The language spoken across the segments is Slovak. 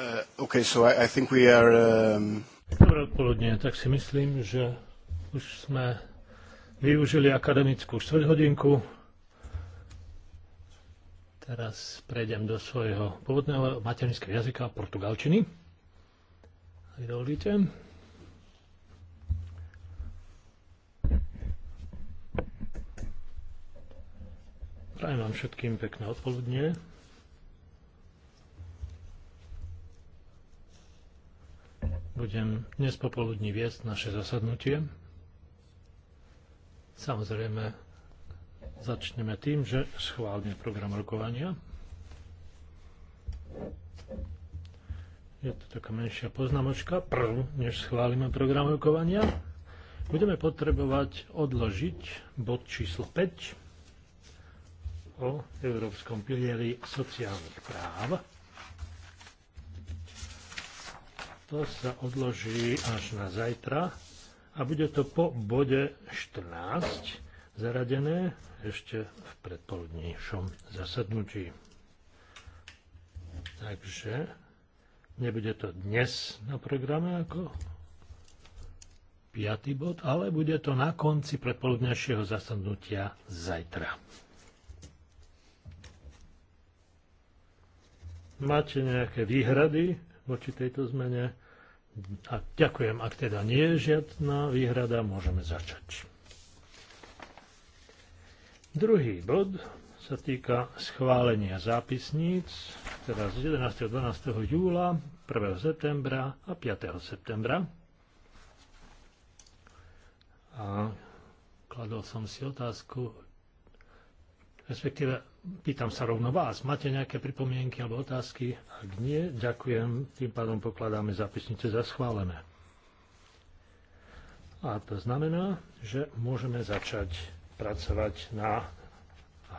Uh, okay, so I, I think we are, um... odpoludne, tak si myslím, že už sme využili akademickú štvrťhodinku. Teraz prejdem do svojho pôvodného materinského jazyka, portugalčiny. Ak dovolíte. Prajem vám všetkým pekné odpoludne. budem dnes popoludní viesť naše zasadnutie. Samozrejme, začneme tým, že schválime program rokovania. Je to taká menšia poznamočka. Prv, než schválime program rokovania, budeme potrebovať odložiť bod číslo 5 o Európskom pilieri sociálnych práv. To sa odloží až na zajtra a bude to po bode 14 zaradené ešte v predpoludnejšom zasadnutí. Takže nebude to dnes na programe ako piatý bod, ale bude to na konci predpoludnejšieho zasadnutia zajtra. Máte nejaké výhrady voči tejto zmene? A ďakujem, ak teda nie je žiadna výhrada, môžeme začať. Druhý bod sa týka schválenia zápisníc, teda z 11. 12. júla, 1. septembra a 5. septembra. A kladol som si otázku, respektíve Pýtam sa rovno vás. Máte nejaké pripomienky alebo otázky? Ak nie, ďakujem. Tým pádom pokladáme zápisnice za schválené. A to znamená, že môžeme začať pracovať na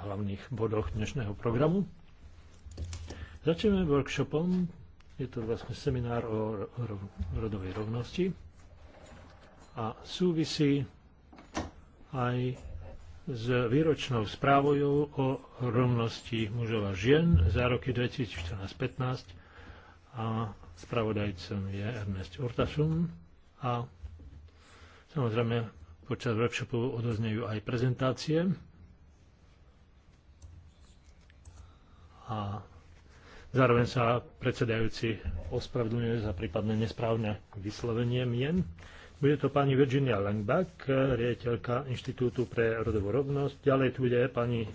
hlavných bodoch dnešného programu. Začneme workshopom. Je to vlastne seminár o rodovej rovnosti a súvisí aj s výročnou správou o rovnosti mužov a žien za roky 2014-15 a spravodajcom je Ernest Urtasun a samozrejme počas workshopu odoznejú aj prezentácie a zároveň sa predsedajúci ospravedlňuje za prípadné nesprávne vyslovenie mien. Bude to pani Virginia Langbach, riaditeľka Inštitútu pre rodovú rovnosť. Ďalej tu bude pani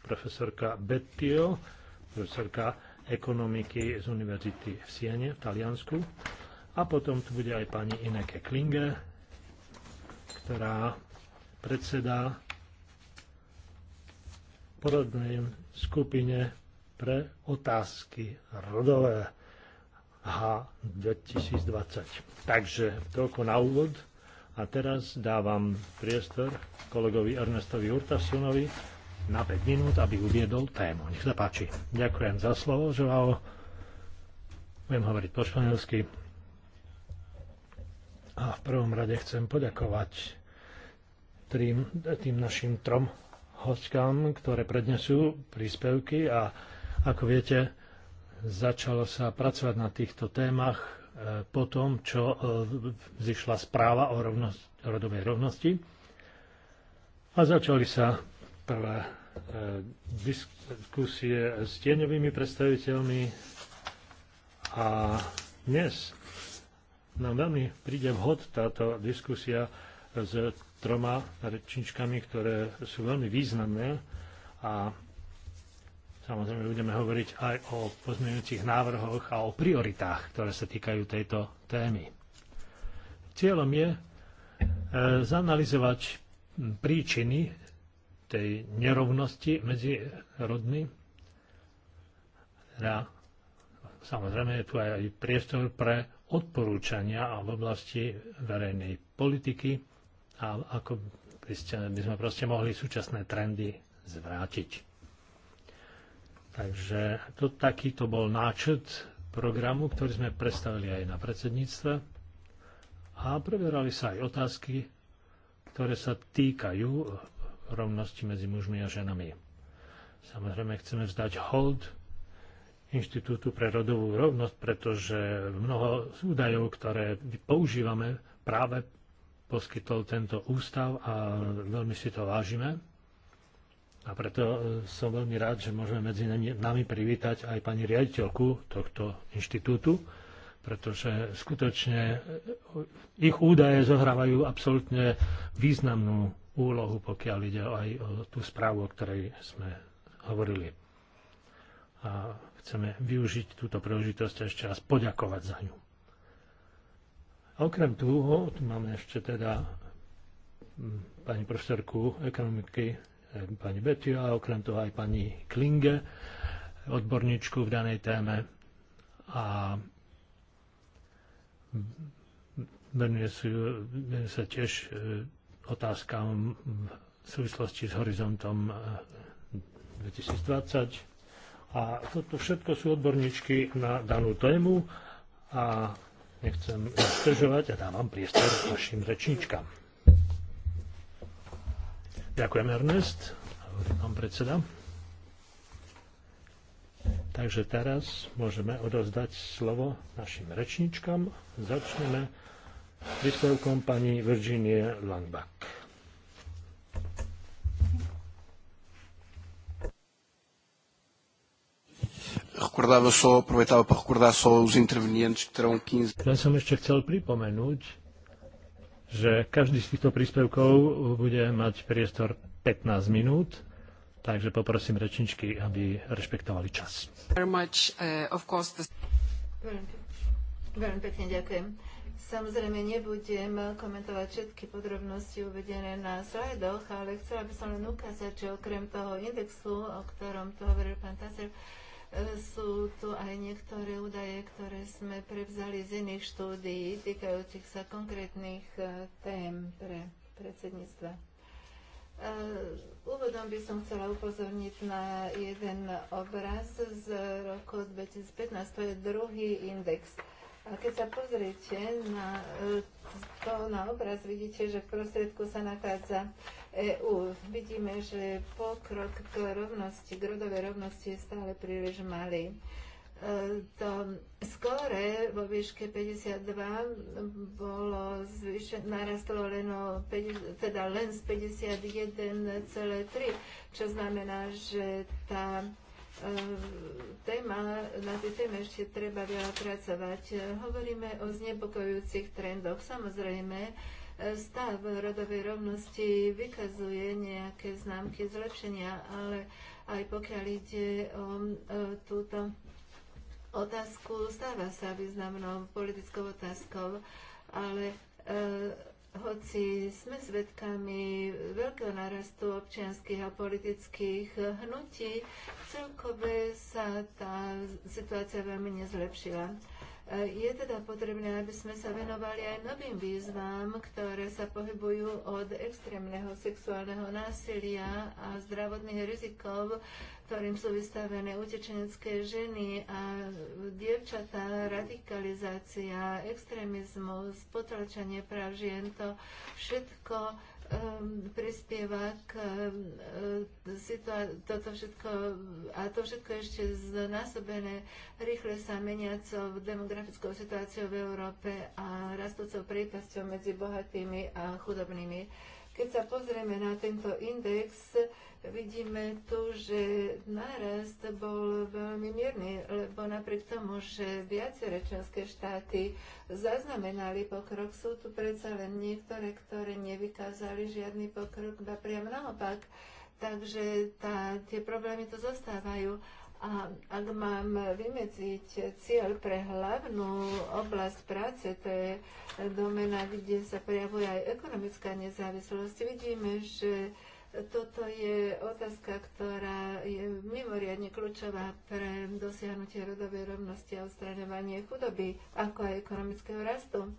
profesorka Bettio, profesorka ekonomiky z Univerzity v Siene v Taliansku. A potom tu bude aj pani Ineke Klinge, ktorá predseda poradnej skupine pre otázky rodové. H2020. Takže toľko na úvod a teraz dávam priestor kolegovi Ernestovi Urtasunovi na 5 minút, aby uviedol tému. Nech sa páči. Ďakujem za slovo, vám Budem hovoriť po španielsky. A v prvom rade chcem poďakovať tým, tým našim trom hostkám, ktoré prednesú príspevky a ako viete, začalo sa pracovať na týchto témach e, po tom, čo e, zišla správa o rovnosť, rodovej rovnosti a začali sa prvé e, diskusie s tieňovými predstaviteľmi a dnes nám veľmi príde vhod táto diskusia s troma rečničkami, ktoré sú veľmi významné a Samozrejme budeme hovoriť aj o pozmeňujúcich návrhoch a o prioritách, ktoré sa týkajú tejto témy. Cieľom je e, zanalizovať príčiny tej nerovnosti medzi rodmi. Ja, teda, samozrejme je tu aj priestor pre odporúčania v oblasti verejnej politiky a ako by, ste, by sme proste mohli súčasné trendy zvrátiť. Takže to, takýto bol náčrt programu, ktorý sme predstavili aj na predsedníctve. A preberali sa aj otázky, ktoré sa týkajú rovnosti medzi mužmi a ženami. Samozrejme chceme vzdať hold Inštitútu pre rodovú rovnosť, pretože mnoho údajov, ktoré používame, práve poskytol tento ústav a veľmi si to vážime. A preto e, som veľmi rád, že môžeme medzi nami privítať aj pani riaditeľku tohto inštitútu, pretože skutočne e, ich údaje zohrávajú absolútne významnú úlohu, pokiaľ ide aj o tú správu, o ktorej sme hovorili. A chceme využiť túto príležitosť a ešte raz poďakovať za ňu. A okrem toho, tu máme ešte teda pani profesorku ekonomiky Eh, pani Betty a okrem toho aj pani Klinge, odborníčku v danej téme. A venuje sa tiež eh, otázkam v súvislosti s horizontom 2020. Eh, a toto všetko sú odborníčky na danú tému a nechcem zdržovať a dávam priestor našim rečníčkam. Ďakujem, Ernest, hovorí pán predseda. Takže teraz môžeme odozdať slovo našim rečničkám. Začneme príspevkom pani Virginie Langbach. Recordava só, aproveitava para recordar só os intervenientes que terão 15. Ja som ešte chcel pripomenúť, že každý z týchto príspevkov bude mať priestor 15 minút, takže poprosím rečničky, aby rešpektovali čas. Eh, veľmi pekne ďakujem. Samozrejme nebudem komentovať všetky podrobnosti uvedené na slajdoch, ale chcela by som len ukázať, že okrem toho indexu, o ktorom tu hovoril pán Taser, sú tu aj niektoré údaje, ktoré sme prevzali z iných štúdií týkajúcich sa konkrétnych e, tém pre predsedníctva. E, úvodom by som chcela upozorniť na jeden obraz z roku 2015, to je druhý index. A keď sa pozriete na, e, to, na obraz, vidíte, že v prostriedku sa nachádza EÚ. Vidíme, že pokrok k rovnosti, k rodovej rovnosti je stále príliš malý. E, to skore vo výške 52 bolo zvyše, narastlo len, o 50, teda len z 51,3, čo znamená, že tá e, téma, na tej téme ešte treba veľa pracovať. Hovoríme o znepokojujúcich trendoch. Samozrejme, stav rodovej rovnosti vykazuje nejaké známky zlepšenia, ale aj pokiaľ ide o e, túto otázku, stáva sa významnou politickou otázkou, ale e, hoci sme svedkami veľkého narastu občianských a politických hnutí, celkové sa tá situácia veľmi nezlepšila. E, je teda potrebné, aby sme sa venovali aj novým výzvám, ktoré sa pohybujú od extrémneho sexuálneho násilia a zdravotných rizikov, ktorým sú vystavené utečenecké ženy a dievčatá, radikalizácia, extrémizmus, potlačanie práv žien, to všetko Um, prispieva k um, e, situácii, toto všetko, a to všetko ešte znásobené rýchle sa meniacou demografickou situáciou v Európe a rastúcou prípasťou medzi bohatými a chudobnými keď sa pozrieme na tento index, vidíme tu, že nárast bol veľmi mierny, lebo napriek tomu, že viaceré členské štáty zaznamenali pokrok, sú tu predsa len niektoré, ktoré nevykázali žiadny pokrok, ba priam naopak. Takže tá, tie problémy tu zostávajú. A ak mám vymedziť cieľ pre hlavnú oblasť práce, to je domena, kde sa prejavuje aj ekonomická nezávislosť, vidíme, že toto je otázka, ktorá je mimoriadne kľúčová pre dosiahnutie rodovej rovnosti a odstraňovanie chudoby, ako aj ekonomického rastu.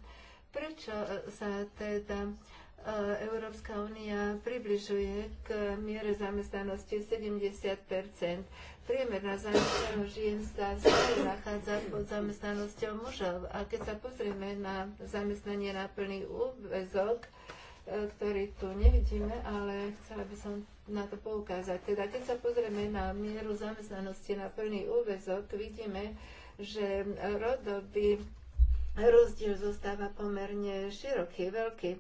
Prečo sa teda e, Európska únia približuje k miere zamestnanosti 70 priemerná zamestnanosť žien sa stále nachádza pod zamestnanosťou mužov. A keď sa pozrieme na zamestnanie na plný úvezok, e, ktorý tu nevidíme, ale chcela by som na to poukázať. Teda keď sa pozrieme na mieru zamestnanosti na plný úvezok, vidíme, že rodový rozdiel zostáva pomerne široký, veľký.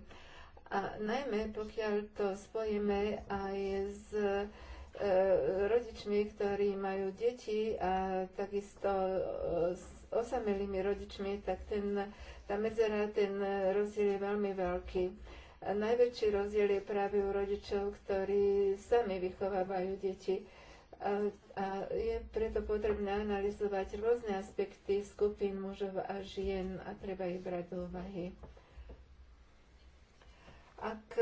A najmä pokiaľ to spojíme aj s E, rodičmi, ktorí majú deti a takisto e, s osamelými rodičmi, tak ten, tá medzera, ten rozdiel je veľmi veľký. A najväčší rozdiel je práve u rodičov, ktorí sami vychovávajú deti. A, a je preto potrebné analyzovať rôzne aspekty skupín mužov a žien a treba ich brať do úvahy. Ak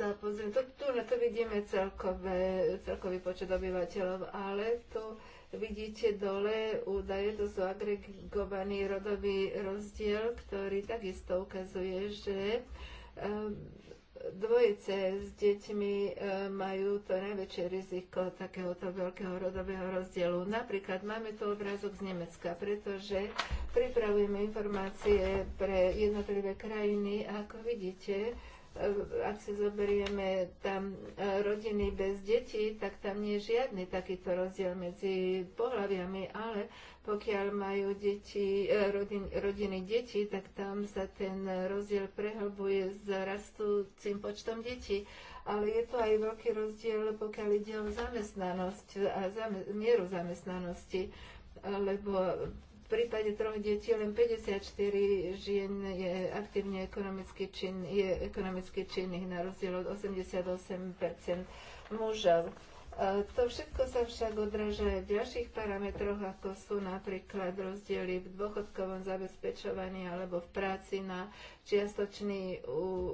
sa pozrieme, tu, tu na to vidíme celkové, celkový počet obyvateľov, ale tu vidíte dole údaje, to sú agregovaný rodový rozdiel, ktorý takisto ukazuje, že ehm, dvojice s deťmi ehm, majú to najväčšie riziko takéhoto veľkého rodového rozdielu. Napríklad máme tu obrázok z Nemecka, pretože pripravujeme informácie pre jednotlivé krajiny. A ako vidíte, E, ak si zoberieme tam e, rodiny bez detí, tak tam nie je žiadny takýto rozdiel medzi pohľaviami, ale pokiaľ majú deti, e, rodin, rodiny detí, tak tam sa ten rozdiel prehlbuje s rastúcim počtom detí. Ale je to aj veľký rozdiel, pokiaľ ide o zamestnanosť a zame, mieru zamestnanosti, lebo prípade troch detí len 54 žien je aktívne ekonomicky, čin, je ekonomicky činných na rozdiel od 88 mužov. E, to všetko sa však odráža aj v ďalších parametroch, ako sú napríklad rozdiely v dôchodkovom zabezpečovaní alebo v práci na čiastočný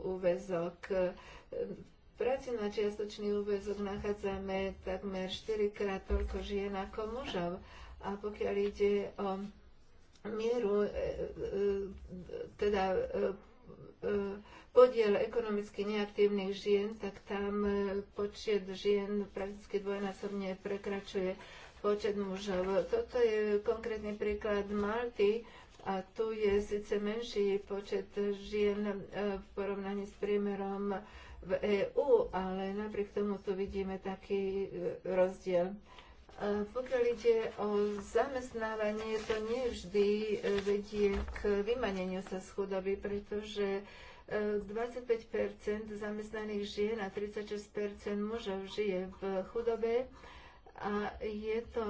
úvezok. V e, práci na čiastočný úvezok nachádzame takmer 4 krát toľko žien ako mužov. A pokiaľ ide o mieru, e, e, e, teda podiel ekonomicky neaktívnych žien, tak tam počet žien prakticky dvojnásobne prekračuje počet mužov. Toto je konkrétny príklad Malty a tu je síce menší počet žien v porovnaní s priemerom v EÚ, ale napriek tomu tu vidíme taký rozdiel. Pokiaľ ide o zamestnávanie, to nevždy e, vedie k vymaneniu sa z chudoby, pretože 25 e, zamestnaných žien a 36 mužov žije v chudobe a je to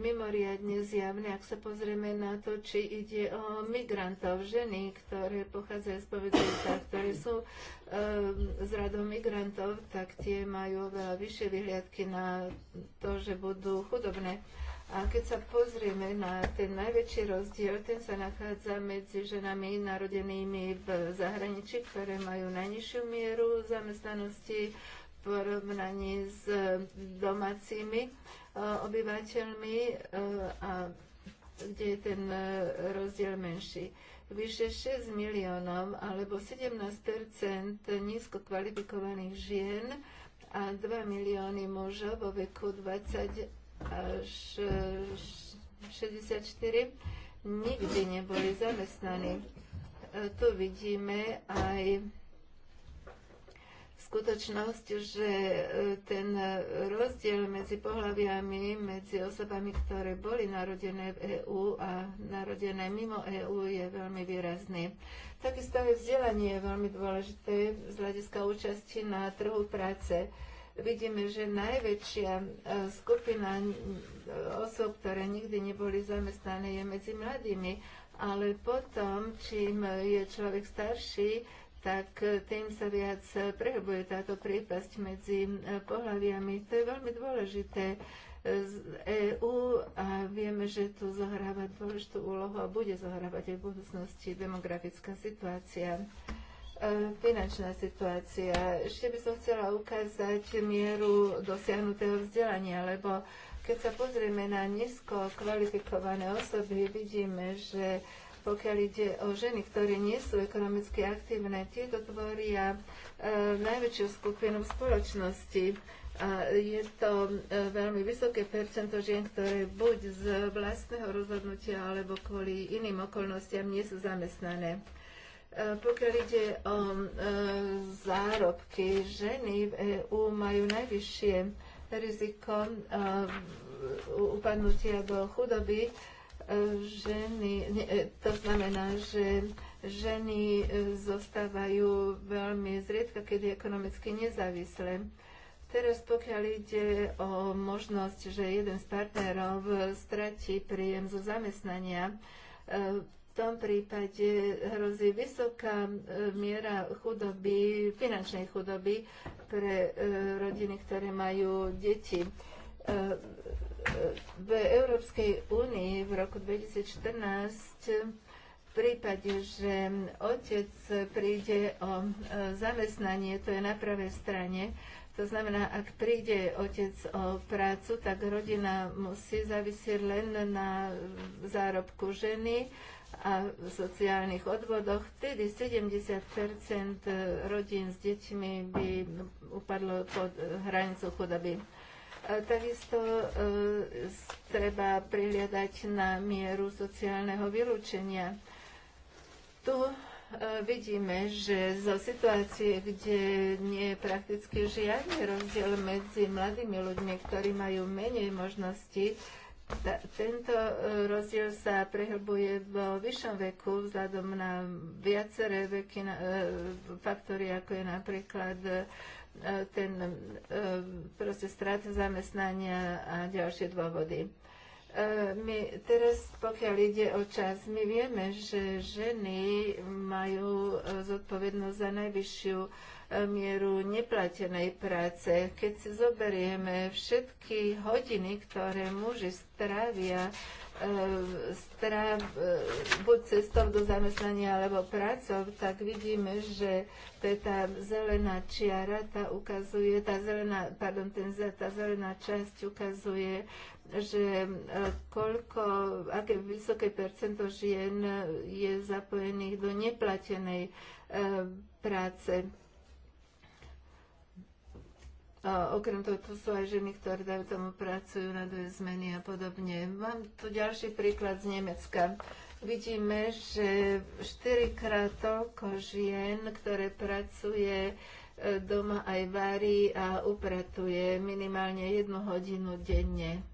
mimoriadne zjavné, ak sa pozrieme na to, či ide o migrantov, ženy, ktoré pochádzajú z povedzenia, ktoré sú e, z radou migrantov, tak tie majú oveľa vyššie vyhliadky na to, že budú chudobné. A keď sa pozrieme na ten najväčší rozdiel, ten sa nachádza medzi ženami narodenými v zahraničí, ktoré majú najnižšiu mieru zamestnanosti, porovnaní s e, domácimi e, obyvateľmi e, a kde je ten rozdiel menší. Vyše 6 miliónov alebo 17 nízko kvalifikovaných žien a 2 milióny mužov vo veku 20 až 64 nikdy neboli zamestnaní. Tu vidíme aj skutočnosť, že e, ten rozdiel medzi pohľaviami, medzi osobami, ktoré boli narodené v EÚ a narodené mimo EÚ je veľmi výrazný. Takisto aj vzdelanie je veľmi dôležité z hľadiska účasti na trhu práce. Vidíme, že najväčšia e, skupina osob, ktoré nikdy neboli zamestnané, je medzi mladými, ale potom, čím je človek starší, tak tým sa viac prehobuje táto priepasť medzi eh, pohľaviami. To je veľmi dôležité eh, z EÚ a vieme, že tu zohráva dôležitú úlohu a bude zohrávať aj v budúcnosti demografická situácia eh, finančná situácia. Ešte by som chcela ukázať mieru dosiahnutého vzdelania, lebo keď sa pozrieme na nízko kvalifikované osoby, vidíme, že pokiaľ ide o ženy, ktoré nie sú ekonomicky aktívne, tieto tvoria e, najväčšiu skupinu v spoločnosti. A e, je to e, veľmi vysoké percento žien, ktoré buď z vlastného rozhodnutia alebo kvôli iným okolnostiam nie sú zamestnané. Pokiaľ ide o zárobky, ženy v EÚ majú najvyššie riziko upadnutia do chudoby ženy, e, to znamená, že ženy e, zostávajú veľmi zriedka, kedy ekonomicky nezávislé. Teraz pokiaľ ide o možnosť, že jeden z partnerov stratí príjem zo zamestnania, e, v tom prípade hrozí vysoká miera chudoby, finančnej chudoby pre rodiny, ktoré majú deti v Európskej únii v roku 2014 v prípade, že otec príde o e, zamestnanie, to je na pravej strane, to znamená, ak príde otec o prácu, tak rodina musí závisieť len na zárobku ženy a v sociálnych odvodoch. Vtedy 70 rodín s deťmi by upadlo pod hranicu chudoby. E, takisto e, treba prihliadať na mieru sociálneho vylúčenia. Tu e, vidíme, že zo situácie, kde nie je prakticky žiadny rozdiel medzi mladými ľuďmi, ktorí majú menej možností, ta, tento rozdiel sa prehlbuje vo vyššom veku vzhľadom na viaceré veky, na, e, faktory, ako je napríklad e, E, ten e, proste strata zamestnania a ďalšie dôvody. E, my teraz, pokiaľ ide o čas, my vieme, že ženy majú zodpovednosť za najvyššiu mieru neplatenej práce. Keď si zoberieme všetky hodiny, ktoré muži strávia E, stráv, e, buď cestou do zamestnania alebo prácou, tak vidíme, že to je tá zelená čiara, tá ukazuje, tá zelená, pardon, ten, tá zelená časť ukazuje, že e, koľko, aké vysoké percento žien je zapojených do neplatenej práce a okrem toho to sú aj ženy, ktoré dajú tomu pracujú na dve zmeny a podobne. Mám tu ďalší príklad z Nemecka. Vidíme, že štyrikrát toľko žien, ktoré pracuje e, doma aj varí a upratuje minimálne jednu hodinu denne.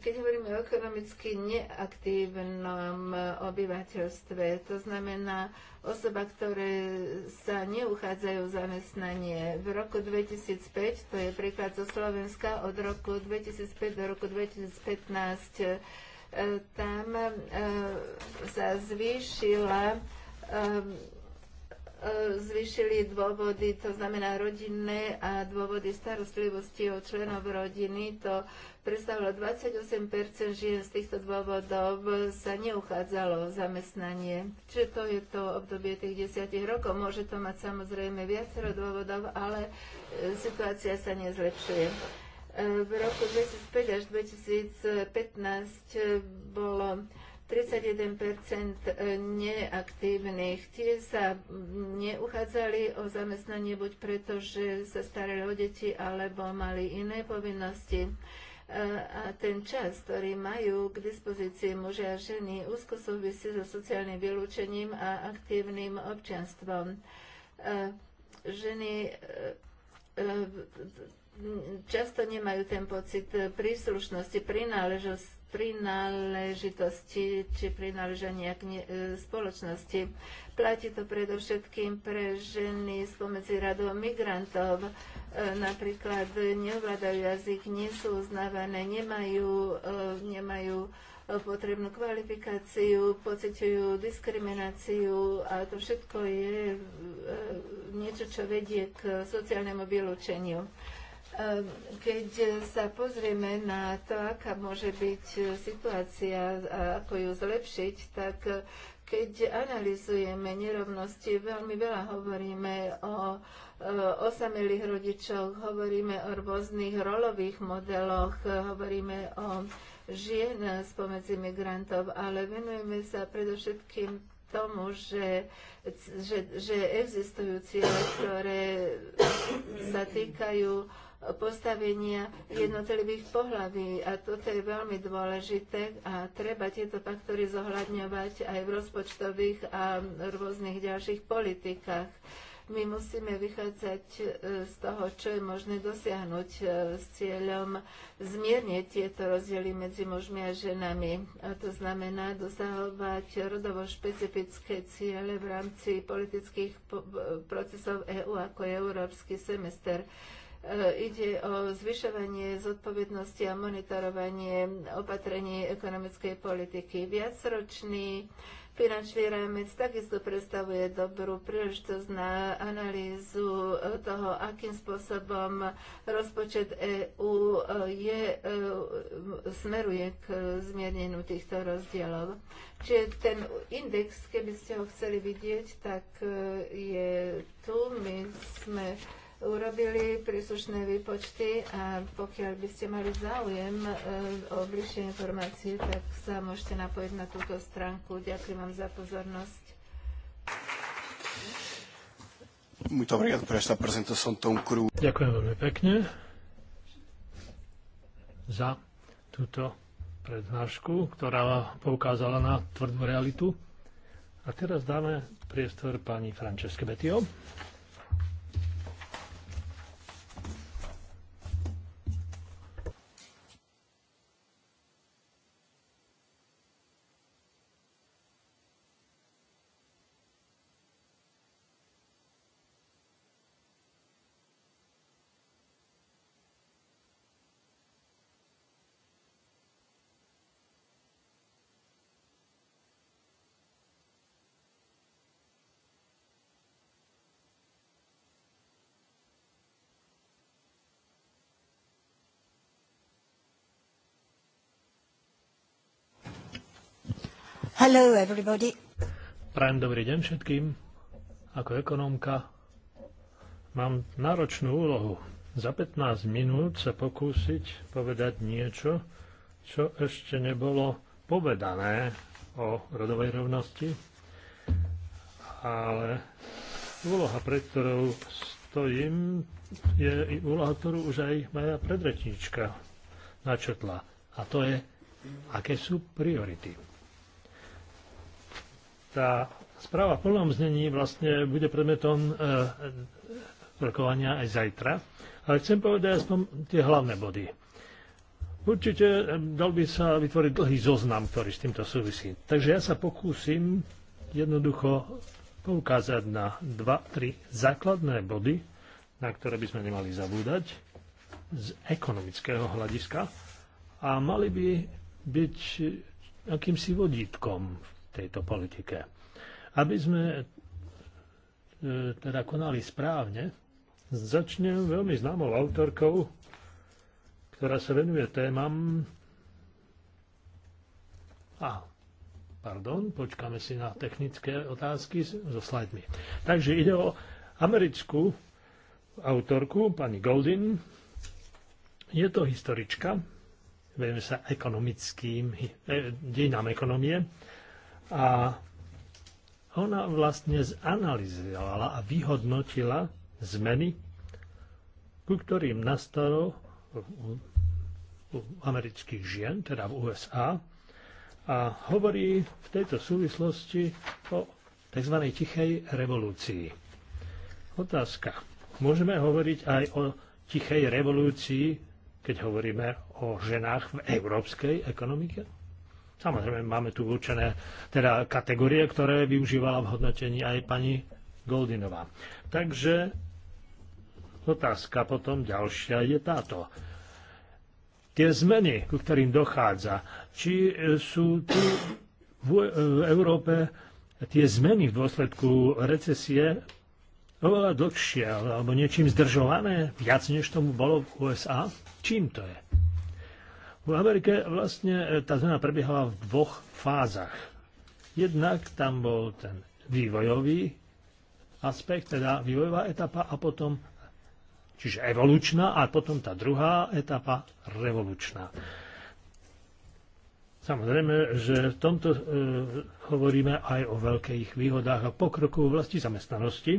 keď hovoríme o ekonomicky neaktívnom obyvateľstve, to znamená osoba, ktoré sa neuchádzajú o zamestnanie. V roku 2005, to je príklad zo Slovenska, od roku 2005 do roku 2015, e, tam e, sa zvýšila e, zvýšili dôvody, to znamená rodinné a dôvody starostlivosti o členov rodiny. To predstavila 28 žien z týchto dôvodov sa neuchádzalo o zamestnanie. Čiže to je to obdobie tých desiatich rokov. Môže to mať samozrejme viacero dôvodov, ale e, situácia sa nezlepšuje. E, v roku 2005 až 2015 e, bolo 31 neaktívnych. Tie sa neuchádzali o zamestnanie buď preto, že sa starali o deti, alebo mali iné povinnosti a ten čas, ktorý majú k dispozícii muži a ženy, úzko súvisí so sociálnym vylúčením a aktívnym občianstvom. Ženy e, e, často nemajú ten pocit príslušnosti, prináležosti prináležitosti či prináleženia k e, spoločnosti. Platí to predovšetkým pre ženy spomedzi radov migrantov, E, napríklad neovládajú jazyk, nie sú uznávané, nemajú, e, nemajú e, potrebnú kvalifikáciu, pociťujú diskrimináciu a to všetko je niečo, čo vedie k sociálnemu vylúčeniu. Keď sa pozrieme na to, aká môže byť situácia a ako ju zlepšiť, tak keď analizujeme nerovnosti, veľmi veľa hovoríme o e, osamelých rodičoch, hovoríme o rôznych rolových modeloch, hovoríme o žien spomedzi migrantov, ale venujeme sa predovšetkým tomu, že, že, že existujú ciele, ktoré sa týkajú postavenia jednotlivých pohlaví a toto je veľmi dôležité a treba tieto faktory zohľadňovať aj v rozpočtových a rôznych ďalších politikách. My musíme vychádzať e, z toho, čo je možné dosiahnuť e, s cieľom zmierniť tieto rozdiely medzi mužmi a ženami. A to znamená dosahovať rodovo špecifické ciele v rámci politických e, procesov EÚ, ako je Európsky semester. E, ide o zvyšovanie zodpovednosti a monitorovanie opatrení ekonomickej politiky. Viacročný finančný rámec takisto predstavuje dobrú príležitosť na analýzu toho, akým spôsobom rozpočet EÚ e, je, e, smeruje k zmierneniu týchto rozdielov. Čiže ten index, keby ste ho chceli vidieť, tak je tu. My sme urobili príslušné výpočty a pokiaľ by ste mali záujem e, o bližšie informácie, tak sa môžete napojiť na túto stránku. Ďakujem vám za pozornosť. Ďakujem veľmi pekne za túto prednášku, ktorá poukázala na tvrdú realitu. A teraz dáme priestor pani Franceske Betio. Hello everybody. Prajem dobrý deň všetkým. Ako ekonómka mám náročnú úlohu. Za 15 minút sa pokúsiť povedať niečo, čo ešte nebolo povedané o rodovej rovnosti, ale úloha, pred ktorou stojím, je úloha, ktorú už aj moja predretníčka načetla, A to je, aké sú priority tá správa v plnom znení vlastne bude predmetom e, rokovania aj zajtra. Ale chcem povedať aspoň tie hlavné body. Určite e, dal by sa vytvoriť dlhý zoznam, ktorý s týmto súvisí. Takže ja sa pokúsim jednoducho poukázať na dva, tri základné body, na ktoré by sme nemali zabúdať z ekonomického hľadiska a mali by byť e, akýmsi vodítkom v tejto politike. Aby sme e, teda konali správne, začnem veľmi známou autorkou, ktorá sa venuje témam... A, pardon, počkáme si na technické otázky so slajdmi. Takže ide o americkú autorku, pani Goldin. Je to historička, venuje sa ekonomickým, e, dejinám ekonomie a ona vlastne zanalizovala a vyhodnotila zmeny, ku ktorým nastalo u amerických žien, teda v USA, a hovorí v tejto súvislosti o tzv. tichej revolúcii. Otázka. Môžeme hovoriť aj o tichej revolúcii, keď hovoríme o ženách v európskej ekonomike? Samozrejme, máme tu určené teda kategórie, ktoré využívala v hodnotení aj pani Goldinová. Takže otázka potom ďalšia je táto. Tie zmeny, ku ktorým dochádza, či sú tu v, v Európe tie zmeny v dôsledku recesie oveľa dlhšie alebo niečím zdržované, viac než tomu bolo v USA? Čím to je? V Amerike vlastne e, tá zmena prebiehala v dvoch fázach. Jednak tam bol ten vývojový aspekt, teda vývojová etapa a potom čiže evolučná a potom tá druhá etapa revolučná. Samozrejme, že v tomto e, hovoríme aj o veľkých výhodách a pokroku v vlasti zamestnanosti.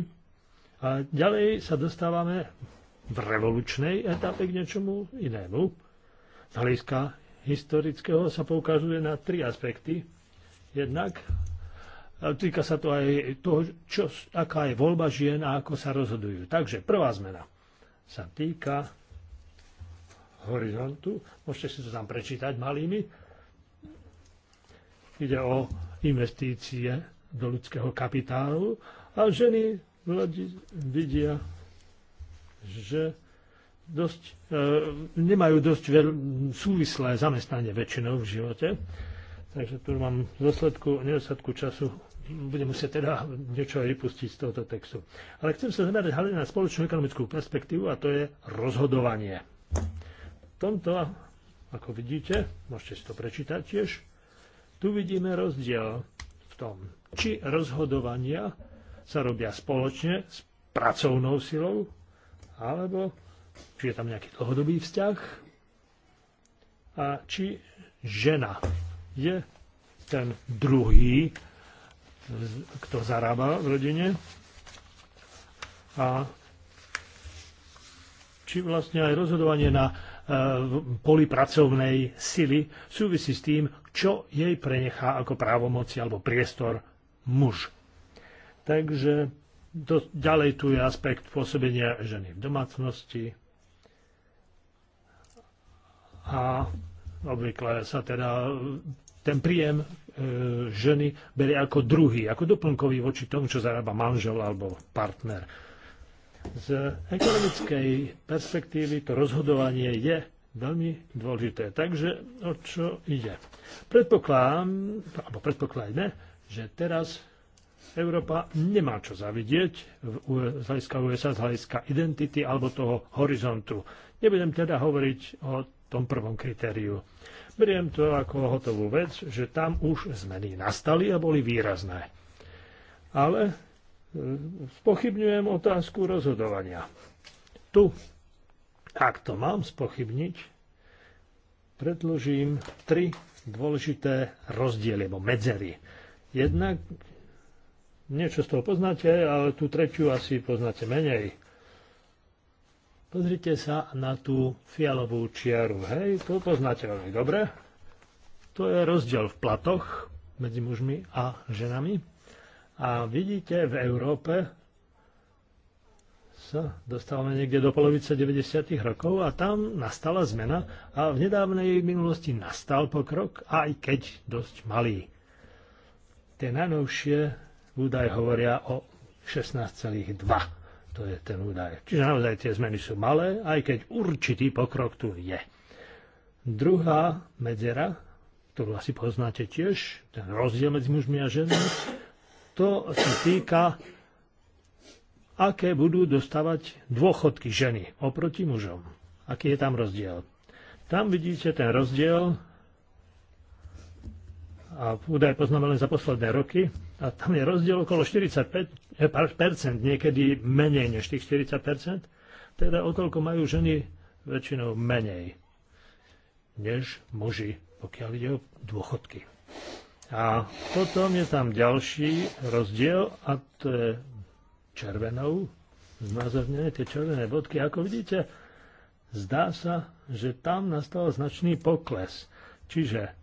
A ďalej sa dostávame v revolučnej etape k niečomu inému. Z hľadiska historického sa poukazuje na tri aspekty. Jednak e, týka sa to aj toho, čo, aká je voľba žien a ako sa rozhodujú. Takže prvá zmena sa týka horizontu. Môžete si to tam prečítať malými. Ide o investície do ľudského kapitálu a ženy vidia, že dosť, e, nemajú dosť veľ, súvislé zamestnanie väčšinou v živote. Takže tu mám v dôsledku nedostatku času, budem musieť teda niečo aj vypustiť z tohoto textu. Ale chcem sa zamerať hlavne na spoločnú ekonomickú perspektívu a to je rozhodovanie. V tomto, ako vidíte, môžete si to prečítať tiež, tu vidíme rozdiel v tom, či rozhodovania sa robia spoločne s pracovnou silou, alebo či je tam nejaký dlhodobý vzťah a či žena je ten druhý, kto zarába v rodine a či vlastne aj rozhodovanie na e, poli pracovnej sily súvisí s tým, čo jej prenechá ako právomoci alebo priestor muž. Takže to, ďalej tu je aspekt pôsobenia ženy v domácnosti, a obvykle sa teda ten príjem e, ženy berie ako druhý, ako doplnkový voči tomu, čo zarába manžel alebo partner. Z ekonomickej perspektívy to rozhodovanie je veľmi dôležité. Takže o čo ide? Predpokladám, alebo predpokladajme, že teraz Európa nemá čo zavidieť z hľadiska USA, z hľadiska identity alebo toho horizontu. Nebudem teda hovoriť o tom prvom kritériu. Beriem to ako hotovú vec, že tam už zmeny nastali a boli výrazné. Ale e, spochybňujem otázku rozhodovania. Tu, ak to mám spochybniť, predložím tri dôležité rozdiely, alebo medzery. Jednak niečo z toho poznáte, ale tú treťu asi poznáte menej. Pozrite sa na tú fialovú čiaru. Hej, to poznáte veľmi dobre. To je rozdiel v platoch medzi mužmi a ženami. A vidíte, v Európe sa dostávame niekde do polovice 90. rokov a tam nastala zmena a v nedávnej minulosti nastal pokrok, aj keď dosť malý. Tie najnovšie údaje hovoria o 16,2 to je ten údaj. Čiže naozaj tie zmeny sú malé, aj keď určitý pokrok tu je. Druhá medzera, ktorú asi poznáte tiež, ten rozdiel medzi mužmi a ženami, to sa týka, aké budú dostávať dôchodky ženy oproti mužom. Aký je tam rozdiel? Tam vidíte ten rozdiel a údaj len za posledné roky a tam je rozdiel okolo 45%, eh, niekedy menej než tých 40%, teda o toľko majú ženy väčšinou menej než muži, pokiaľ ide o dôchodky. A potom je tam ďalší rozdiel a to je červenou, znázornené tie červené bodky. Ako vidíte, zdá sa, že tam nastal značný pokles. Čiže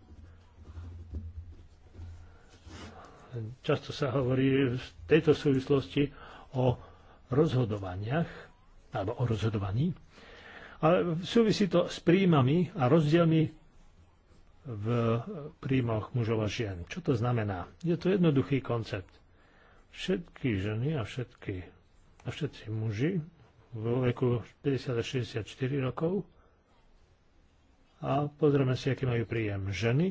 Často sa hovorí v tejto súvislosti o rozhodovaniach alebo o rozhodovaní. Ale súvisí to s príjmami a rozdielmi v príjmoch mužov a žien. Čo to znamená? Je to jednoduchý koncept. Všetky ženy a všetky a všetci muži vo veku 50 až 64 rokov a pozrieme si, aký majú príjem ženy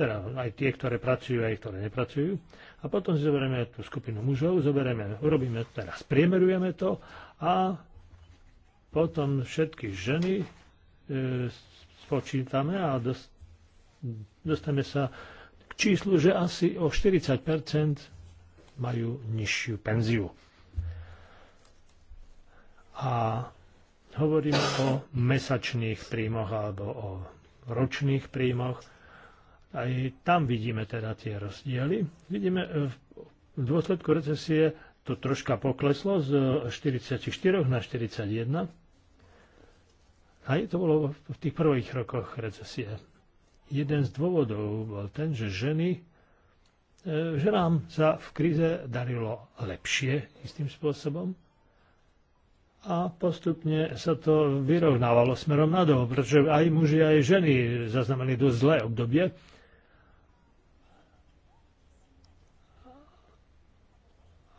teda aj tie, ktoré pracujú, aj ktoré nepracujú. A potom si zoberieme tú skupinu mužov, zoberieme, urobíme teraz, priemerujeme to a potom všetky ženy e, spočítame a dost, dostaneme sa k číslu, že asi o 40 majú nižšiu penziu. A hovoríme o mesačných príjmoch alebo o ročných príjmoch aj tam vidíme teda tie rozdiely. Vidíme e, v dôsledku recesie to troška pokleslo z 44 na 41. Aj to bolo v tých prvých rokoch recesie. Jeden z dôvodov bol ten, že ženy e, že nám sa v kríze darilo lepšie istým spôsobom a postupne sa to vyrovnávalo smerom nadol, pretože aj muži, aj ženy zaznamenali dosť zlé obdobie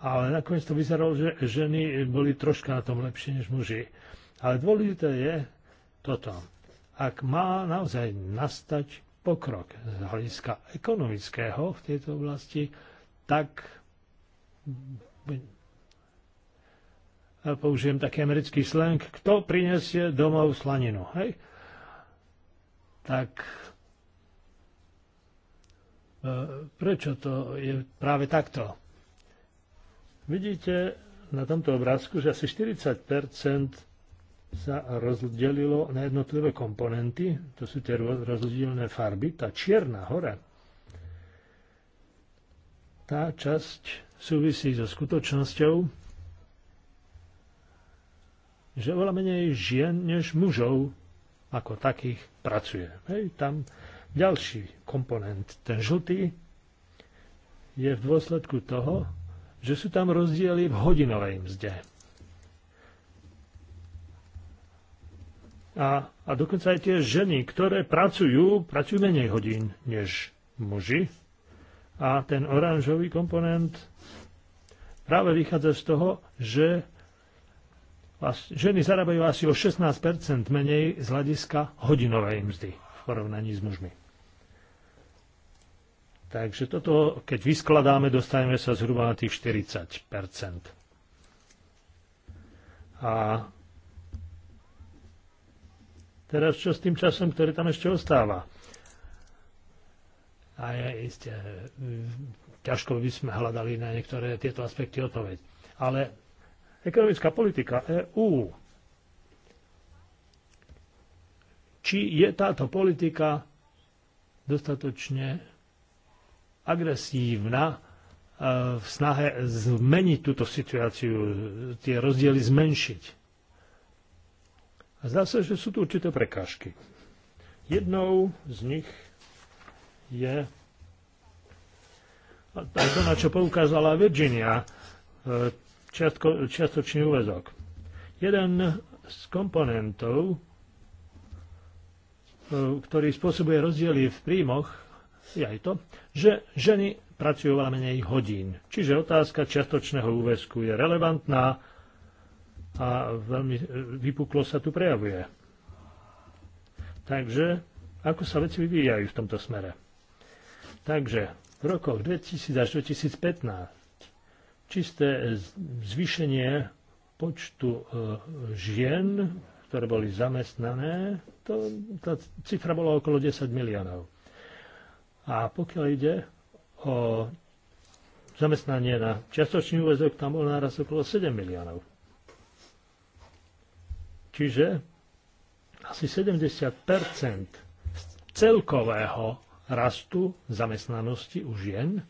Ale nakoniec to vyzeralo, že ženy boli troška na tom lepšie než muži. Ale dôležité je toto. Ak má naozaj nastať pokrok z hľadiska ekonomického v tejto oblasti, tak použijem taký americký slang, kto prinesie domov slaninu, hej? Tak e, prečo to je práve takto? Vidíte na tomto obrázku, že asi 40 sa rozdelilo na jednotlivé komponenty, to sú tie rozdielne farby. Tá čierna hora, tá časť súvisí so skutočnosťou, že oveľa menej žien než mužov ako takých pracuje. Hej, tam ďalší komponent, ten žltý, je v dôsledku toho, že sú tam rozdiely v hodinovej mzde. A, a dokonca aj tie ženy, ktoré pracujú, pracujú menej hodín než muži. A ten oranžový komponent práve vychádza z toho, že ženy zarábajú asi o 16 menej z hľadiska hodinovej mzdy v porovnaní s mužmi. Takže toto, keď vyskladáme, dostaneme sa zhruba na tých 40 A teraz čo s tým časom, ktorý tam ešte ostáva? A je isté, ťažko by sme hľadali na niektoré tieto aspekty odpoveď. Ale ekonomická politika EÚ či je táto politika dostatočne agresívna v snahe zmeniť túto situáciu, tie rozdiely zmenšiť. A zdá sa, že sú tu určité prekážky. Jednou z nich je to, na čo poukázala Virginia, e, čiastko, čiastočný úvezok. Jeden z komponentov, e, ktorý spôsobuje rozdiely v príjmoch, je aj to, že ženy pracujú veľa menej hodín. Čiže otázka čiastočného úväzku je relevantná a veľmi e, vypuklo sa tu prejavuje. Takže ako sa veci vyvíjajú v tomto smere? Takže v rokoch 2000 až 2015 čisté zvýšenie počtu e, žien, ktoré boli zamestnané, to, tá cifra bola okolo 10 miliónov. A pokiaľ ide o zamestnanie na čiastočný úvezok, tam bol náraz okolo 7 miliónov. Čiže asi 70 z celkového rastu zamestnanosti u žien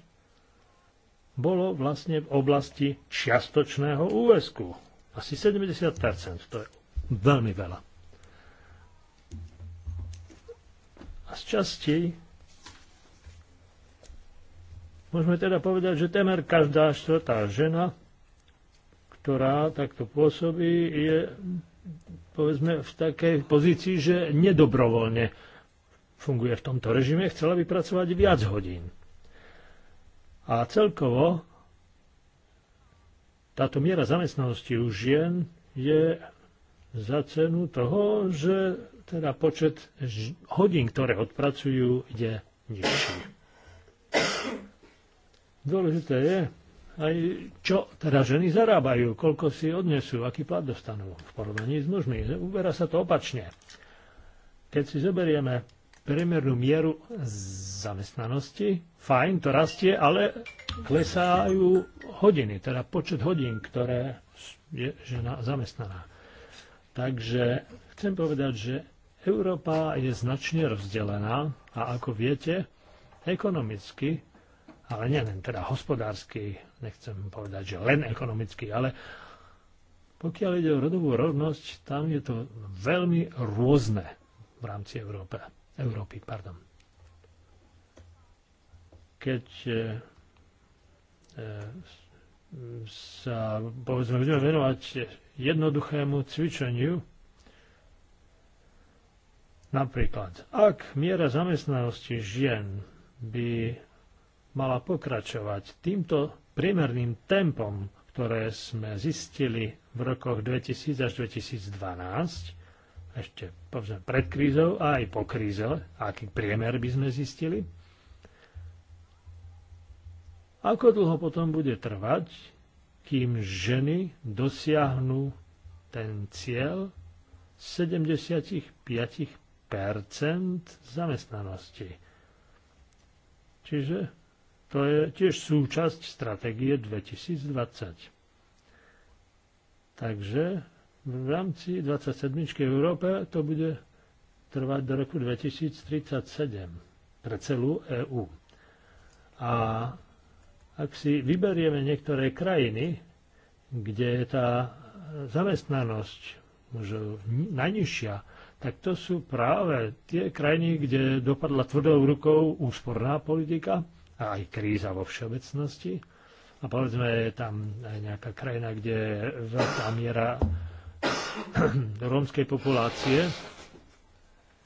bolo vlastne v oblasti čiastočného úvezku. Asi 70 to je veľmi veľa. A z časti Môžeme teda povedať, že temer každá štvrtá žena, ktorá takto pôsobí, je povedzme v takej pozícii, že nedobrovoľne funguje v tomto režime, chcela by pracovať viac hodín. A celkovo táto miera zamestnanosti u žien je za cenu toho, že teda počet hodín, ktoré odpracujú, je nižší. Dôležité je aj čo teda ženy zarábajú, koľko si odnesú, aký plat dostanú v porovnaní s mužmi. Uberá sa to opačne. Keď si zoberieme priemernú mieru zamestnanosti, fajn, to rastie, ale klesajú hodiny, teda počet hodín, ktoré je žena zamestnaná. Takže chcem povedať, že Európa je značne rozdelená a ako viete, ekonomicky ale nielen teda hospodársky, nechcem povedať, že len ekonomický, ale pokiaľ ide o rodovú rovnosť, tam je to veľmi rôzne v rámci Európy. Európy. Pardon. Keď e, e, sa povedzme budeme venovať jednoduchému cvičeniu, napríklad, ak miera zamestnanosti žien by mala pokračovať týmto priemerným tempom, ktoré sme zistili v rokoch 2000 až 2012, ešte povedzme pred krízou a aj po kríze, aký priemer by sme zistili. Ako dlho potom bude trvať, kým ženy dosiahnu ten cieľ 75 zamestnanosti. Čiže to je tiež súčasť stratégie 2020. Takže v rámci 27. Európe to bude trvať do roku 2037 pre celú EÚ. A ak si vyberieme niektoré krajiny, kde je tá zamestnanosť možno najnižšia, tak to sú práve tie krajiny, kde dopadla tvrdou rukou úsporná politika a aj kríza vo všeobecnosti. A povedzme, je tam aj nejaká krajina, kde je veľká miera rómskej populácie,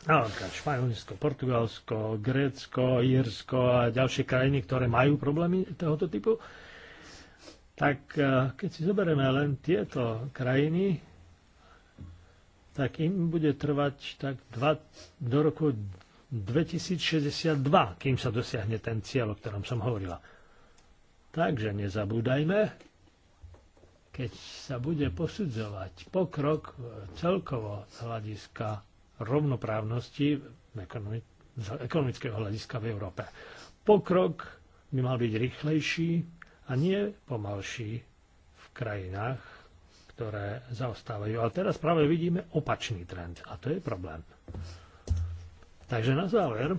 napríklad Španielsko, Portugalsko, Grécko, Írsko a ďalšie krajiny, ktoré majú problémy tohoto typu, tak eh, keď si zoberieme len tieto krajiny, tak im bude trvať tak dva, do roku 2062, kým sa dosiahne ten cieľ, o ktorom som hovorila. Takže nezabúdajme, keď sa bude posudzovať pokrok celkovo z hľadiska rovnoprávnosti z ekonomického hľadiska v Európe. Pokrok by mal byť rýchlejší a nie pomalší v krajinách, ktoré zaostávajú. Ale teraz práve vidíme opačný trend a to je problém. Takže na záver,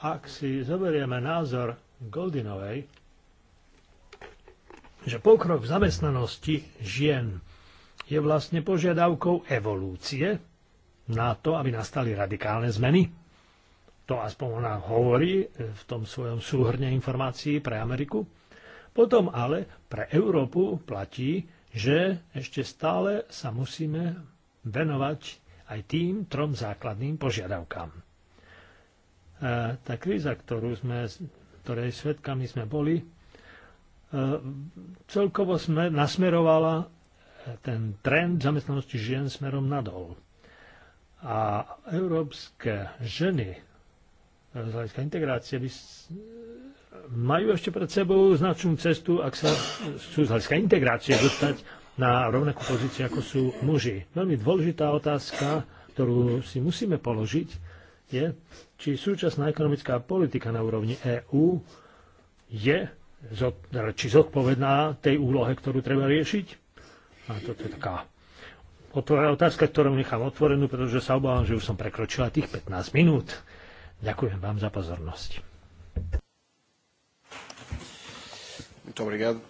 ak si zoberieme názor Goldinovej, že pokrok v zamestnanosti žien je vlastne požiadavkou evolúcie na to, aby nastali radikálne zmeny. To aspoň ona hovorí v tom svojom súhrne informácií pre Ameriku. Potom ale pre Európu platí, že ešte stále sa musíme venovať aj tým trom základným požiadavkám. E, tá kríza, ktorú sme, ktorej svetkami sme boli, e, celkovo sme nasmerovala e, ten trend zamestnanosti žien smerom nadol. A európske ženy z hľadiska integrácie by majú ešte pred sebou značnú cestu, ak sa chcú z hľadiska integrácie dostať na rovnakú pozíciu, ako sú muži. Veľmi dôležitá otázka, ktorú si musíme položiť, je, či súčasná ekonomická politika na úrovni EÚ je či zodpovedná tej úlohe, ktorú treba riešiť. A toto je taká otázka, ktorú nechám otvorenú, pretože sa obávam, že už som prekročila tých 15 minút. Ďakujem vám za pozornosť. Muito obrigado.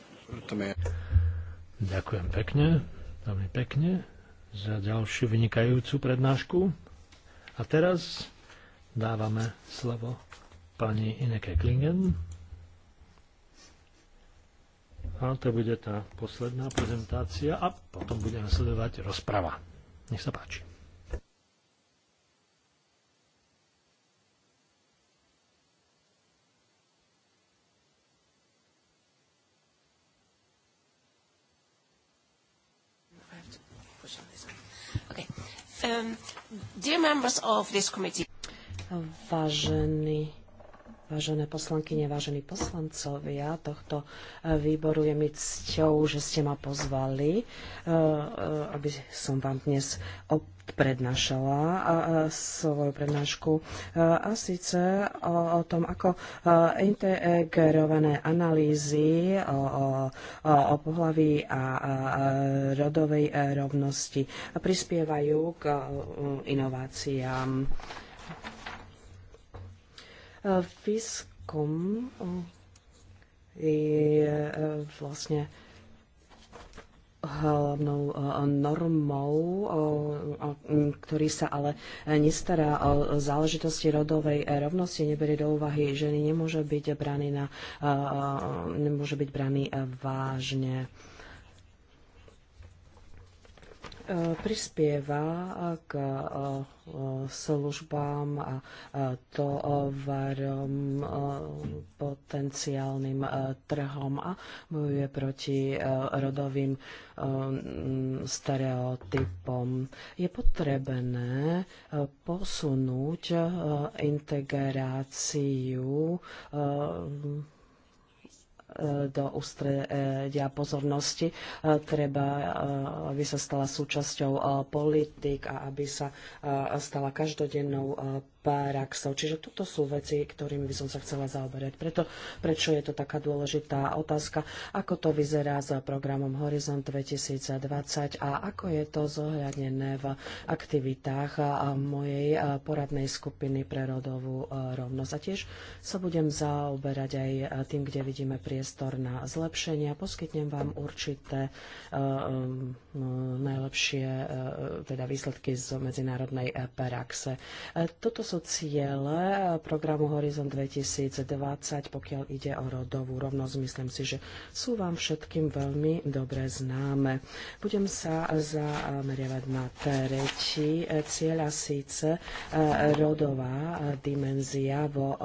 Ďakujem pekne, veľmi pekne za ďalšiu vynikajúcu prednášku. A teraz dávame slovo pani Ineke Klingen. A to bude tá posledná prezentácia a potom bude nasledovať rozprava. Nech sa páči. Um, dear members of this committee. Vážení Vážené poslankyne, vážení poslancovia tohto e, výboru, je mi cťou, že ste ma pozvali, e, e, aby som vám dnes prednášala svoju prednášku a síce o, tom, ako integrované analýzy o, o, o pohlaví a, a rodovej rovnosti prispievajú k inováciám. Výskum je eh, vlastne hlavnou eh, normou, eh, ktorý sa ale nestará o záležitosti rodovej rovnosti, neberie do úvahy ženy, nemôže byť braný, na, nemôže byť braný vážne. E, prispieva e, k e, službám a tovarom, potenciálnym trhom a bojuje proti rodovým stereotypom. Je potrebné posunúť integráciu do ústredia pozornosti. Treba, aby sa stala súčasťou eh, politik a aby sa eh, stala každodennou eh, paraxov. Čiže toto sú veci, ktorými by som sa chcela zaoberať. Preto, prečo je to taká dôležitá otázka, ako to vyzerá s programom Horizont 2020 a ako je to zohľadnené v aktivitách mojej poradnej skupiny pre rodovú rovnosť. A tiež sa budem zaoberať aj tým, kde vidíme priestor na zlepšenie a poskytnem vám určité um, najlepšie teda výsledky z medzinárodnej praxe. Toto sú sú ciele programu Horizon 2020, pokiaľ ide o rodovú rovnosť. Myslím si, že sú vám všetkým veľmi dobre známe. Budem sa zameriavať na tretí cieľ a síce e, rodová dimenzia vo e,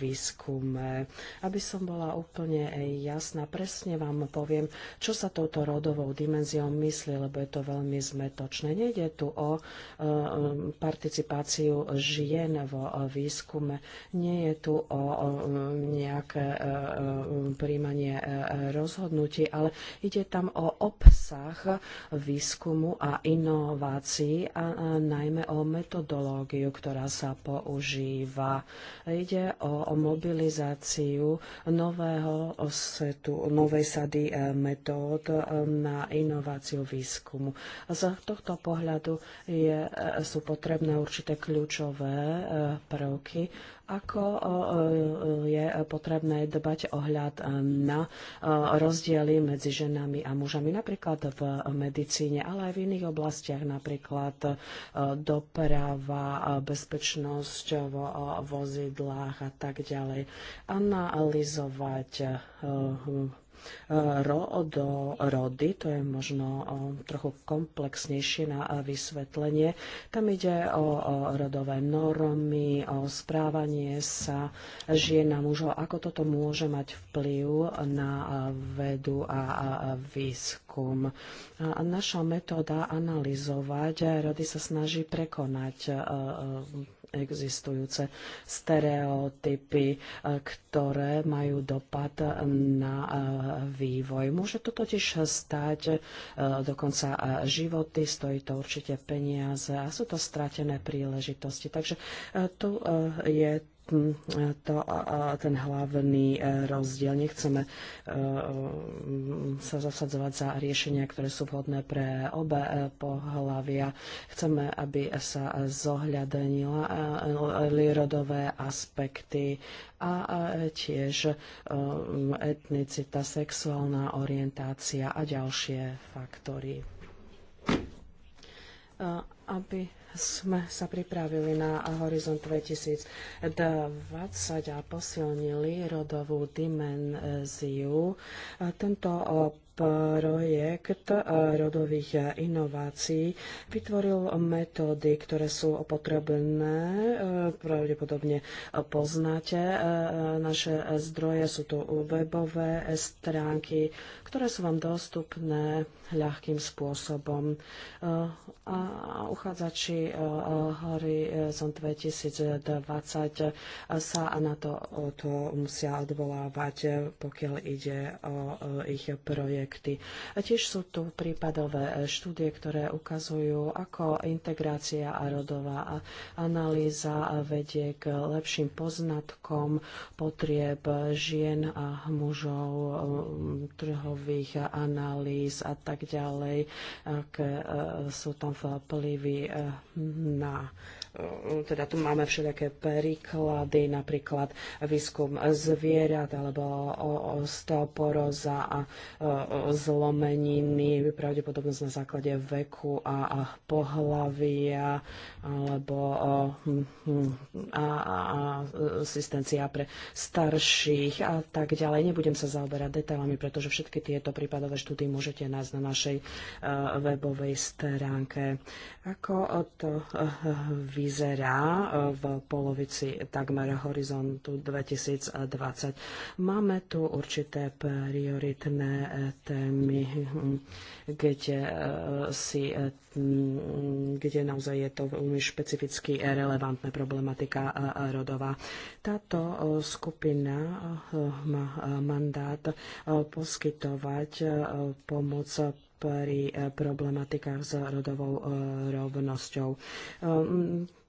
výskume. Aby som bola úplne jasná, presne vám poviem, čo sa touto rodovou dimenziou myslí, lebo je to veľmi zmetočné. Nejde tu o e, participáciu žien žien o výskume. Nie je tu o nejaké e, e, príjmanie e, rozhodnutí, ale ide tam o obsah výskumu a inovácií a najmä o metodológiu, ktorá sa používa. Ide o mobilizáciu nového setu, novej sady metód na inováciu výskumu. Z tohto pohľadu je, sú potrebné určité kľúčové prvky, ako je potrebné dbať ohľad e, na e, rozdiely medzi ženami a mužami, napríklad v medicíne, ale aj v iných oblastiach, napríklad e, doprava, bezpečnosť vo vozidlách a tak ďalej. Analyzovať rody, to je možno trochu komplexnejšie na vysvetlenie. Tam ide o rodové normy, o správanie sa žien na mužov, ako toto môže mať vplyv na vedu a výskum. naša metóda analyzovať rody sa snaží prekonať existujúce stereotypy, e, ktoré majú dopad na e, vývoj. Môže to totiž stať e, dokonca životy, stojí to určite peniaze a sú to stratené príležitosti. Takže tu je to, ten hlavný e, rozdiel. Nechceme e, sa zasadzovať za riešenia, ktoré sú vhodné pre obe e, pohlavia. Chceme, aby sa zohľadenila rodové aspekty a tiež etnicita, sexuálna orientácia a ďalšie faktory aby sme sa pripravili na Horizont 2020 a posilnili rodovú dimenziu. Tento projekt e, rodových e, inovácií vytvoril metódy, ktoré sú potrebné. E, pravdepodobne poznáte naše zdroje, sú tu webové stránky, ktoré sú vám dostupné ľahkým spôsobom. A uchádzači Horizon 2020 sa na to, to musia odvolávať, pokiaľ ide o ich projekt projekty. A tiež sú tu prípadové e, štúdie, ktoré ukazujú, ako integrácia a rodová analýza e, vedie k lepším poznatkom potrieb žien a mužov, e, trhových analýz a tak ďalej, ak sú tam vplyvy na E, teda tu máme všelijaké príklady, napríklad výskum zvierat alebo stoporoza a e, zlomeniny, pravdepodobnosť na základe veku a pohlavia alebo hm, hm, a, a, asistencia pre starších a tak ďalej. Nebudem sa zaoberať detailami, pretože všetky tieto prípadové štúdie môžete nájsť na našej e, webovej stránke. Ako to vyzerá e, v polovici takmer horizontu 2020. Máme tu určité prioritné e, témy, hm, kde si e, hm, kde naozaj je to veľmi špecificky relevantná problematika rodová. Táto skupina má mandát poskytovať pomoc pri eh, problematikách s rodovou eh, rovnosťou. Eh,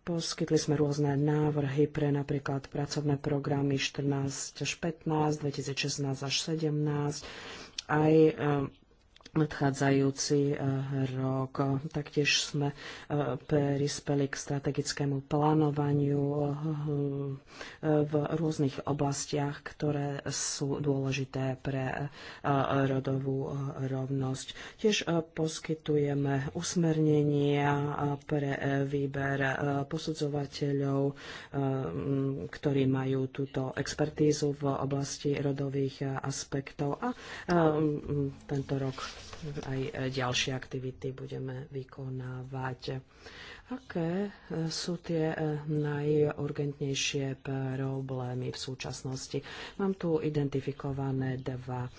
poskytli sme rôzne návrhy pre napríklad pracovné programy 14 až 15, 2016 až 17, aj nadchádzajúci eh, rok. Taktiež sme eh, prispeli k strategickému plánovaniu eh, v rôznych oblastiach, ktoré sú dôležité pre rodovú rovnosť. Tiež poskytujeme usmernenia pre výber posudzovateľov, ktorí majú túto expertízu v oblasti rodových aspektov a tento rok aj e, ďalšie aktivity budeme vykonávať. Aké e, sú tie e, najurgentnejšie problémy v súčasnosti? Mám tu identifikované dva. E,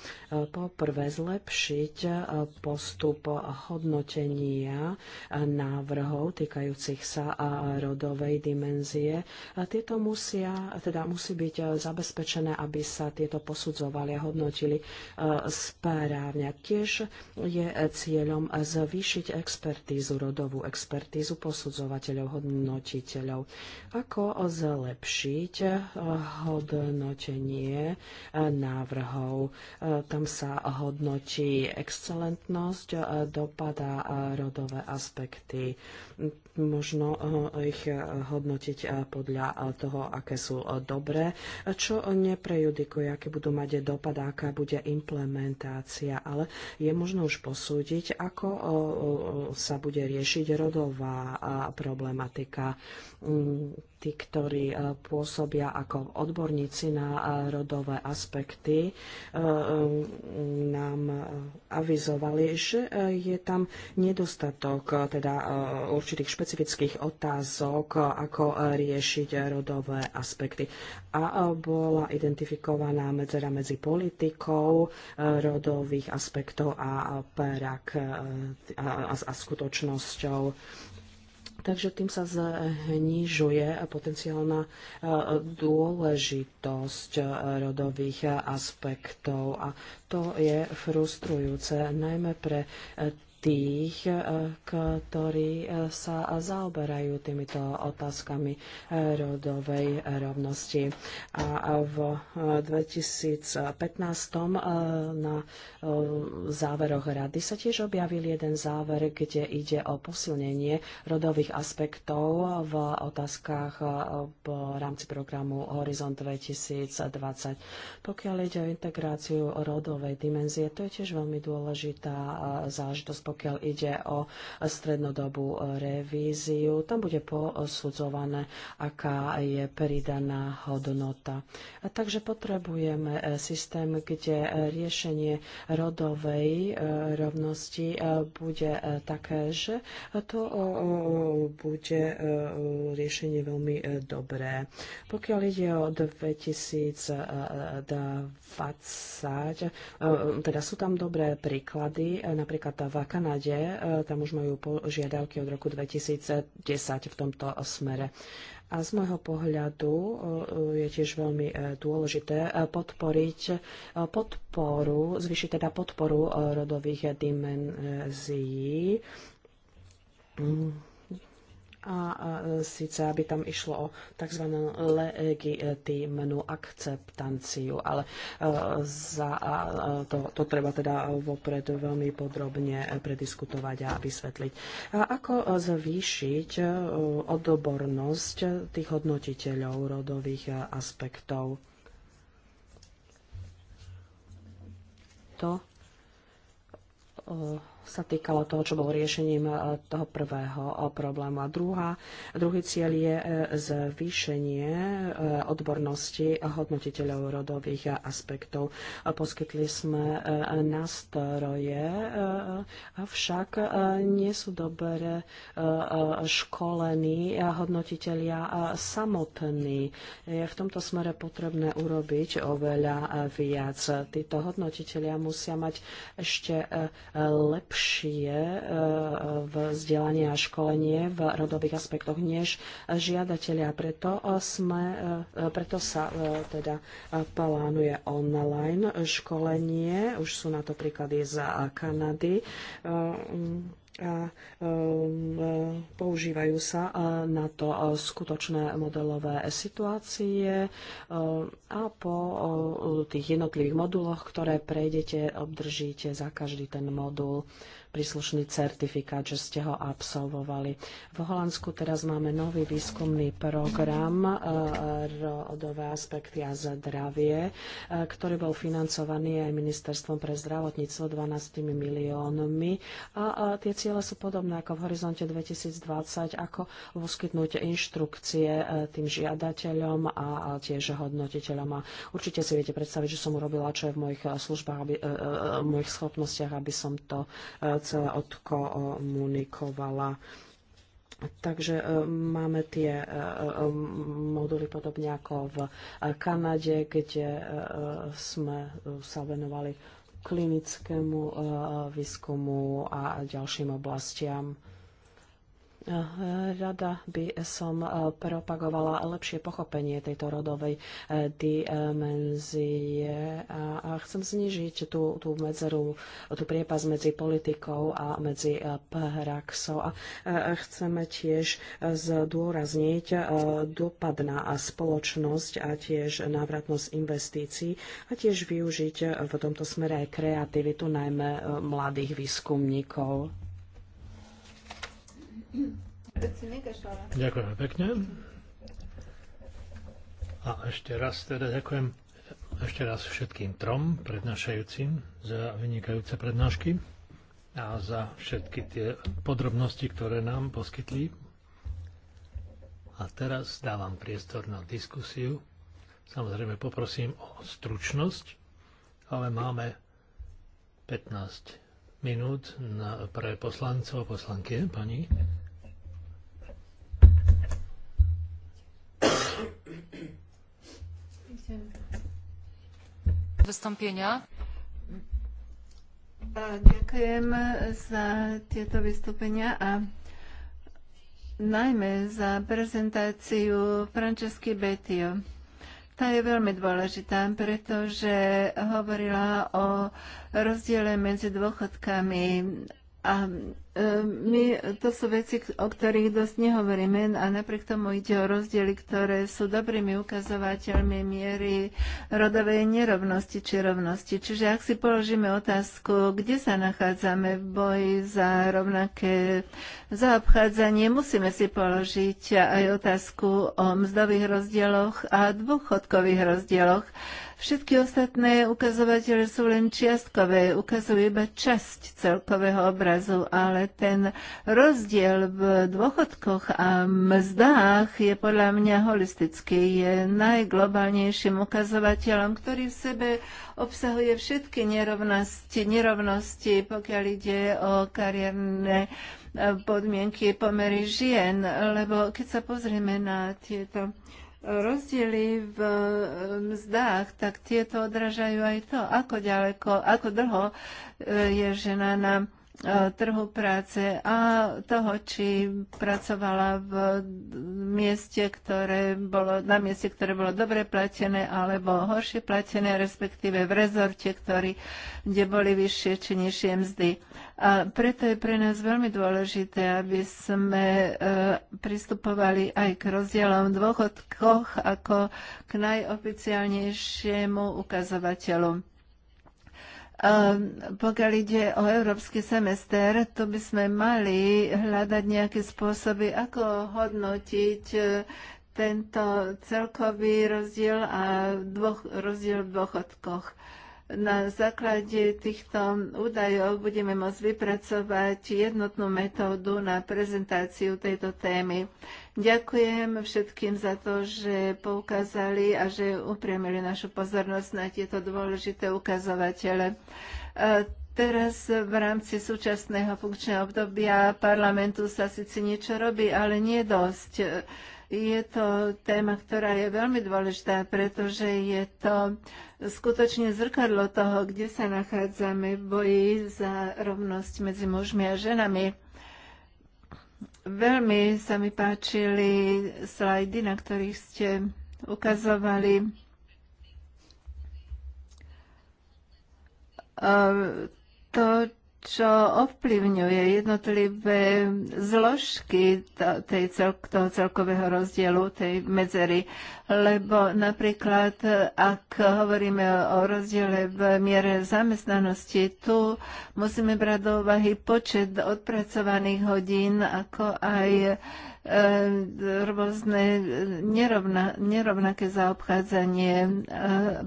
poprvé zlepšiť postup hodnotenia návrhov týkajúcich sa rodovej dimenzie. Tieto musia, teda musí byť zabezpečené, aby sa tieto posudzovali a hodnotili správne. Tiež je cieľom zvýšiť expertízu, rodovú expertízu posudzovania posudzovateľov, hodnotiteľov. Ako zlepšiť eh, hodnotenie eh, návrhov? Eh, tam sa hodnotí excelentnosť, dopada rodové aspekty možno eh, ich eh, hodnotiť eh, podľa toho, aké sú dobré, čo neprejudikuje, aké budú mať dopad, aká bude implementácia, ale je možno už posúdiť, ako sa bude riešiť rodová problematika. Mm, tí, ktorí pôsobia ako odborníci na rodové aspekty, nám avizovali, že je tam nedostatok teda určitých špecifických špecifických otázok, ako e, riešiť rodové aspekty. A e, bola identifikovaná medzera medzi politikou e, rodových aspektov a, prak, a, a, a skutočnosťou. Takže tým sa znižuje potenciálna dôležitosť rodových aspektov a to je frustrujúce, najmä pre tých, e, ktorí e, sa zaoberajú týmito otázkami e, rodovej rovnosti. A v 2015 na záveroch rady sa tiež objavil jeden záver, kde ide o posilnenie rodových aspektov v otázkach v rámci programu Horizon 2020. Pokiaľ ide o integráciu rodovej dimenzie, to je tiež veľmi dôležitá zážitosť pokiaľ ide o strednodobú e, revíziu. Tam bude posudzované, aká je pridaná hodnota. Takže potrebujeme e, systém, kde e, riešenie rodovej rovnosti bude také, že to bude riešenie veľmi dobré. Pokiaľ ide o 2020, teda sú tam dobré príklady, napríklad v Kanade Kanade, e, tam už majú požiadavky od roku 2010 v tomto smere. A z môjho pohľadu e, je tiež veľmi e, dôležité podporiť podporu, zvyšiť teda podporu rodových dimenzií. Mm a síce aby tam išlo o tzv. legitímnu akceptanciu, ale e, za to, to treba teda vopred veľmi podrobne prediskutovať a vysvetliť. A ako zvýšiť e, odbornosť tých hodnotiteľov rodových aspektov? To e, sa týkalo toho, čo bolo riešením e, toho prvého e, problému. A druhá, druhý cieľ je e, zvýšenie odbornosti hodnotiteľov rodových aspektov. Poskytli sme nástroje, avšak nie sú dobre školení hodnotiteľia samotní. Je v tomto smere potrebné urobiť oveľa viac. Títo hodnotiteľia musia mať ešte lepšie dlhšie e, v vzdelanie a školenie v rodových aspektoch než žiadatelia. Preto, e, sme, e, preto sa teda plánuje online školenie. Už sú na to príklady z Kanady a e, používajú sa e, na to e, skutočné modelové situácie a po tých jednotlivých moduloch, ktoré prejdete, obdržíte za každý ten modul príslušný certifikát, že ste ho absolvovali. V Holandsku teraz máme nový výskumný program e, rodové aspekty a zdravie, e, ktorý bol financovaný aj ministerstvom pre zdravotníctvo 12 miliónmi. A tie ciele sú podobné ako v horizonte 2020, ako poskytnúť inštrukcie e, tým žiadateľom a tiež hodnotiteľom. A určite si viete predstaviť, že som urobila, čo je v mojich službách, aby, v mojich schopnostiach, aby som to celé odkomunikovala. Takže e, máme tie e, e, moduly podobne ako v Kanade, kde sme sa venovali klinickému výskumu a ďalším oblastiam. Rada by som e, propagovala lepšie pochopenie tejto rodovej e, dimenzie a chcem znižiť tú, tú medzeru, tú priepas medzi politikou a medzi e, praxou. A chceme tiež zdôrazniť dopad na spoločnosť a tiež návratnosť investícií a tiež využiť v tomto smere aj kreativitu, najmä mladých výskumníkov. Ďakujem pekne. A ešte raz teda ďakujem ešte raz všetkým trom prednášajúcim za vynikajúce prednášky a za všetky tie podrobnosti, ktoré nám poskytli. A teraz dávam priestor na diskusiu. Samozrejme poprosím o stručnosť, ale máme 15 minút na, pre poslancov a poslanky, pani. Vystąpienia. Ďakujem za tieto vystúpenia a najmä za prezentáciu Francesky Betio. Tá je veľmi dôležitá, pretože hovorila o rozdiele medzi dôchodkami a e, my, to sú veci, o ktorých dosť nehovoríme a napriek tomu ide o rozdiely, ktoré sú dobrými ukazovateľmi miery rodovej nerovnosti či rovnosti. Čiže ak si položíme otázku, kde sa nachádzame v boji za rovnaké zaobchádzanie, musíme si položiť aj otázku o mzdových rozdieloch a dôchodkových rozdieloch. Všetky ostatné ukazovatele sú len čiastkové, ukazujú iba časť celkového obrazu, ale ten rozdiel v dôchodkoch a mzdách je podľa mňa holistický. Je najglobálnejším ukazovateľom, ktorý v sebe obsahuje všetky nerovnosti, nerovnosti pokiaľ ide o kariérne e, podmienky pomery žien, lebo keď sa pozrieme na tieto rozdiely v eh, mzdách, tak tieto odražajú aj to, ako ďaleko, ako dlho eh, je žena na eh, trhu práce a toho, či pracovala v mieste, ktoré bolo, na mieste, ktoré bolo dobre platené alebo horšie platené, respektíve v rezorte, ktorý, kde boli vyššie či nižšie mzdy. A preto je pre nás veľmi dôležité, aby sme e, pristupovali aj k rozdielom v dôchodkoch ako k najoficiálnejšiemu ukazovateľu. Pokiaľ ide o európsky semester, to by sme mali hľadať nejaké spôsoby, ako hodnotiť e, tento celkový rozdiel a dvoch, rozdiel v dôchodkoch na základe týchto údajov budeme môcť vypracovať jednotnú metódu na prezentáciu tejto témy. Ďakujem všetkým za to, že poukázali a že upriamili našu pozornosť na tieto dôležité ukazovatele. E, teraz v rámci súčasného funkčného obdobia parlamentu sa síce niečo robí, ale nie dosť. Je to téma, ktorá je veľmi dôležitá, pretože je to skutočne zrkadlo toho, kde sa nachádzame v boji za rovnosť medzi mužmi a ženami. Veľmi sa mi páčili slajdy, na ktorých ste ukazovali eh, to, čo ovplyvňuje jednotlivé zložky tej cel, toho celkového rozdielu, tej medzery. Lebo napríklad, ak hovoríme o rozdiele v miere zamestnanosti, tu musíme brať do úvahy počet odpracovaných hodín, ako aj E, rôzne nerovna, nerovnaké zaobchádzanie. E,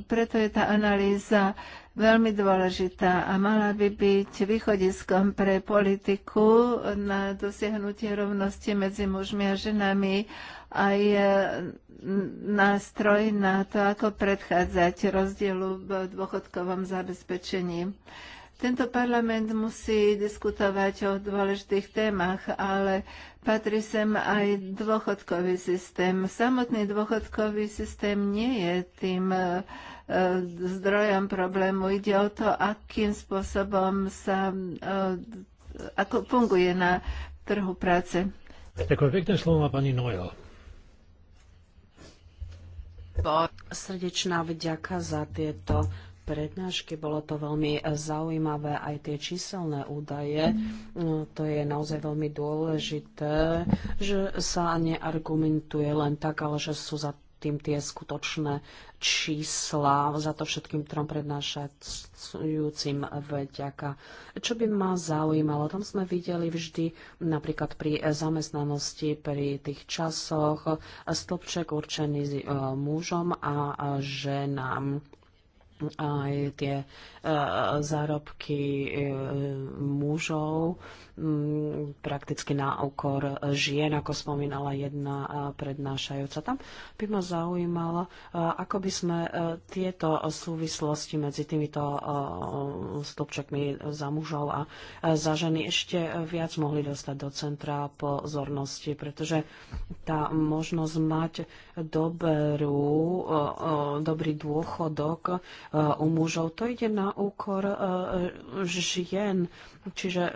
preto je tá analýza veľmi dôležitá a mala by byť východiskom pre politiku na dosiahnutie rovnosti medzi mužmi a ženami aj nástroj na to, ako predchádzať rozdielu v dôchodkovom zabezpečení. Tento parlament musí diskutovať o dôležitých témach, ale patrí sem aj dôchodkový systém. Samotný dôchodkový systém nie je tým e, e, zdrojom problému. Ide o to, akým spôsobom sa e, ako funguje na trhu práce. Ďakujem pekné slovo má pani Noel. Srdečná vďaka za tieto prednášky. Bolo to veľmi e, zaujímavé, aj tie číselné údaje. No, to je naozaj veľmi dôležité, že sa neargumentuje len tak, ale že sú za tým tie skutočné čísla. Za to všetkým trom prednášajúcim veďaka. Čo by ma zaujímalo, tam sme videli vždy napríklad pri zamestnanosti, pri tých časoch stĺpček určený e, mužom a ženám aj tie e, zárobky e, mužov prakticky na úkor žien, ako spomínala jedna e, prednášajúca. Tam by ma zaujímalo, ako by sme tieto súvislosti medzi týmito stĺpčekmi za mužov a za ženy ešte viac mohli dostať do centra pozornosti, pretože tá možnosť mať dobrú, dobrý dôchodok u mužov. To ide na úkor e, žien. Čiže e,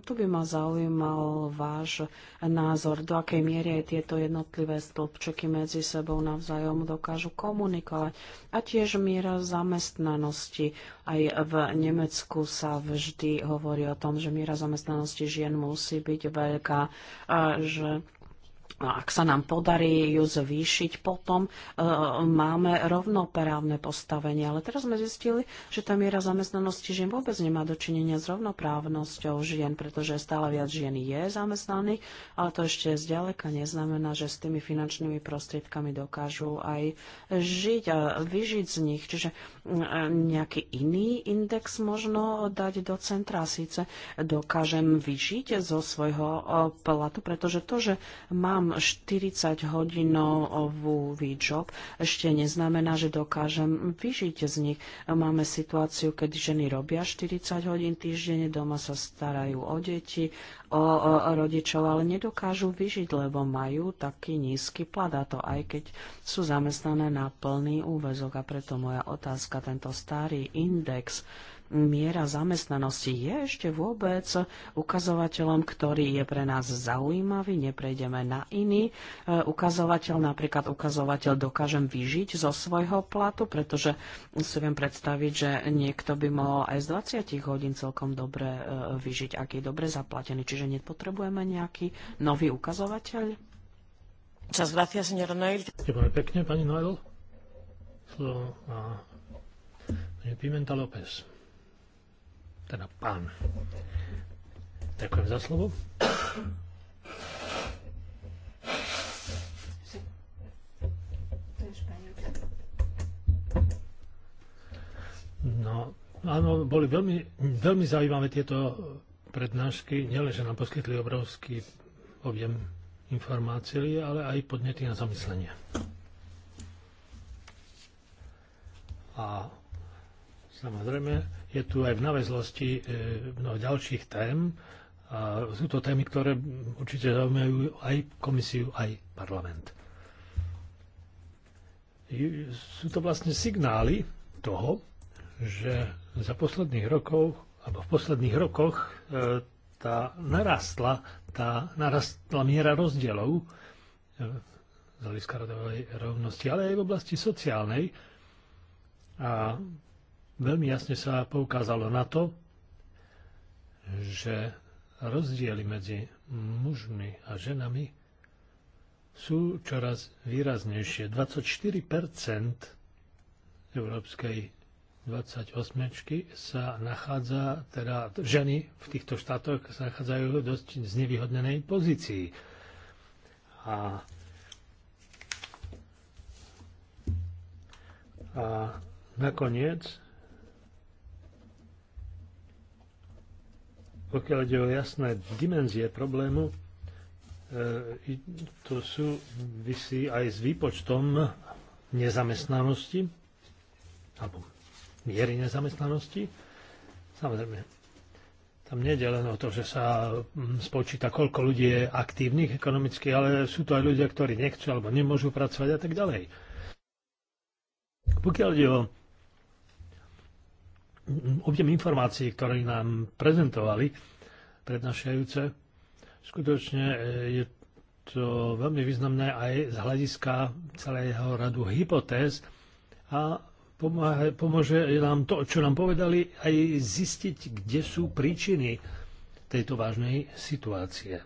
tu by ma zaujímal váš názor, do akej miery tieto jednotlivé stĺpčeky medzi sebou navzájom dokážu komunikovať. A tiež miera zamestnanosti. Aj v Nemecku sa vždy hovorí o tom, že miera zamestnanosti žien musí byť veľká, a že No ak sa nám podarí ju zvýšiť, potom e, máme rovnoprávne postavenie. Ale teraz sme zistili, že tá miera zamestnanosti žien vôbec nemá dočinenia s rovnoprávnosťou žien, pretože stále viac žien je zamestnaných, ale to ešte zďaleka neznamená, že s tými finančnými prostriedkami dokážu aj žiť a vyžiť z nich. Čiže e, nejaký iný index možno dať do centra. Síce dokážem vyžiť zo svojho e, platu, pretože to, že mám 40-hodinovú výčop, ešte neznamená, že dokážem vyžiť z nich. Máme situáciu, keď ženy robia 40 hodín týždenne, doma sa starajú o deti, o, o rodičov, ale nedokážu vyžiť, lebo majú taký nízky plat, a to aj keď sú zamestnané na plný úvezok. A preto moja otázka, tento starý index, miera zamestnanosti je ešte vôbec ukazovateľom, ktorý je pre nás zaujímavý, neprejdeme na iný e, ukazovateľ, napríklad ukazovateľ dokážem vyžiť zo svojho platu, pretože si viem predstaviť, že niekto by mohol aj z 20 hodín celkom dobre e, vyžiť, ak je dobre zaplatený, čiže nepotrebujeme nejaký nový ukazovateľ. Čas gracias, señor Noel. Ďakujem pekne, pani Noel. Slovo má Pimenta López teda pán. Ďakujem za slovo. No, áno, boli veľmi, veľmi zaujímavé tieto prednášky. Nielen, že nám poskytli obrovský objem informácií, ale aj podnety na zamyslenie. A samozrejme, je tu aj v naväzlosti e, mnoho ďalších tém a sú to témy, ktoré určite zaujímajú aj komisiu, aj parlament. Sú to vlastne signály toho, že za posledných rokov, alebo v posledných rokoch e, tá narastla, tá narastla miera rozdielov e, z hľadiska rodovej rovnosti, ale aj v oblasti sociálnej. A veľmi jasne sa poukázalo na to, že rozdiely medzi mužmi a ženami sú čoraz výraznejšie. 24 európskej 28 sa nachádza, teda ženy v týchto štátoch sa nachádzajú v dosť znevýhodnenej pozícii. A, a nakoniec pokiaľ ide o jasné dimenzie problému, e, to sú vysí aj s výpočtom nezamestnanosti alebo miery nezamestnanosti. Samozrejme, tam nie je len o to, že sa mm, spočíta, koľko ľudí je aktívnych ekonomicky, ale sú to aj ľudia, ktorí nechcú alebo nemôžu pracovať a tak ďalej. Pokiaľ ide o objem informácií, ktoré nám prezentovali prednášajúce, skutočne e, je to veľmi významné aj z hľadiska celého radu hypotéz a pomôže nám to, čo nám povedali, aj zistiť, kde sú príčiny tejto vážnej situácie.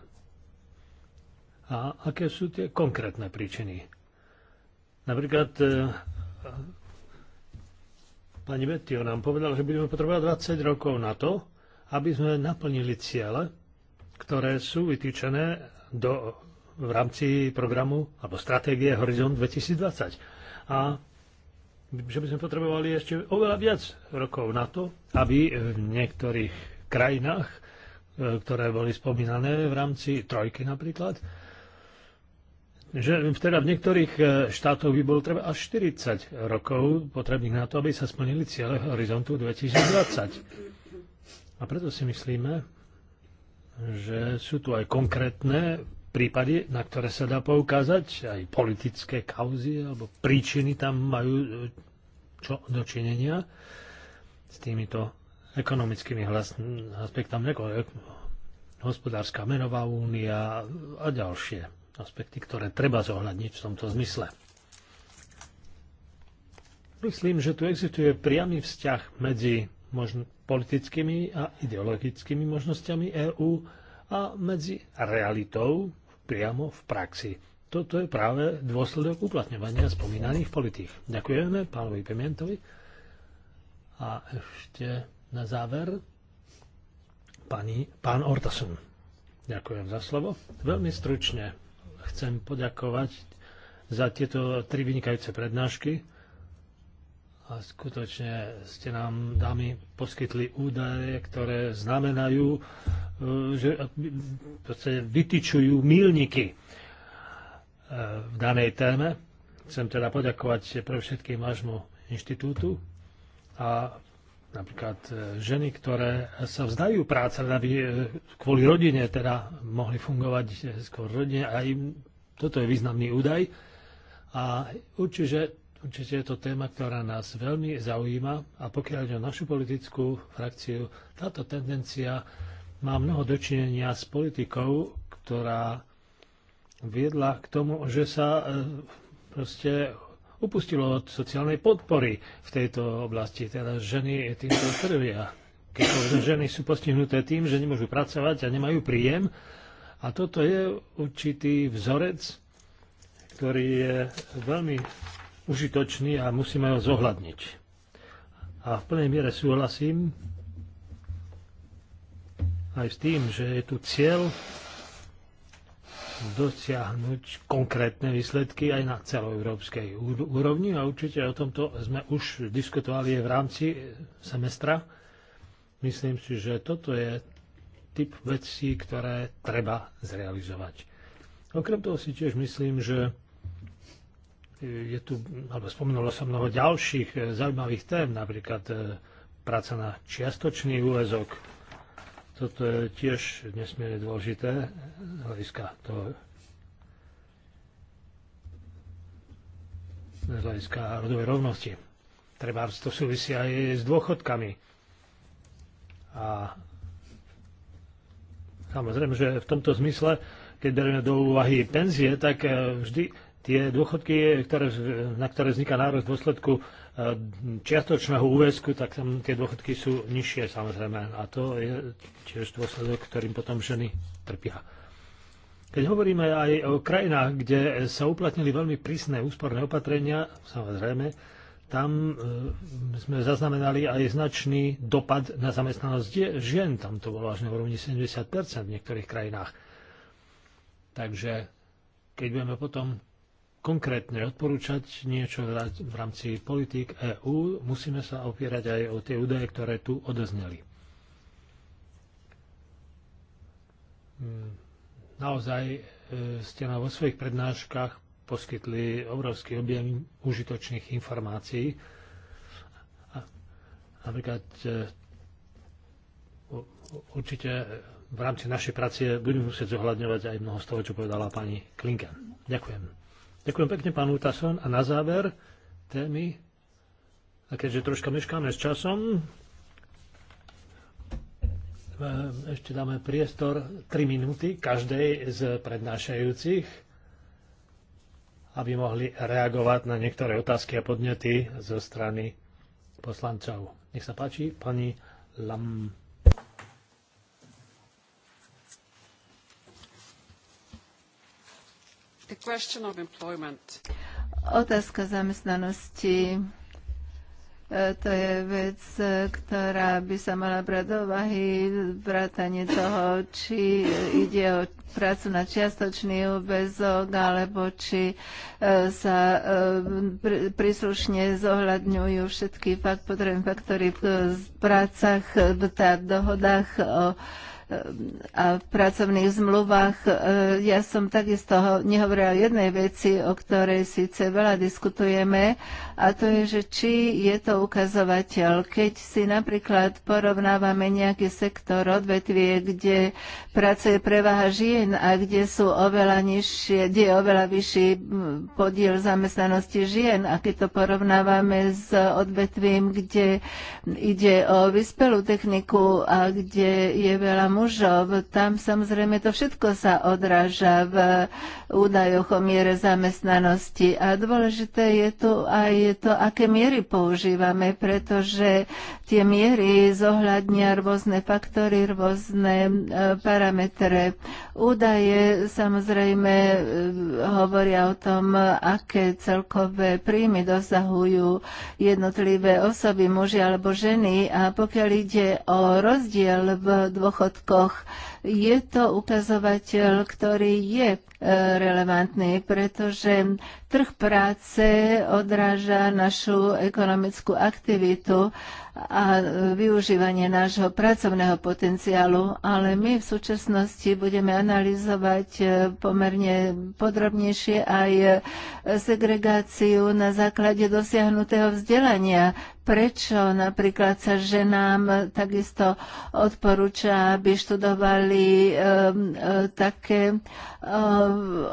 A aké sú tie konkrétne príčiny? Napríklad e, Pani Bettio nám povedala, že budeme potrebovať 20 rokov na to, aby sme naplnili ciele, ktoré sú vytýčené do, v rámci programu alebo stratégie Horizont 2020. A že by sme potrebovali ešte oveľa viac rokov na to, aby v niektorých krajinách, e, ktoré boli spomínané v rámci trojky napríklad, že teda v niektorých e, štátoch by bolo treba až 40 rokov potrebných na to, aby sa splnili cieľe horizontu 2020. A preto si myslíme, že sú tu aj konkrétne prípady, na ktoré sa dá poukázať, aj politické kauzy alebo príčiny tam majú e, čo dočinenia s týmito ekonomickými aspektami, ako hospodárska menová únia a ďalšie aspekty, ktoré treba zohľadniť v tomto zmysle. Myslím, že tu existuje priamy vzťah medzi možno politickými a ideologickými možnosťami EÚ a medzi realitou priamo v praxi. Toto je práve dôsledok uplatňovania spomínaných politík. Ďakujeme pánovi Pimentovi. A ešte na záver pani, pán Ortasun. Ďakujem za slovo. Veľmi stručne chcem poďakovať za tieto tri vynikajúce prednášky. A skutočne ste nám, dámy, poskytli údaje, ktoré znamenajú, e, že vytyčujú milníky e, v danej téme. Chcem teda poďakovať pre všetkým vášmu inštitútu a napríklad e, ženy, ktoré sa vzdajú práce, aby e, kvôli rodine teda mohli fungovať e, skôr rodine. Aj toto je významný údaj. A určite, určite je to téma, ktorá nás veľmi zaujíma a pokiaľ ide o našu politickú frakciu, táto tendencia má mnoho dočinenia s politikou, ktorá viedla k tomu, že sa proste upustilo od sociálnej podpory v tejto oblasti. Teda ženy týmto trvia. Keď povedom, ženy sú postihnuté tým, že nemôžu pracovať a nemajú príjem. A toto je určitý vzorec, ktorý je veľmi užitočný a musíme ho zohľadniť. A v plnej miere súhlasím aj s tým, že je tu cieľ dosiahnuť konkrétne výsledky aj na celoeurópskej úrovni a určite o tomto sme už diskutovali aj v rámci semestra. Myslím si, že toto je typ vecí, ktoré treba zrealizovať. Okrem toho si tiež myslím, že je tu, alebo spomenulo sa mnoho ďalších e, zaujímavých tém, napríklad e, práca na čiastočný úvezok, toto je tiež nesmierne dôležité hľadiska toho z hľadiska rodovej rovnosti. Treba to súvisí aj s dôchodkami. A samozrejme, že v tomto zmysle, keď berieme do úvahy penzie, tak eh, vždy tie dôchodky, ktoré, na ktoré vzniká nárok v dôsledku čiatočného úväzku, tak tam tie dôchodky sú nižšie samozrejme a to je tiež dôsledok, ktorým potom ženy trpia. Keď hovoríme aj o krajinách, kde sa uplatnili veľmi prísne úsporné opatrenia, samozrejme, tam e, sme zaznamenali aj značný dopad na zamestnanosť žien. Tam to bolo až na úrovni 70% v niektorých krajinách. Takže keď budeme potom konkrétne odporúčať niečo v rámci politík EÚ, musíme sa opierať aj o tie údaje, ktoré tu odozneli. Hmm. Naozaj e, ste nám vo svojich prednáškach poskytli obrovský objem užitočných informácií. Napríklad e, určite v rámci našej práce budeme musieť zohľadňovať aj mnoho z toho, čo povedala pani Klinka. Ďakujem. Ďakujem pekne, pán Utason. A na záver témy, a keďže troška meškáme s časom, ešte dáme priestor 3 minúty každej z prednášajúcich, aby mohli reagovať na niektoré otázky a podnety zo strany poslancov. Nech sa páči, pani Lam. The question of employment. Otázka zamestnanosti. E, to je vec, e, ktorá by sa mala brať do vahy, vrátanie toho, či ide o prácu na čiastočný úvezok, alebo či e, sa príslušne zohľadňujú všetky fakt, potrebné faktory v prácach, v dohodách o a v pracovných zmluvách. E, ja som takisto nehovorila o jednej veci, o ktorej síce veľa diskutujeme, a to je, že či je to ukazovateľ. Keď si napríklad porovnávame nejaký sektor odvetvie, kde pracuje prevaha žien a kde sú oveľa nižšie, kde je oveľa vyšší podiel zamestnanosti žien a keď to porovnávame s odvetvím, kde ide o vyspelú techniku a kde je veľa mužov. Tam samozrejme to všetko sa odráža v údajoch o miere zamestnanosti. A dôležité je tu aj to, aké miery používame, pretože tie miery zohľadnia rôzne faktory, rôzne e, parametre. Údaje samozrejme e, hovoria o tom, aké celkové príjmy dosahujú jednotlivé osoby, muži alebo ženy. A pokiaľ ide o rozdiel v dôchodkách, výsledkoch, je to ukazovateľ, ktorý je e, relevantný, pretože trh práce odráža našu ekonomickú aktivitu a využívanie nášho pracovného potenciálu, ale my v súčasnosti budeme analyzovať e, pomerne podrobnejšie aj e, segregáciu na základe dosiahnutého vzdelania prečo napríklad sa ženám takisto odporúča, aby študovali ehm, e, také e,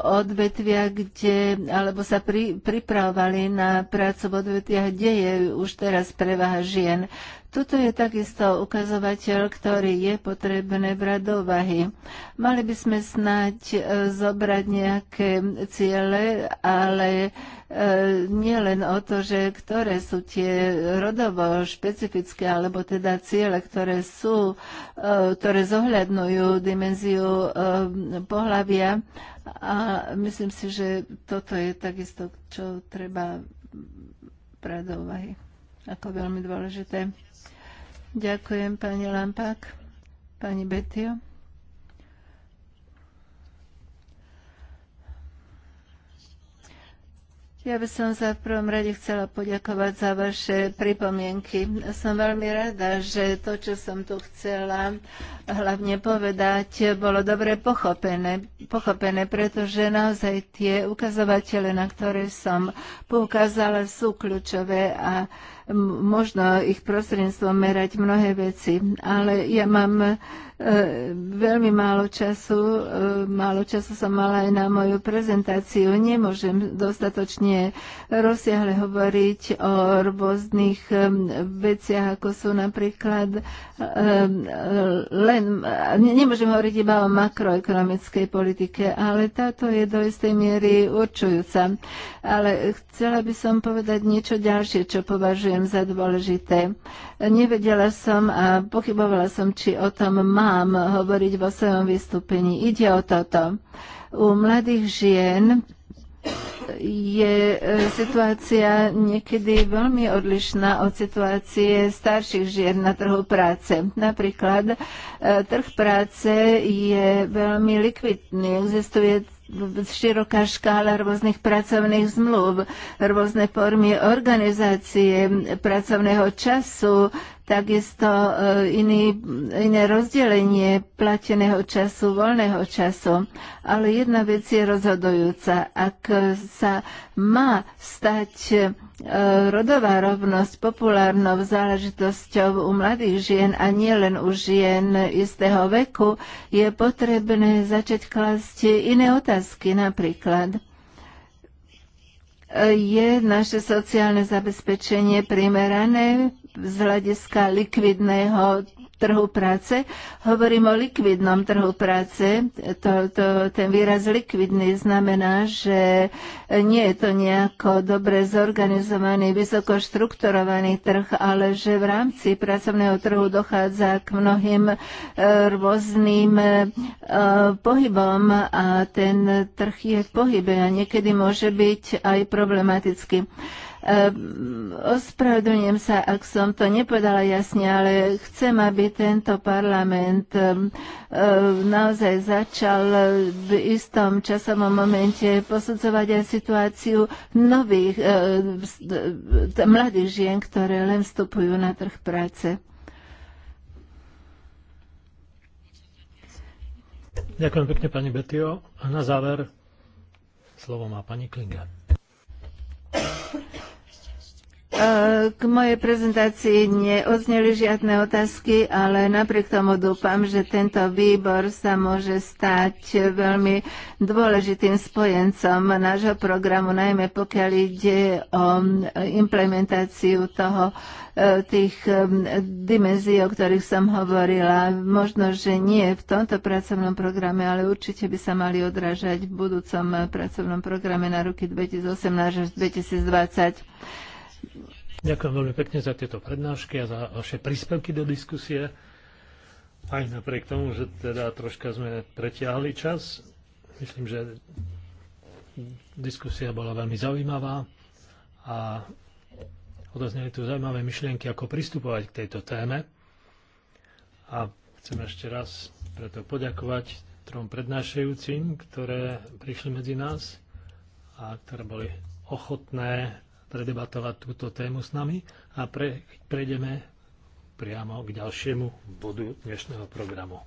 odvetvia, kde, alebo sa pri, pripravovali na prácu v odvetviach, kde je už teraz prevaha žien. Toto je takisto ukazovateľ, ktorý je potrebné brať do úvahy. Mali by sme snáď e, zobrať nejaké ciele, ale E, nie len o to, že ktoré sú tie rodovo špecifické, alebo teda ciele, ktoré sú, e, ktoré zohľadňujú dimenziu e, pohľavia. A myslím si, že toto je takisto, čo treba brať do úvahy ako veľmi dôležité. Ďakujem pani Lampák, pani Betio. Ja by som sa v prvom rade chcela poďakovať za vaše pripomienky. Som veľmi rada, že to, čo som tu chcela hlavne povedať, bolo dobre pochopené, pochopené pretože naozaj tie ukazovatele, na ktoré som poukázala, sú kľúčové a možno ich prostredníctvom merať mnohé veci, ale ja mám e, veľmi málo času, e, málo času som mala aj na moju prezentáciu. Nemôžem dostatočne rozsiahle hovoriť o rôznych e, veciach, ako sú napríklad len, nemôžem hovoriť iba o makroekonomickej politike, ale táto je do istej miery určujúca. Ale chcela by som povedať niečo ďalšie, čo považujem považujem za dôležité. Nevedela som a pochybovala som, či o tom mám hovoriť vo svojom vystúpení. Ide o toto. U mladých žien je e, situácia niekedy veľmi odlišná od situácie starších žien na trhu práce. Napríklad e, trh práce je veľmi likvidný, existuje široká škála rôznych pracovných zmluv, rôzne formy organizácie pracovného času, takisto e, iný, iné rozdelenie plateného času, voľného času. Ale jedna vec je rozhodujúca. Ak sa má stať E, rodová rovnosť populárnou záležitosťou u mladých žien a nielen u žien istého veku, je potrebné začať klásť iné otázky, napríklad e, je naše sociálne zabezpečenie primerané z hľadiska likvidného trhu práce. Hovorím o likvidnom trhu práce. To, to, ten výraz likvidný znamená, že nie je to nejako dobre zorganizovaný, vysoko štrukturovaný trh, ale že v rámci pracovného trhu dochádza k mnohým e, rôznym e, pohybom a ten trh je v pohybe a niekedy môže byť aj problematický. Ehm, ospravedlňujem sa, ak som to nepovedala jasne, ale chcem, aby tento parlament ehm, ehm, naozaj začal v istom časovom momente posudzovať aj situáciu nových mladých žien, ktoré len vstupujú na trh práce. Ďakujem pekne, pani Betio. A na záver slovo má pani Klinga. E, k mojej prezentácii neozneli žiadne otázky, ale napriek tomu dúfam, že tento výbor sa môže stať veľmi dôležitým spojencom nášho programu, najmä pokiaľ ide o implementáciu toho, e, tých e, dimenzií, o ktorých som hovorila. Možno, že nie v tomto pracovnom programe, ale určite by sa mali odrážať v budúcom pracovnom programe na roky 2018 až 2020. Ďakujem veľmi pekne za tieto prednášky a za vaše príspevky do diskusie. Aj napriek tomu, že teda troška sme pretiahli čas, myslím, že diskusia bola veľmi zaujímavá a odozneli tu zaujímavé myšlienky, ako pristupovať k tejto téme. A chcem ešte raz preto poďakovať trom prednášajúcim, ktoré prišli medzi nás a ktoré boli ochotné predebatovať túto tému s nami a pre, prejdeme priamo k ďalšiemu bodu dnešného programu.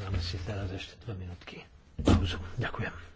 Máme si teraz ešte dve minútky pauzu. Ďakujem.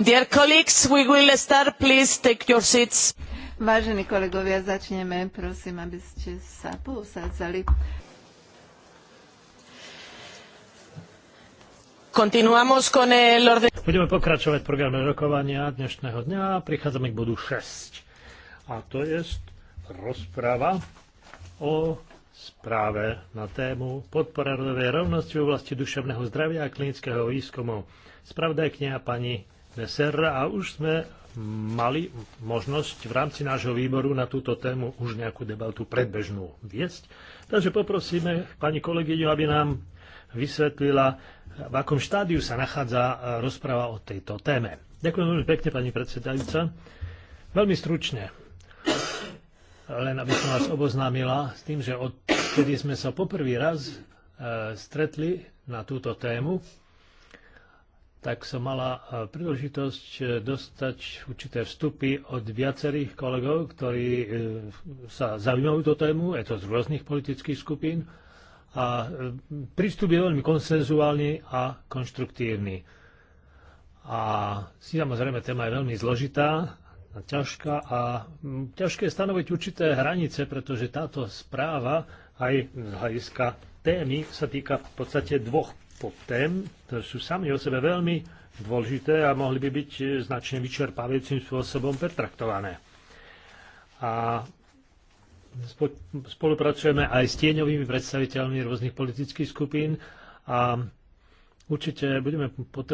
Dear colleagues, we will start. Please take your seats. Vážení kolegovia, začneme. Prosím, aby ste sa pousádzali. Continuamos con el orden... Budeme pokračovať v programe rokovania dnešného dňa. Prichádzame k bodu 6. A to je rozprava o správe na tému podpora rodovej rovnosti v oblasti duševného zdravia a klinického výskumu. Spravdaj pani Serra a už sme mali možnosť v rámci nášho výboru na túto tému už nejakú debatu predbežnú viesť. Takže poprosíme pani kolegyňu, aby nám vysvetlila, v akom štádiu sa nachádza e, rozpráva o tejto téme. Ďakujem veľmi pekne, pani predsedajúca. Veľmi stručne, len aby som vás oboznámila s tým, že odkedy sme sa poprvý raz e, stretli na túto tému, tak som mala e, príležitosť e, dostať určité vstupy od viacerých kolegov, ktorí e, sa zaujímajú do tému, je to z rôznych politických skupín. A prístup je veľmi konsenzuálny a konštruktívny. A samozrejme téma je veľmi zložitá a ťažká a ťažké je stanoviť určité hranice, pretože táto správa aj z hľadiska témy sa týka v podstate dvoch tém, ktoré sú sami o sebe veľmi dôležité a mohli by byť eh, značne vyčerpávajúcim spôsobom pertraktované. A spolupracujeme aj s tieňovými predstaviteľmi rôznych politických skupín a určite budeme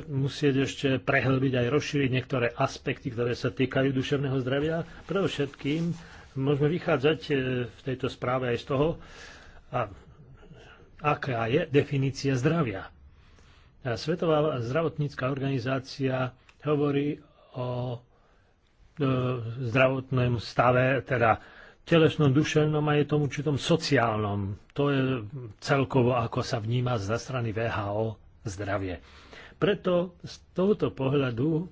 musieť ešte prehlbiť aj rozšíriť niektoré aspekty, ktoré sa týkajú duševného zdravia. Predovšetkým môžeme vychádzať eh, v tejto správe aj z toho, a aká je definícia zdravia. Svetová zdravotnícká organizácia hovorí o e, zdravotnom stave, teda telesnom, duševnom a je tom čitom sociálnom. To je celkovo, ako sa vníma za strany VHO zdravie. Preto z tohoto pohľadu,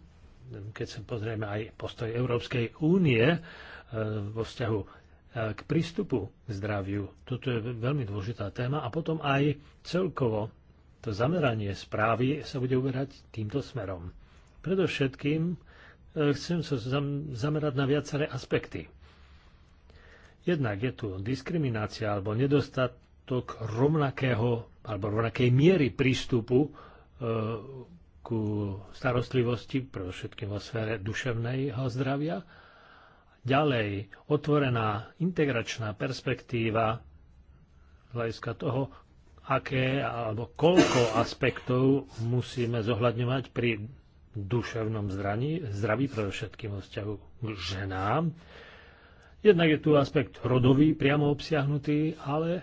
keď sa pozrieme aj postoj Európskej únie e, vo vzťahu e, k prístupu k zdraviu, toto je veľmi dôležitá téma a potom aj celkovo to zameranie správy sa bude uberať týmto smerom. Predovšetkým e, chcem sa zamerať na viaceré aspekty. Jednak je tu diskriminácia alebo nedostatok rovnakého alebo rovnakej miery prístupu e, ku starostlivosti, predovšetkým vo sfére duševného zdravia. Ďalej, otvorená integračná perspektíva hľadiska toho, aké alebo koľko aspektov musíme zohľadňovať pri duševnom zdraní, zdraví pre všetkým vzťahu k ženám. Jednak je tu aspekt rodový priamo obsiahnutý, ale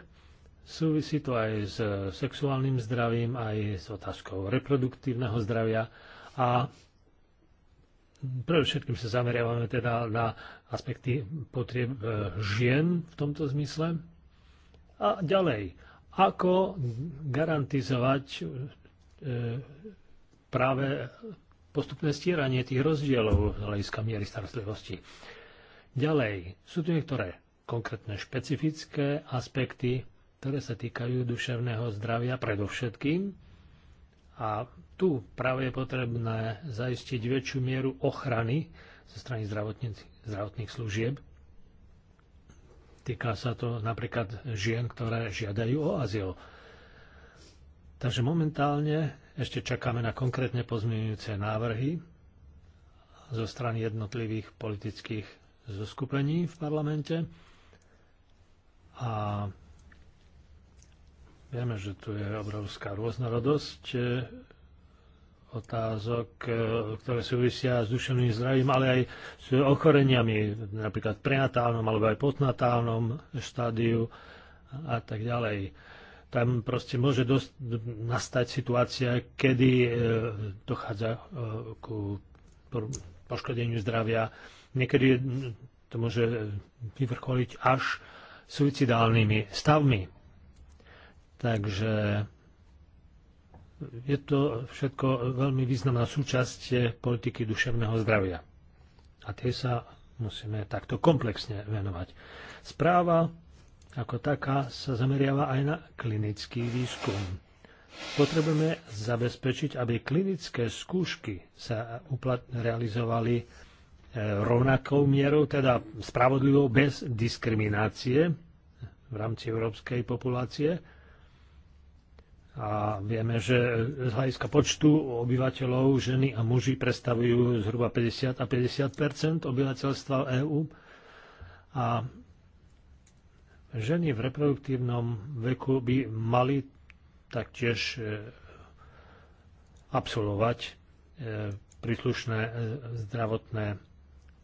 súvisí to aj s sexuálnym zdravím, aj s otázkou reproduktívneho zdravia a pre všetkým sa zameriavame teda na aspekty potrieb e, žien v tomto zmysle. A ďalej, ako garantizovať e, práve postupné stieranie tých rozdielov z hľadiska miery starostlivosti. Ďalej, sú tu niektoré konkrétne špecifické aspekty, ktoré sa týkajú duševného zdravia predovšetkým. A tu práve je potrebné zaistiť väčšiu mieru ochrany zo strany zdravotných služieb Týka sa to napríklad žien, ktoré žiadajú o azyl. Takže momentálne ešte čakáme na konkrétne pozmeňujúce návrhy zo strany jednotlivých politických zoskupení v parlamente. A vieme, že tu je obrovská rôznorodosť otázok, e, ktoré súvisia s duševným zdravím, ale aj s ochoreniami, napríklad prenatálnom alebo aj postnatálnom štádiu a tak ďalej. Tam proste môže dosť nastať situácia, kedy e, dochádza e, ku poškodeniu zdravia. Niekedy to môže vyvrcholiť až suicidálnymi stavmi. Takže je to všetko veľmi významná súčasť eh, politiky duševného zdravia. A tie sa musíme takto komplexne venovať. Správa ako taká sa zameriava aj na klinický výskum. Potrebujeme zabezpečiť, aby klinické skúšky sa realizovali eh, rovnakou mierou, teda spravodlivou, bez diskriminácie v rámci európskej populácie a vieme, že z hľadiska počtu obyvateľov ženy a muži predstavujú zhruba 50 a 50 obyvateľstva EÚ. A ženy v reproduktívnom veku by mali taktiež e, absolvovať e, príslušné e, zdravotné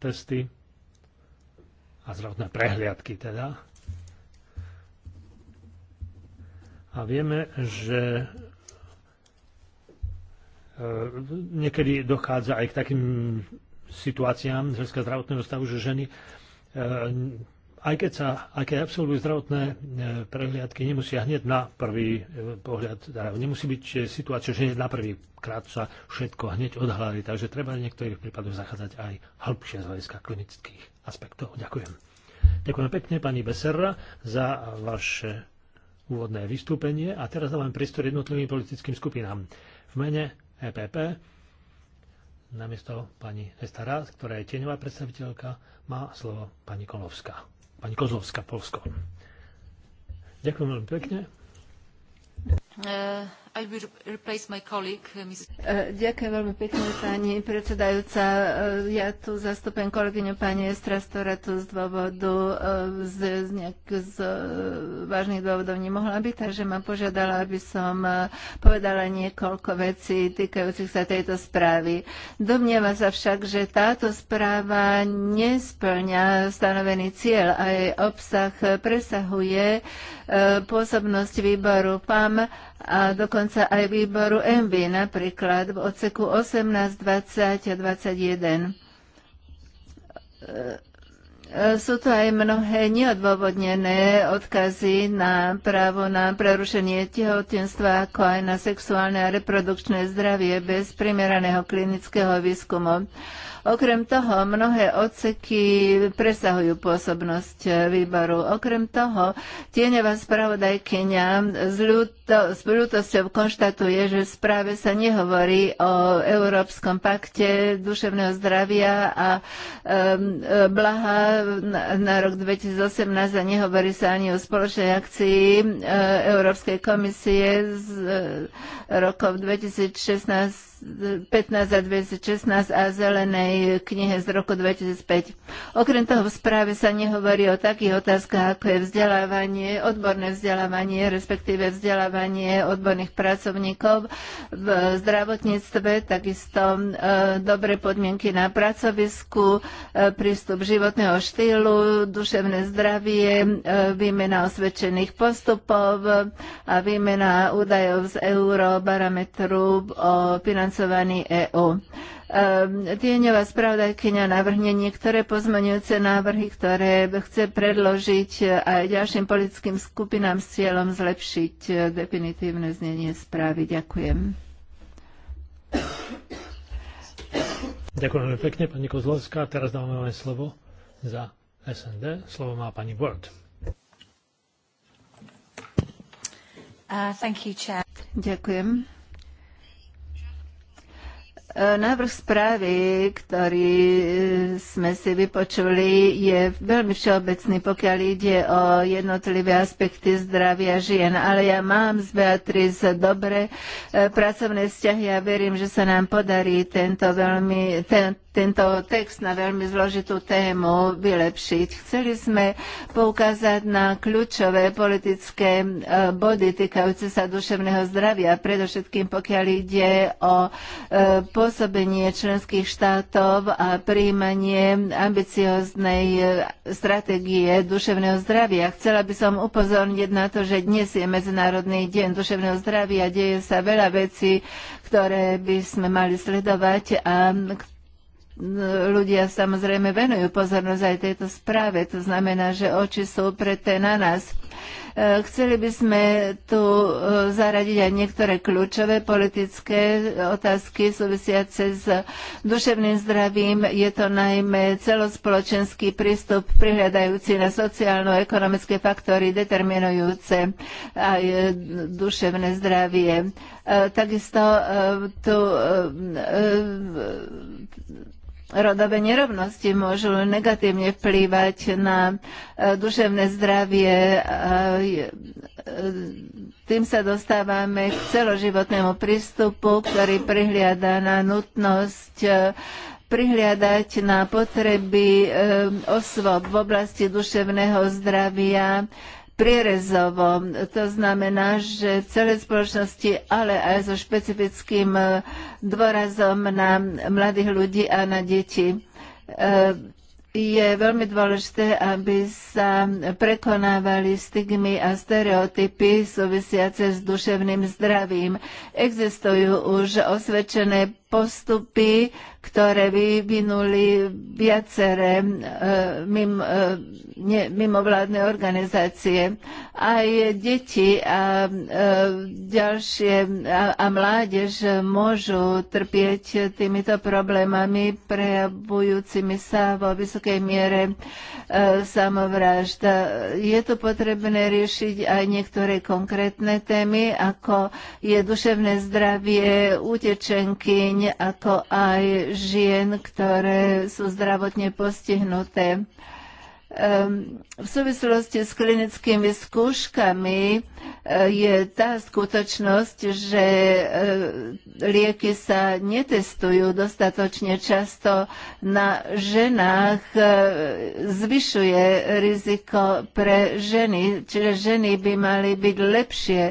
testy a zdravotné prehliadky teda. A vieme, že e, niekedy dochádza aj k takým situáciám z hľadiska zdravotného stavu, že ženy, e, aj keď, sa, aj keď absolvujú zdravotné e, prehliadky, nemusia hneď na prvý pohľad, teda nemusí byť situácia, že hneď na prvý krát sa všetko hneď odhalí, takže treba v niektorých prípadoch zachádzať aj hĺbšie z hľadiska klinických aspektov. Ďakujem. Ďakujem pekne pani Beserra za vaše úvodné vystúpenie a teraz dávam priestor jednotlivým politickým skupinám. V mene EPP namiesto pani Estara, ktorá je tieňová predstaviteľka, má slovo pani Kolovská. Pani Kozlovská, Polsko. Ďakujem veľmi pekne. Uh, uh, uh, ďakujem veľmi pekne, pani predsedajúca. Ja tu zastupujem kolegyňu pani Estra, ktorá tu z dôvodu, z, z, nejak, z vážnych dôvodov nemohla byť, takže ma požiadala, aby som povedala niekoľko vecí týkajúcich sa tejto správy. Domnieva sa však, že táto správa nesplňa stanovený cieľ a jej obsah presahuje pôsobnosť výboru PAM a dokonca aj výboru MV, napríklad v odseku 18, 20 a 21. E, e, sú to aj mnohé neodôvodnené odkazy na právo na prerušenie tehotenstva, ako aj na sexuálne a reprodukčné zdravie bez primeraného klinického výskumu. Okrem toho, mnohé odseky presahujú pôsobnosť výboru. Okrem toho, tieňová spravodajkynia s, ľuto, s ľutosťou konštatuje, že v správe sa nehovorí o Európskom pakte duševného zdravia a um, blaha na, na rok 2018 a nehovorí sa ani o spoločnej akcii uh, Európskej komisie z uh, rokov 2016 a 2016 a zelenej knihe z roku 2005. Okrem toho v správe sa nehovorí o takých otázkach, ako je vzdelávanie, odborné vzdelávanie, respektíve vzdelávanie odborných pracovníkov v zdravotníctve, takisto dobre podmienky na pracovisku, prístup životného štýlu, duševné zdravie, výmena osvedčených postupov a výmena údajov z eurobarometru o financovaní financovaný EÚ. Ehm, Tieňová spravodajkyňa navrhne niektoré pozmeňujúce návrhy, ktoré chce predložiť aj ďalším politickým skupinám s cieľom zlepšiť definitívne znenie správy. Ďakujem. Ďakujem pekne, pani Kozlovská. Teraz dávame vám slovo za SND. Slovo má pani Ward. Uh, thank you, Ďakujem. Návrh správy, ktorý e, sme si vypočuli, je veľmi všeobecný, pokiaľ ide o jednotlivé aspekty zdravia žien. Ale ja mám z Beatrice dobre pracovné vzťahy a verím, že sa nám podarí tento, veľmi, ten, tento text na veľmi zložitú tému vylepšiť. Chceli sme poukázať na kľúčové politické e, body týkajúce sa duševného zdravia, predovšetkým pokiaľ ide o e, pôsobenie členských štátov a príjmanie ambicioznej e, stratégie duševného zdravia. Chcela by som upozorniť na to, že dnes je Medzinárodný deň duševného zdravia, deje sa veľa vecí, ktoré by sme mali sledovať a ľudia samozrejme venujú pozornosť aj tejto správe. To znamená, že oči sú preté na nás. E, chceli by sme tu e, zaradiť aj niektoré kľúčové politické otázky súvisiace s duševným zdravím. Je to najmä celospoločenský prístup prihľadajúci na sociálno-ekonomické faktory determinujúce aj duševné zdravie. E, takisto tu rodové nerovnosti môžu negatívne vplývať na e, duševné zdravie. E, tým sa dostávame k celoživotnému prístupu, ktorý prihliada na nutnosť e, prihliadať na potreby osôb v oblasti duševného zdravia, prierezovo. To znamená, že v celej spoločnosti, ale aj so špecifickým e, dôrazom na mladých ľudí a na deti e, je veľmi dôležité, aby sa prekonávali stigmy a stereotypy súvisiace s duševným zdravím. Existujú už osvedčené postupy ktoré vyvinuli viaceré e, e, mimovládne organizácie. Aj deti a e, ďalšie a, a mládež môžu trpieť týmito problémami, prejavujúcimi sa vo vysokej miere samovrážd. Je tu potrebné riešiť aj niektoré konkrétne témy, ako je duševné zdravie utečenkyň, ako aj žien, ktoré sú zdravotne postihnuté. Ehm, v súvislosti s klinickými skúškami eh, je tá skutočnosť, že eh, lieky sa netestujú dostatočne často na ženách, eh, zvyšuje riziko pre ženy, čiže ženy by mali byť lepšie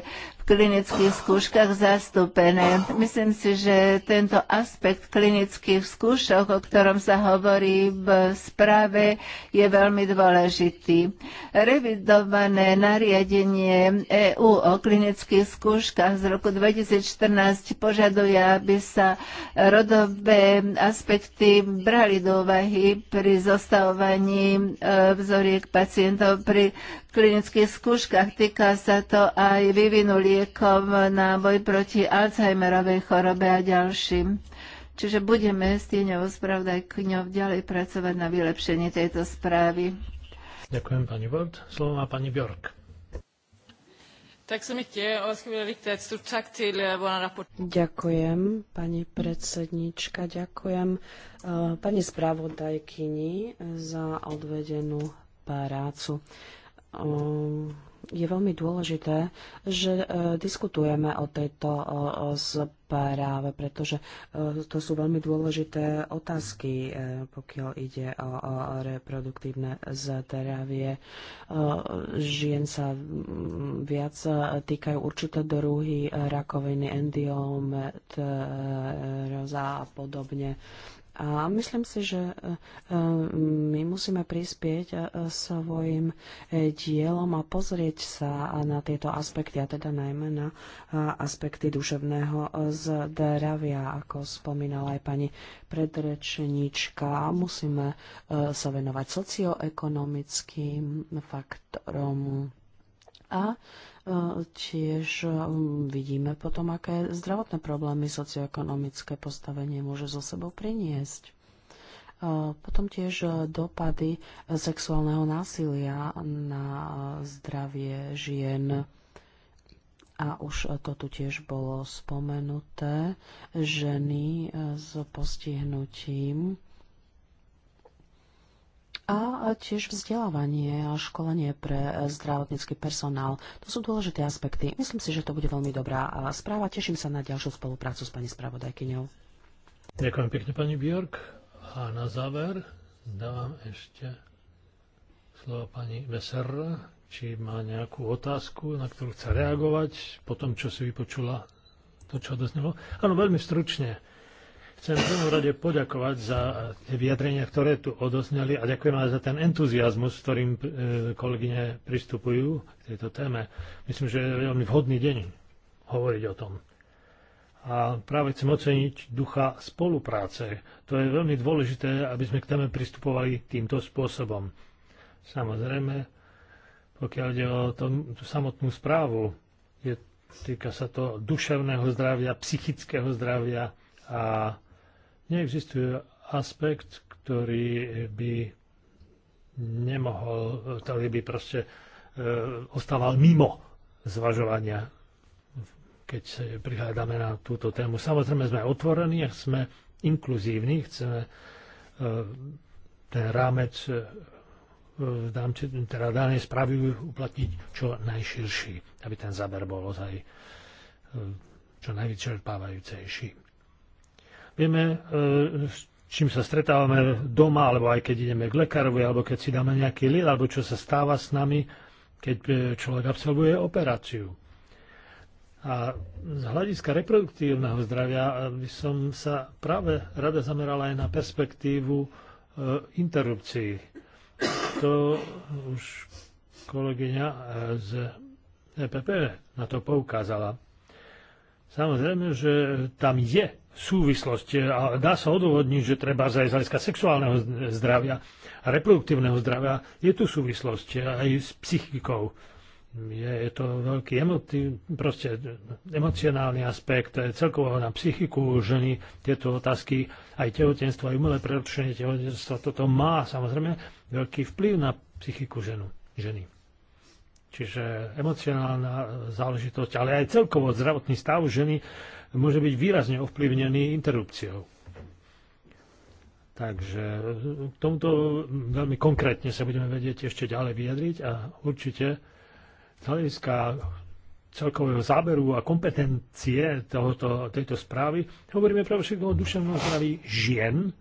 klinických skúškach zastúpené. Myslím si, že tento aspekt klinických skúšok, o ktorom sa hovorí v správe, je veľmi dôležitý. Revidované nariadenie EÚ o klinických skúškach z roku 2014 požaduje, aby sa rodové aspekty brali do úvahy pri zostavovaní e, vzoriek pacientov pri klinických skúškach. Týka sa to aj vývinu liekov na boj proti Alzheimerovej chorobe a ďalším. Čiže budeme s týňou tieňovou spravdajkňou ďalej pracovať na vylepšení tejto správy. Ďakujem pani Vod. Slovo má pani Bjork. Ďakujem, pani predsednička, ďakujem eh, pani spravodajkyni za odvedenú prácu. Um, je veľmi dôležité, že e, diskutujeme o tejto e, správe, pretože e, to sú veľmi dôležité otázky, pokiaľ ide o reproduktívne zdravie. Žien sa viac týkajú určité druhy rakoviny, endiom, roza a podobne. A myslím si, že e, e, my musíme prispieť e, svojim dielom a pozrieť sa na tieto aspekty, a teda najmä na aspekty duševného zdravia, ako spomínala aj pani predrečníčka. Musíme sa venovať socioekonomickým faktorom a Tiež eh, vidíme potom, aké zdravotné problémy socioekonomické postavenie môže so sebou priniesť. Eh, potom tiež eh, dopady sexuálneho násilia na zdravie žien. A už to tu tiež bolo spomenuté. Ženy s postihnutím a tiež vzdelávanie a školenie pre zdravotnícky personál. To sú dôležité aspekty. Myslím si, že to bude veľmi dobrá správa. Teším sa na ďalšiu spoluprácu s pani spravodajkyňou. Ďakujem pekne, pani Bjork. A na záver dávam ešte slovo pani Veser, či má nejakú otázku, na ktorú chce reagovať po tom, čo si vypočula to, čo odoznelo. Áno, veľmi stručne. Chcem v prvom rade poďakovať za tie vyjadrenia, ktoré tu odosňali a ďakujem aj za ten entuziasmus, s ktorým e, kolegyne pristupujú k tejto téme. Myslím, že je veľmi vhodný deň hovoriť o tom. A práve chcem oceniť ducha spolupráce. To je veľmi dôležité, aby sme k téme pristupovali týmto spôsobom. Samozrejme, pokiaľ ide o tom, tú samotnú správu, je, týka sa to duševného zdravia, psychického zdravia a neexistuje aspekt, ktorý by nemohol, ktorý by proste e, ostával mimo zvažovania, keď prihľadáme na túto tému. Samozrejme sme otvorení, sme inkluzívni, chceme e, ten rámec e, teda danej správy uplatniť čo najširší, aby ten záber bol ozaj e, čo najvyčerpávajúcejší. Vieme, e, s čím sa stretávame doma, alebo aj keď ideme k lekárovi, alebo keď si dáme nejaký liek, alebo čo sa stáva s nami, keď e, človek absolvuje operáciu. A z hľadiska reproduktívneho zdravia e, by som sa práve rada zamerala aj na perspektívu interrupcií. To už kolegyňa z EPP na to poukázala. Samozrejme, že tam je súvislosť a dá sa odôvodniť, že treba aj z hľadiska sexuálneho zdravia a reproduktívneho zdravia je tu súvislosť aj s psychikou. Je, je to veľký emotiv, proste emocionálny aspekt celkovo na psychiku ženy tieto otázky, aj tehotenstvo, aj umelé prerušenie tehotenstva, toto má samozrejme veľký vplyv na psychiku ženu, ženy. Čiže emocionálna záležitosť, ale aj celkovo zdravotný stav ženy môže byť výrazne ovplyvnený interrupciou. Takže k tomuto veľmi konkrétne sa budeme vedieť ešte ďalej vyjadriť a určite z hľadiska celkového záberu a kompetencie tohoto, tejto správy hovoríme pre všetko o duševnom zdraví žien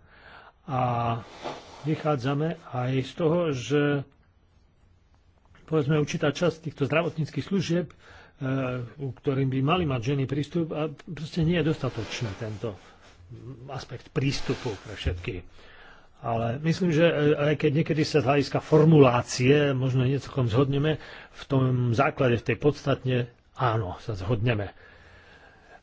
a vychádzame aj z toho, že povedzme určitá časť týchto zdravotníckých služieb, e, u ktorým by mali mať ženy prístup a proste nie je dostatočný tento aspekt prístupu pre všetky. Ale myslím, že e, aj keď niekedy sa z hľadiska formulácie možno niecelkom zhodneme, v tom základe, v tej podstatne áno, sa zhodneme.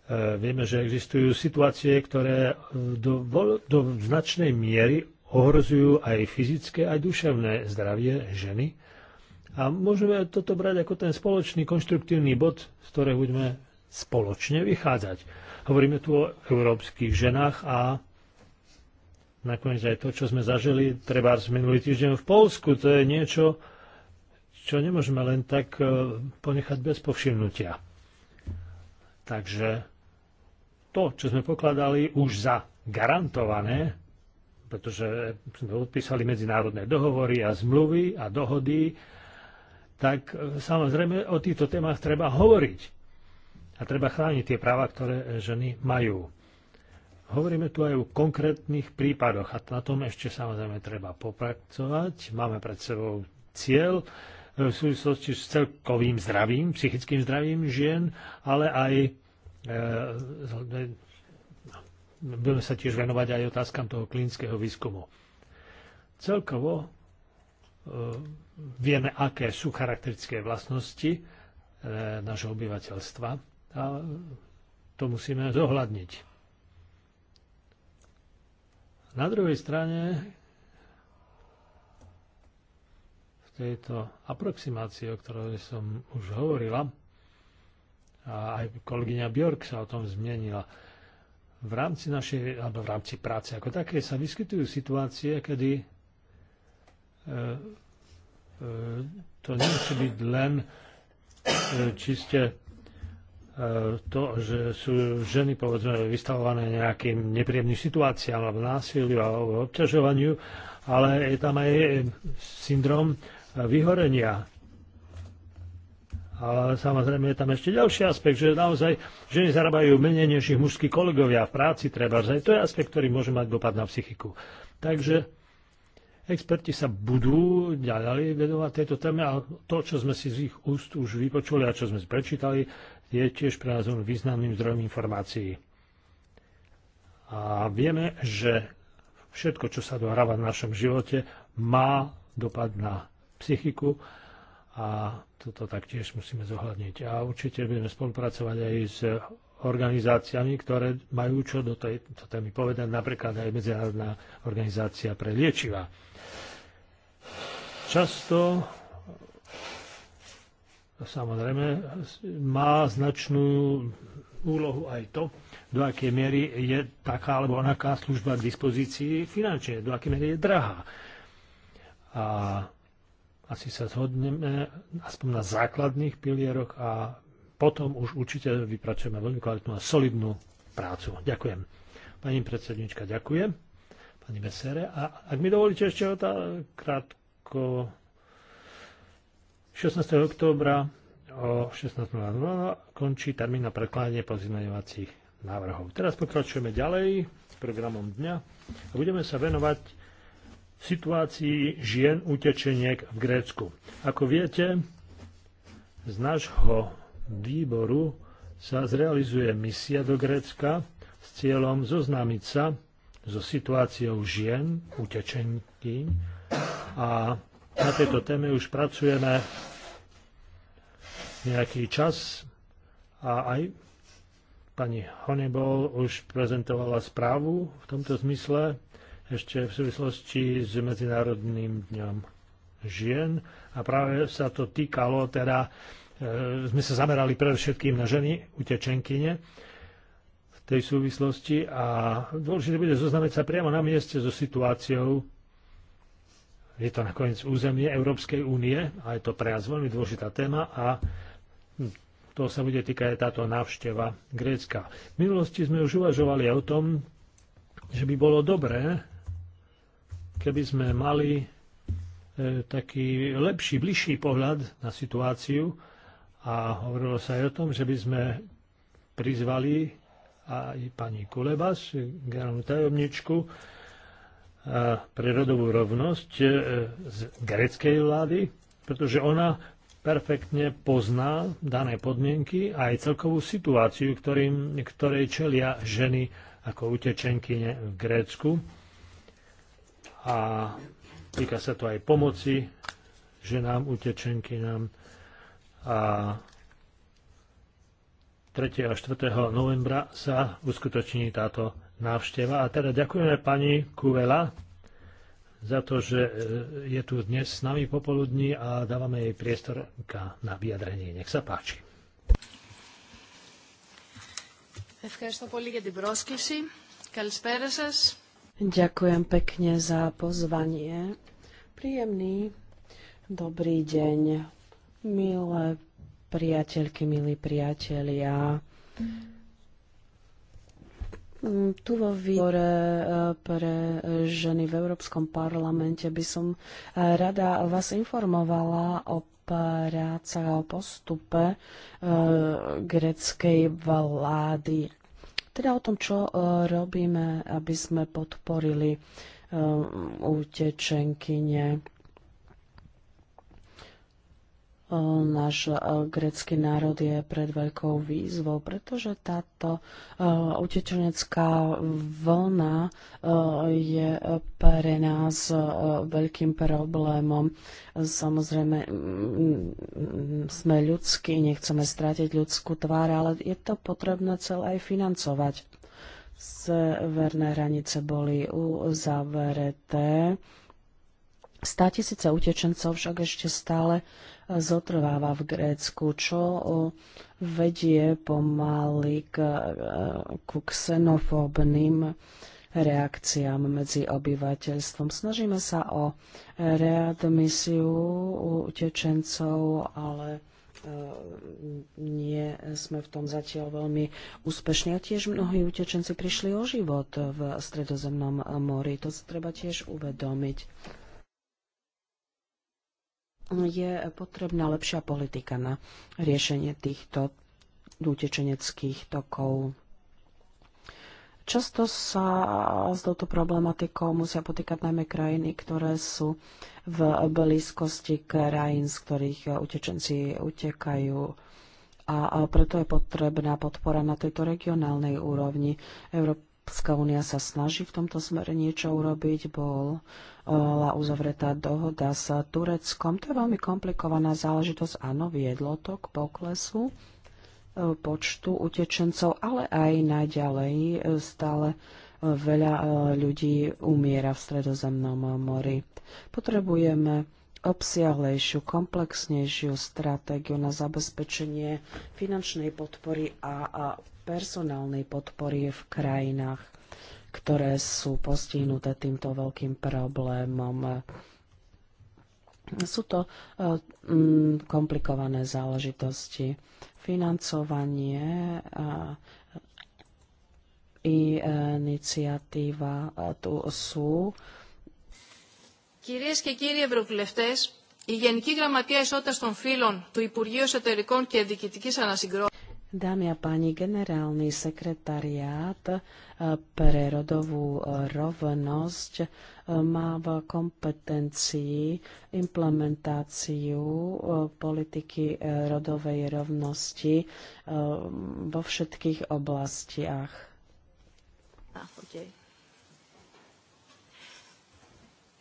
E, vieme, že existujú situácie, ktoré do, do značnej miery ohrozujú aj fyzické, aj duševné zdravie ženy a môžeme toto brať ako ten spoločný konštruktívny bod, z ktorého budeme spoločne vychádzať. Hovoríme tu o európskych ženách a nakoniec aj to, čo sme zažili treba z minulý týždeň v Polsku, to je niečo, čo nemôžeme len tak e, ponechať bez povšimnutia. Takže to, čo sme pokladali už za garantované, pretože sme odpísali medzinárodné dohovory a zmluvy a dohody tak e, samozrejme o týchto témach treba hovoriť. A treba chrániť tie práva, ktoré e, ženy majú. Hovoríme tu aj o konkrétnych prípadoch a na tom ešte samozrejme treba popracovať. Máme pred sebou cieľ e, v súvislosti s celkovým zdravím, psychickým zdravím žien, ale aj e, no, budeme sa tiež venovať aj otázkam toho klinického výskumu. Celkovo E, vieme, aké sú charakteristické vlastnosti e, nášho obyvateľstva a to musíme zohľadniť. Na druhej strane v tejto aproximácii, o ktorej som už hovorila, a aj kolegyňa Bjork sa o tom zmienila, v rámci našej, alebo v rámci práce ako také sa vyskytujú situácie, kedy E, e, to nemusí byť len e, čiste to, že sú ženy povedzme vystavované nejakým nepríjemným situáciám alebo násiliu alebo obťažovaniu, ale je tam aj syndrom vyhorenia. Ale samozrejme je tam ešte ďalší aspekt, že naozaj ženy zarábajú menej než ich mužskí kolegovia v práci treba. Aj to je aspekt, ktorý môže mať dopad na psychiku. Takže Experti sa budú ďalej vedovať tejto téme a to, čo sme si z ich úst už vypočuli a čo sme prečítali, je tiež pre nás významným zdrojom informácií. A vieme, že všetko, čo sa dohráva v našom živote, má dopad na psychiku a toto taktiež musíme zohľadniť. A určite budeme spolupracovať aj s organizáciami, ktoré majú čo do tejto témy povedať, napríklad aj Medzinárodná organizácia pre liečiva. Často samozrejme má značnú úlohu aj to, do akej miery je taká alebo onaká služba k dispozícii finančne, do akej miery je drahá. A asi sa zhodneme aspoň na základných pilieroch a potom už určite vypracujeme veľmi kvalitnú a solidnú prácu. Ďakujem. Pani predsednička, ďakujem. Pani Besere. A ak mi dovolíte ešte tá krátko 16. októbra o 16.00 končí termín na prekladanie pozmeňovacích návrhov. Teraz pokračujeme ďalej s programom dňa a budeme sa venovať situácii žien utečeniek v Grécku. Ako viete, z nášho výboru sa zrealizuje misia do Grécka s cieľom zoznámiť sa so situáciou žien, utečenky a na tejto téme už pracujeme nejaký čas a aj pani Honeyball už prezentovala správu v tomto zmysle ešte v súvislosti s Medzinárodným dňom žien a práve sa to týkalo teda E, sme sa zamerali predovšetkým na ženy, utečenkyne v tej súvislosti a dôležité bude zoznamiť sa priamo na mieste so situáciou. Je to nakoniec územie Európskej únie a je to pre nás veľmi dôležitá téma a to sa bude týkať táto návšteva Grécka. V minulosti sme už uvažovali o tom, že by bolo dobré, keby sme mali e, taký lepší, bližší pohľad na situáciu a hovorilo sa aj o tom, že by sme prizvali aj pani Kulebas, generálnu tajomničku, e, pre rodovú rovnosť e, z greckej vlády, pretože ona perfektne pozná dané podmienky a aj celkovú situáciu, ktorým, ktorej čelia ženy ako utečenkyne v Grécku. A týka sa to aj pomoci ženám, utečenky nám a 3. a 4. novembra sa uskutoční táto návšteva. A teda ďakujeme pani Kuvela za to, že e, je tu dnes s nami popoludní a dávame jej priestor na vyjadrenie. Nech sa páči. Ďakujem pekne za pozvanie. Príjemný dobrý deň Milé priateľky, milí priatelia, mm, tu vo výbore e, pre ženy v Európskom parlamente by som e, rada vás informovala o prácach a o postupe e, greckej vlády. Teda o tom, čo robíme, aby sme podporili utečenkyne náš grecký národ je pred veľkou výzvou, pretože táto utečenecká vlna je pre nás veľkým problémom. Samozrejme, sme ľudskí, nechceme strátiť ľudskú tvár, ale je to potrebné celé aj financovať. Severné hranice boli uzavreté. tisíce utečencov však ešte stále uh, zotrváva v Grécku, čo vedie pomaly k, k e, ksenofóbnym reakciám medzi obyvateľstvom. Snažíme sa o readmisiu utečencov, ale e, nie sme v tom zatiaľ veľmi úspešní. A tiež mnohí utečenci prišli o život v Stredozemnom mori. To sa treba tiež uvedomiť. No, je potrebná lepšia politika na riešenie týchto utečeneckých tokov. Často sa s touto problematikou musia potýkať najmä krajiny, ktoré sú v blízkosti krajín, z ktorých utečenci utekajú. A preto je potrebná podpora na tejto regionálnej úrovni. Európa Európska únia sa snaží v tomto smere niečo urobiť. Eh, bola uzavretá dohoda s Tureckom. To je veľmi komplikovaná záležitosť. Áno, viedlo to k poklesu eh, počtu utečencov, ale aj naďalej eh, stále veľa ľudí umiera v Stredozemnom mori. Potrebujeme obsiahlejšiu, komplexnejšiu stratégiu na zabezpečenie finančnej podpory a, a personálnej podpory v krajinách, ktoré sú postihnuté týmto veľkým problémom. Sú to e, komplikované záležitosti. Financovanie a e, iniciatíva tu sú. Κυρίες και κύριοι Ευρωβουλευτές, η Γενική Γραμματεία Ισότητας των Φύλων του Υπουργείου Εσωτερικών και Διοικητικής Ανασυγκρότησης Dámy a páni, generálny sekretariát eh, pre rodovú eh, rovnosť eh, má v kompetencii implementáciu politiky rodovej rovnosti vo všetkých oblastiach.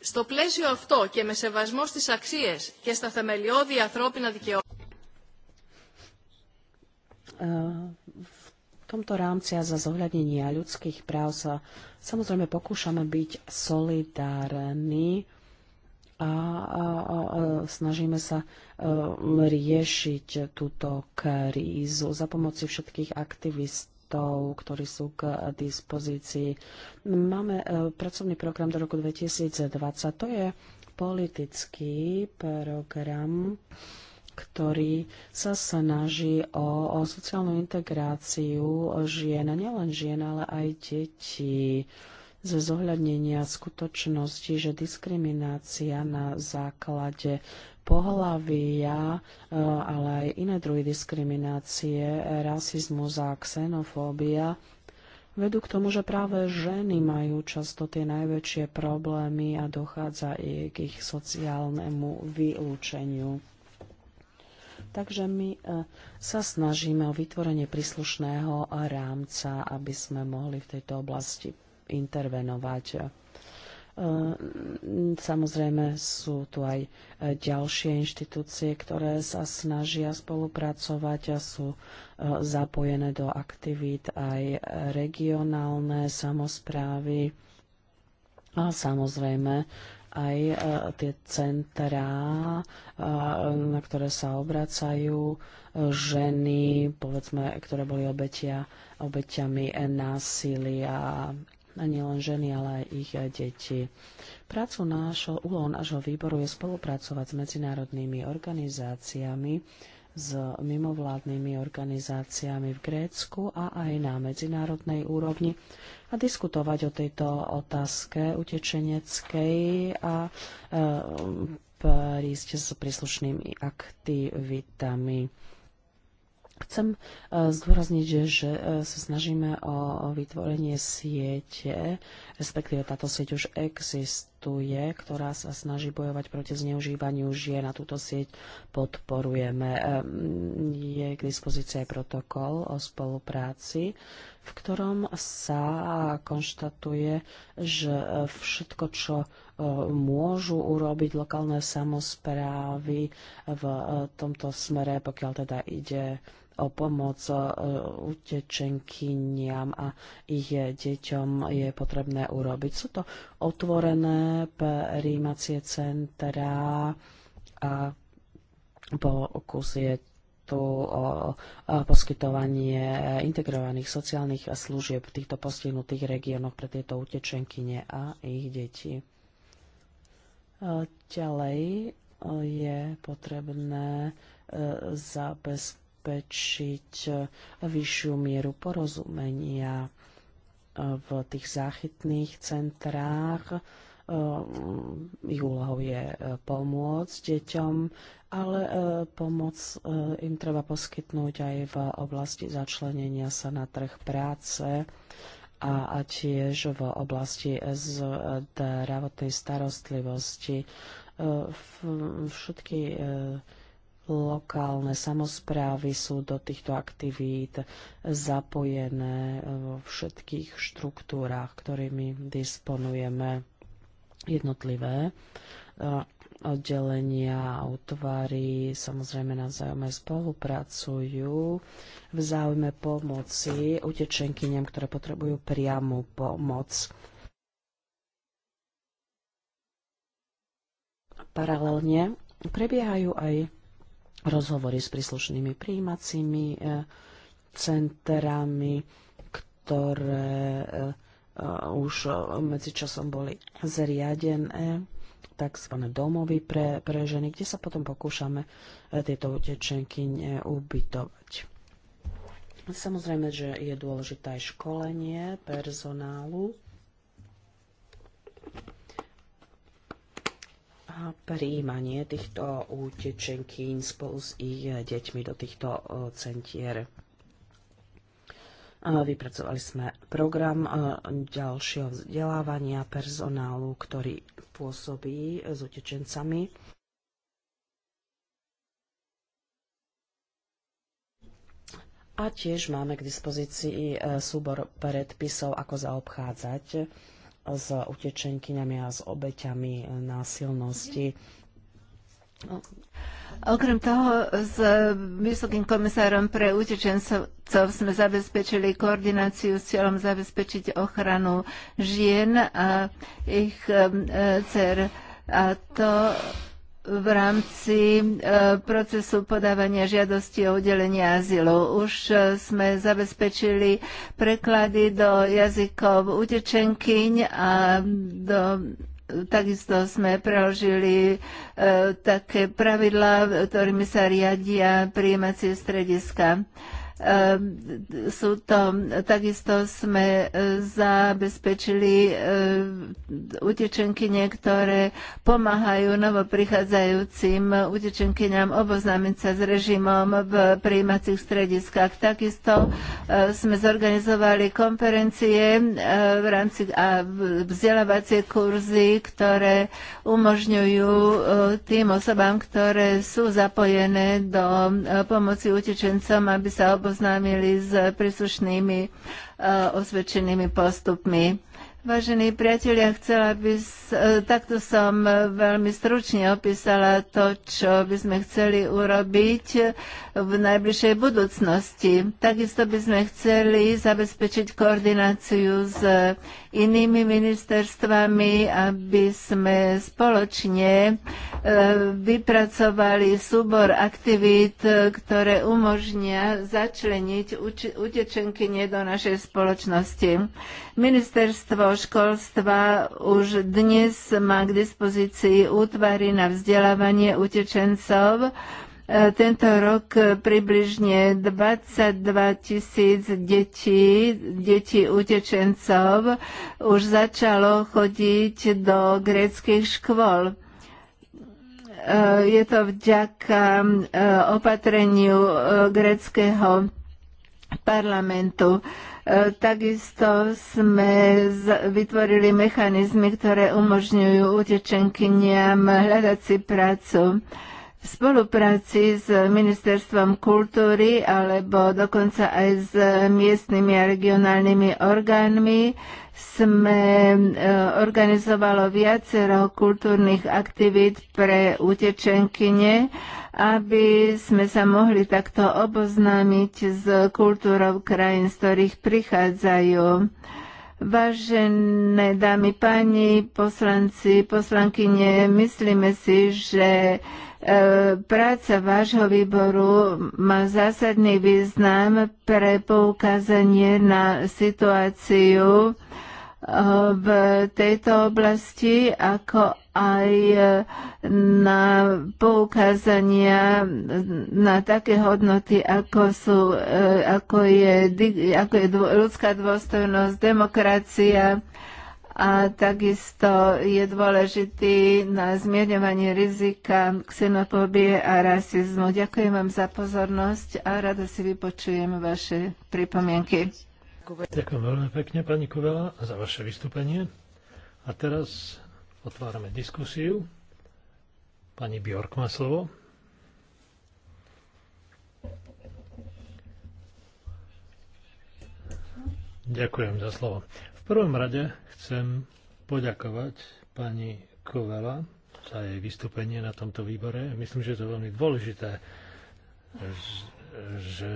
Στο πλαίσιο αυτό και με σεβασμό στις αξίες και στα θεμελιώδη ανθρώπινα δικαιώματα v tomto rámci a za zohľadnenia ľudských práv sa samozrejme pokúšame byť solidárni a, a, a, a snažíme sa e, riešiť túto krízu za pomoci všetkých aktivistov ktorí sú k dispozícii. Máme e, pracovný program do roku 2020. To je politický program ktorý sa snaží o, o sociálnu integráciu žien, nielen žien, ale aj detí ze zohľadnenia skutočnosti, že diskriminácia na základe pohlavia, e, ale aj iné druhy diskriminácie, rasizmus a xenofóbia vedú k tomu, že práve ženy majú často tie najväčšie problémy a dochádza i k ich sociálnemu vylúčeniu. Takže my e, sa snažíme o vytvorenie príslušného rámca, aby sme mohli v tejto oblasti intervenovať. E, samozrejme sú tu aj e, ďalšie inštitúcie, ktoré sa snažia spolupracovať a sú zapojené do aktivít aj regionálne samozprávy. A samozrejme aj e, tie centrá, e, na ktoré sa obracajú e, ženy, povedzme, ktoré boli obetia, obetiami násilia a nielen ženy, ale aj ich deti. Prácu nášho, úlohou nášho výboru je spolupracovať s medzinárodnými organizáciami, s mimovládnymi organizáciami v Grécku a aj na medzinárodnej úrovni a diskutovať o tejto otázke utečeneckej a e, prísť s príslušnými aktivitami. Chcem e, zdôrazniť, že e, sa snažíme o vytvorenie siete, respektíve táto sieť už existuje je, ktorá sa snaží bojovať proti zneužívaniu žien a túto sieť podporujeme. Ehm, je k dispozícii aj protokol o spolupráci, v ktorom sa konštatuje, že všetko, čo e, môžu urobiť lokálne samozprávy v e, tomto smere, pokiaľ teda ide o pomoc e, utečenkyniam a ich deťom je potrebné urobiť. Sú to otvorené príjmacie centra a pokus je tu o poskytovanie integrovaných sociálnych služieb v týchto postihnutých regiónoch pre tieto utečenkyne a ich deti. E, ďalej e, je potrebné zabezpečiť zabezpečiť e, vyššiu mieru porozumenia e, v tých záchytných centrách. E, ich úlohou je pomôcť deťom, ale pomoc im treba poskytnúť aj v oblasti začlenenia sa na trh práce a tiež v oblasti zdravotnej starostlivosti. Všetky Lokálne samozprávy sú do týchto aktivít zapojené vo všetkých štruktúrách, ktorými disponujeme jednotlivé e, oddelenia a útvary samozrejme navzájome spolupracujú v záujme pomoci utečenkyniam, ktoré potrebujú priamu pomoc. Paralelne prebiehajú aj rozhovory s príslušnými príjímacími e, centrami, ktoré e, e, už medzičasom boli zriadené tzv. domovy pre, pre ženy, kde sa potom pokúšame tieto utečenky ubytovať. Samozrejme, že je dôležité aj školenie personálu a príjmanie týchto útečenkín spolu s ich deťmi do týchto e, centier. Vypracovali sme program e, ďalšieho vzdelávania personálu, ktorý pôsobí s utečencami. A tiež máme k dispozícii e, súbor predpisov, ako zaobchádzať s utečenkyňami a s obeťami násilnosti. Okrem toho, s Vysokým komisárom pre utečencov sme zabezpečili koordináciu s cieľom zabezpečiť ochranu žien a ich eh, dcer. A to v rámci e, procesu podávania žiadosti o udelenie azylu. Už e, sme zabezpečili preklady do jazykov utečenkyň a do takisto sme preložili e, také pravidlá, ktorými sa riadia príjemacie strediska. E, Ehm, sú to, takisto sme e, zabezpečili e, utečenky ktoré pomáhajú novoprichádzajúcim utečenkyňam oboznámiť sa s režimom v prijímacích strediskách. Takisto e, sme zorganizovali konferencie v rámci a vzdelávacie kurzy, ktoré umožňujú tým osobám, ktoré sú zapojené do pomoci utečencom, aby sa oboznámili oboznámili s príslušnými e, osvedčenými postupmi. Vážení priatelia, chcela by, e, takto som veľmi stručne opísala to, čo by sme chceli urobiť v najbližšej budúcnosti. Takisto by sme chceli zabezpečiť koordináciu s inými ministerstvami, aby sme spoločne e, vypracovali súbor aktivít, e, ktoré umožnia začleniť nie do našej spoločnosti. Ministerstvo školstva už dnes má k dispozícii útvary na vzdelávanie utečencov, tento rok približne 22 tisíc detí, detí utečencov už začalo chodiť do gréckých škôl e, je to vďaka e, opatreniu e, greckého parlamentu. Takisto sme vytvorili mechanizmy, ktoré umožňujú utečenkyniam hľadať si prácu v spolupráci s Ministerstvom kultúry alebo dokonca aj s miestnymi a regionálnymi orgánmi sme e, organizovalo viacero kultúrnych aktivít pre utečenkyne, aby sme sa mohli takto oboznámiť s kultúrou krajín, z ktorých prichádzajú. Vážené dámy, páni, poslanci, poslankyne, myslíme si, že E, práca vášho výboru má zásadný význam pre poukázanie na situáciu e, v tejto oblasti, ako aj na poukázania na také hodnoty, ako, sú, e, ako, je, ako je ľudská dôstojnosť, demokracia, a takisto je dôležitý na zmierňovanie rizika xenofóbie a rasizmu. Ďakujem vám za pozornosť a rada si vypočujem vaše pripomienky. Ďakujem veľmi pekne, pani Kovela, za vaše vystúpenie. A teraz otvárame diskusiu. Pani Bjork má slovo. Ďakujem za slovo prvom rade chcem poďakovať pani Kovela za jej vystúpenie na tomto výbore. Myslím, že je to veľmi dôležité, že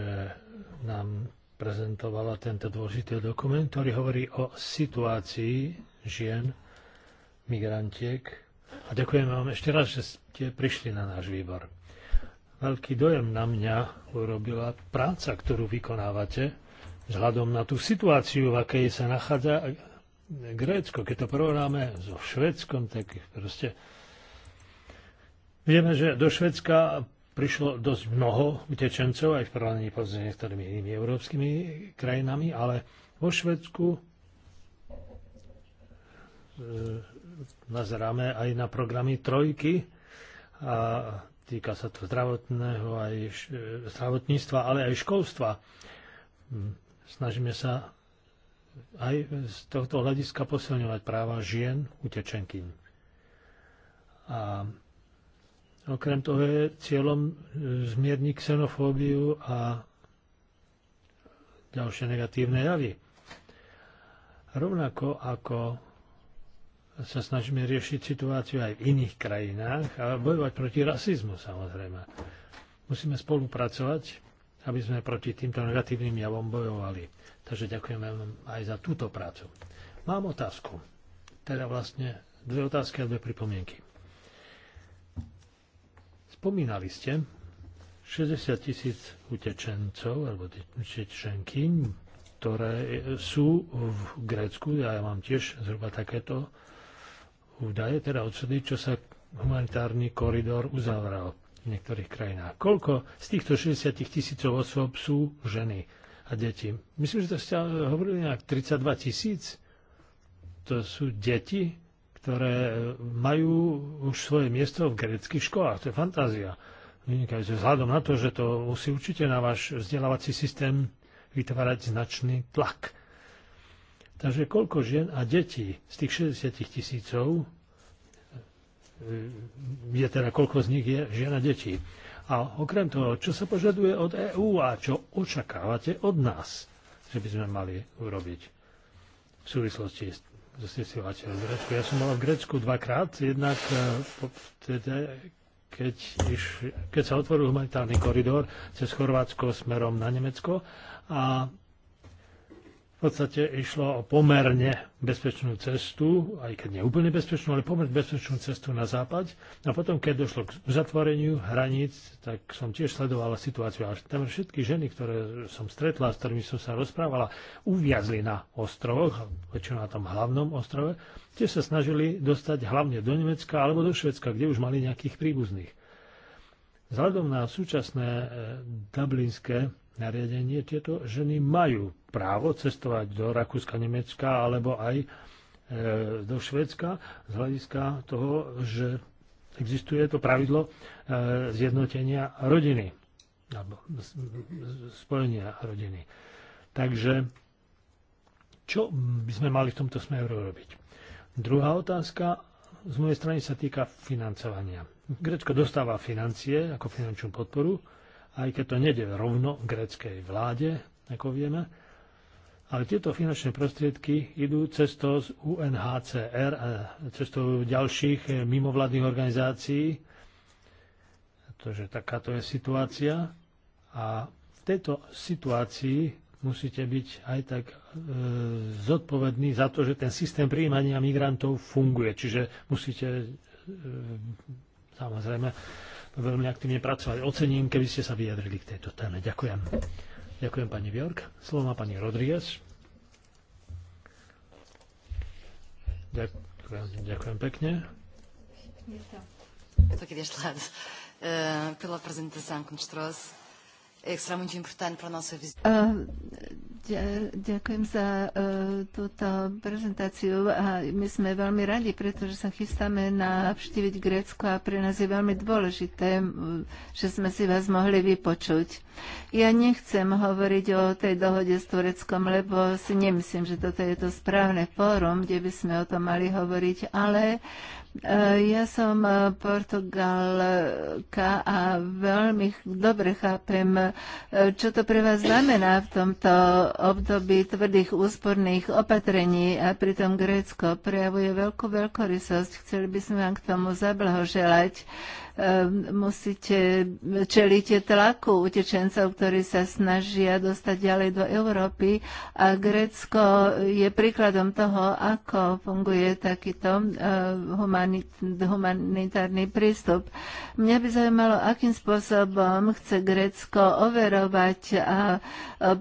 nám prezentovala tento dôležitý dokument, ktorý hovorí o situácii žien, migrantiek. A ďakujem vám ešte raz, že ste prišli na náš výbor. Veľký dojem na mňa urobila práca, ktorú vykonávate vzhľadom na tú situáciu, v akej sa nachádza Grécko. Keď to porovnáme so Švedskom, tak proste vieme, že do Švedska prišlo dosť mnoho utečencov, aj v porovnaní s niektorými inými európskymi krajinami, ale vo Švedsku e, nazeráme aj na programy trojky a týka sa to zdravotného aj zdravotníctva, ale aj školstva Snažíme sa aj z tohto hľadiska posilňovať práva žien utečenkyň. A okrem toho je cieľom e, zmierniť xenofóbiu a ďalšie negatívne javy. Rovnako ako sa snažíme riešiť situáciu aj v iných krajinách a bojovať proti rasizmu samozrejme. Musíme spolupracovať aby sme proti týmto negatívnym javom bojovali. Takže ďakujem vám aj za túto prácu. Mám otázku. Teda vlastne dve otázky a dve pripomienky. Spomínali ste 60 tisíc utečencov alebo utečenky, ktoré sú v Grécku. Ja mám tiež zhruba takéto údaje, teda odsedy, čo sa humanitárny koridor uzavral v niektorých krajinách. Koľko z týchto 60 tisícov osôb sú ženy a deti? Myslím, že to ste hovorili nejak 32 tisíc. To sú deti, ktoré e, majú už svoje miesto v greckých školách. To je fantázia. Vynikajúce. Vzhľadom na to, že to musí určite na váš vzdelávací systém vytvárať značný tlak. Takže koľko žien a detí z tých 60 tisícov E, je teda koľko z nich je žena detí. A okrem toho, čo sa požaduje od EÚ a čo očakávate od nás, že by sme mali urobiť v súvislosti s zasilovateľom v Ja som mal v Grécku dvakrát, jednak e, teda, keď, iš, keď sa otvoril humanitárny koridor cez Chorvátsko smerom na Nemecko a v podstate išlo o pomerne bezpečnú cestu, aj keď nie úplne bezpečnú, ale pomerne bezpečnú cestu na západ. A potom, keď došlo k zatvoreniu hraníc, tak som tiež sledovala situáciu. A tam všetky ženy, ktoré som stretla, s ktorými som sa rozprávala, uviazli na ostrovoch, väčšinou na tom hlavnom ostrove, tie sa snažili dostať hlavne do Nemecka alebo do Švedska, kde už mali nejakých príbuzných. Vzhľadom na súčasné eh, dublinské nariadenie, tieto ženy majú právo cestovať do Rakúska, Nemecka alebo aj e, do Švedska z hľadiska toho, že existuje to pravidlo e, zjednotenia rodiny alebo spojenia rodiny. Takže čo by sme mali v tomto smeru robiť? Druhá otázka z mojej strany sa týka financovania. Grecko dostáva financie ako finančnú podporu, aj keď to nede rovno gréckej vláde, ako vieme, ale tieto finančné prostriedky idú cestou z UNHCR a cestou ďalších eh, mimovládnych organizácií. Takže takáto je situácia. A v tejto situácii musíte byť aj tak e, zodpovední za to, že ten systém príjmania migrantov funguje. Čiže musíte e, samozrejme veľmi aktívne pracovať. Ocením, keby ste sa vyjadrili k tejto téme. Ďakujem. Ďakujem pani Bjork. Slovo má pani Rodríguez. Ďakujem, ďakujem pekne. Estou aqui pela apresentação que nos trouxe. É que importante para a nossa visão. Uh, Ďakujem za e, túto prezentáciu a my sme veľmi radi, pretože sa chystáme navštíviť Grécko a pre nás je veľmi dôležité, že sme si vás mohli vypočuť. Ja nechcem hovoriť o tej dohode s Tureckom, lebo si nemyslím, že toto je to správne fórum, kde by sme o tom mali hovoriť, ale e, ja som e, Portugalka a veľmi dobre chápem, čo to pre vás znamená v tomto období tvrdých úsporných opatrení a pritom Grécko prejavuje veľkú veľkorysosť. Chceli by sme vám k tomu zablahoželať. Ehm, musíte čeliť tlaku utečencov, ktorí sa snažia dostať ďalej do Európy a Grécko je príkladom toho, ako funguje takýto ehm, humanitárny prístup. Mňa by zaujímalo, akým spôsobom chce Grécko overovať a e,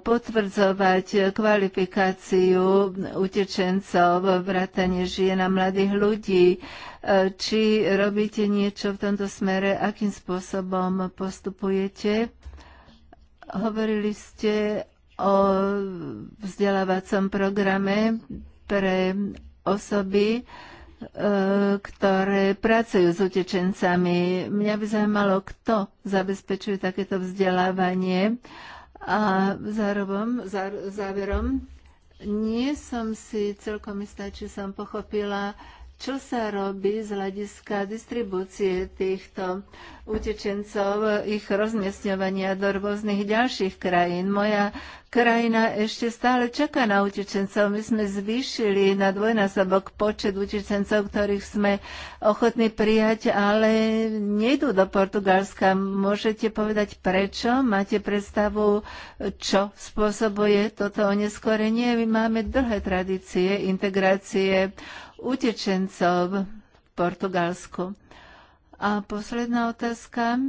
potvrdzovať kvalifikáciu utečencov, vrátanie žien a mladých ľudí, či robíte niečo v tomto smere, akým spôsobom postupujete. Hovorili ste o vzdelávacom programe pre osoby, e, ktoré pracujú s utečencami. Mňa by zaujímalo, kto zabezpečuje takéto vzdelávanie. A zároveň záverom, nie som si celkom istá, či som pochopila čo sa robí z hľadiska distribúcie týchto utečencov, ich rozmiestňovania do rôznych ďalších krajín? Moja krajina ešte stále čaká na utečencov. My sme zvýšili na dvojnásobok počet utečencov, ktorých sme ochotní prijať, ale nejdú do Portugalska. Môžete povedať prečo? Máte predstavu, čo spôsobuje toto oneskorenie? My máme dlhé tradície integrácie utečencov v Portugalsku. A posledná otázka,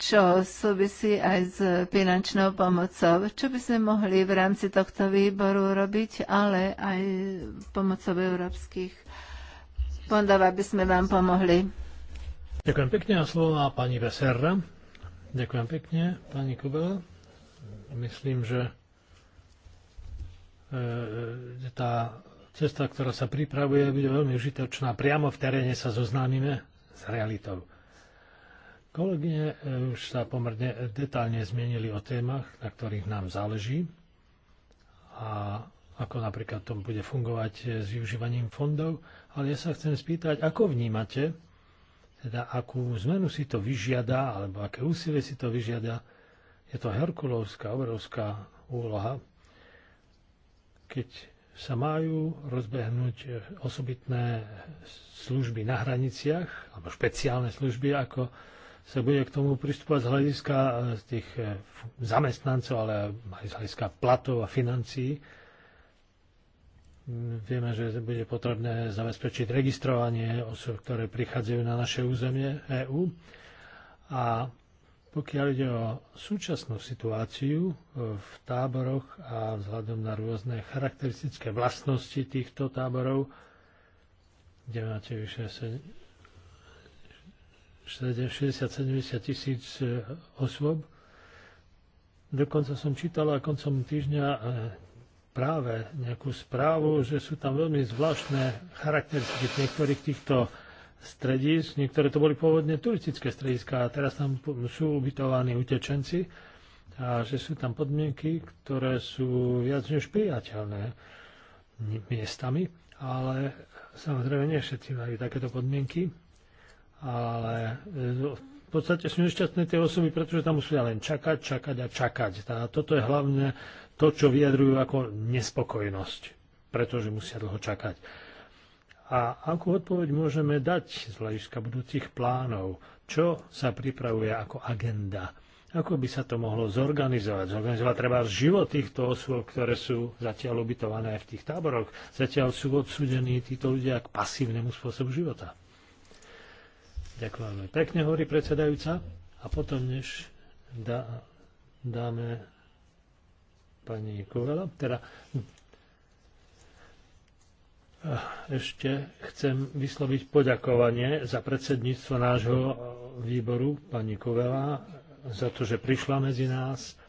čo súvisí aj s finančnou pomocou. Čo by sme mohli v rámci tohto výboru robiť, ale aj pomocou európskych fondov, aby sme vám pomohli. Ďakujem pekne a slovo má pani Veserra. Ďakujem pekne, pani Kubel. Myslím, že E, e, tá cesta, ktorá sa pripravuje, bude veľmi užitočná. Priamo v teréne sa zoznámime s realitou. Kolegyne e, už sa pomerne detálne zmienili o témach, na ktorých nám záleží a ako napríklad to bude fungovať s využívaním fondov, ale ja sa chcem spýtať, ako vnímate, teda akú zmenu si to vyžiada, alebo aké úsilie si to vyžiada. Je to herkulovská, obrovská úloha, keď sa majú rozbehnúť e, osobitné služby na hraniciach, alebo špeciálne služby, ako sa bude k tomu pristúpať z hľadiska e, tých e, zamestnancov, ale aj z hľadiska platov a financií. Mm, vieme, že bude potrebné zabezpečiť registrovanie osob, ktoré prichádzajú na naše územie EÚ. A pokiaľ ide o súčasnú situáciu e, v táboroch a vzhľadom na rôzne charakteristické vlastnosti týchto táborov, kde máte vyše 60-70 tisíc e, osôb. Dokonca som čítala koncom týždňa e, práve nejakú správu, že sú tam veľmi zvláštne charakteristiky v niektorých týchto stredísk, niektoré to boli pôvodne turistické strediska a teraz tam sú ubytovaní utečenci a že sú tam podmienky, ktoré sú viac než priateľné miestami, ale samozrejme nie všetci majú takéto podmienky, ale e, v podstate sú nešťastné tie osoby, pretože tam musia len čakať, čakať a čakať. A toto je hlavne to, čo vyjadrujú ako nespokojnosť, pretože musia dlho čakať a akú odpoveď môžeme dať z hľadiska budúcich plánov, čo sa pripravuje ako agenda, ako by sa to mohlo zorganizovať. Zorganizovať treba život týchto osôb, ktoré sú zatiaľ ubytované v tých táboroch. Zatiaľ sú odsudení títo ľudia k pasívnemu spôsobu života. Ďakujem pekne, hovorí predsedajúca. A potom, než dá, dáme pani Kovela, teda ešte chcem vysloviť poďakovanie za predsedníctvo nášho výboru, pani Kovela, za to, že prišla medzi nás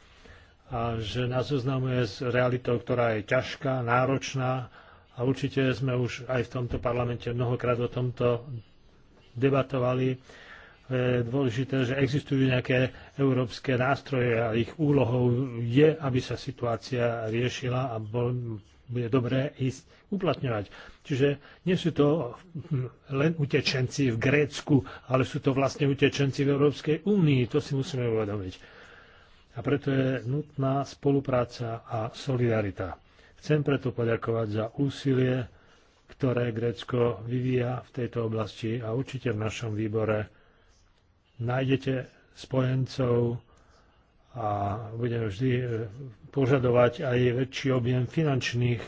a že nás oznamuje s realitou, ktorá je ťažká, náročná a určite sme už aj v tomto parlamente mnohokrát o tomto debatovali. Je dôležité, že existujú nejaké európske nástroje a ich úlohou je, aby sa situácia riešila a bol, bude dobré ísť uplatňovať. Čiže nie sú to len utečenci v Grécku, ale sú to vlastne utečenci v Európskej únii. To si musíme uvedomiť. A preto je nutná spolupráca a solidarita. Chcem preto poďakovať za úsilie, ktoré Grécko vyvíja v tejto oblasti a určite v našom výbore nájdete spojencov a budeme vždy e, požadovať aj väčší objem finančných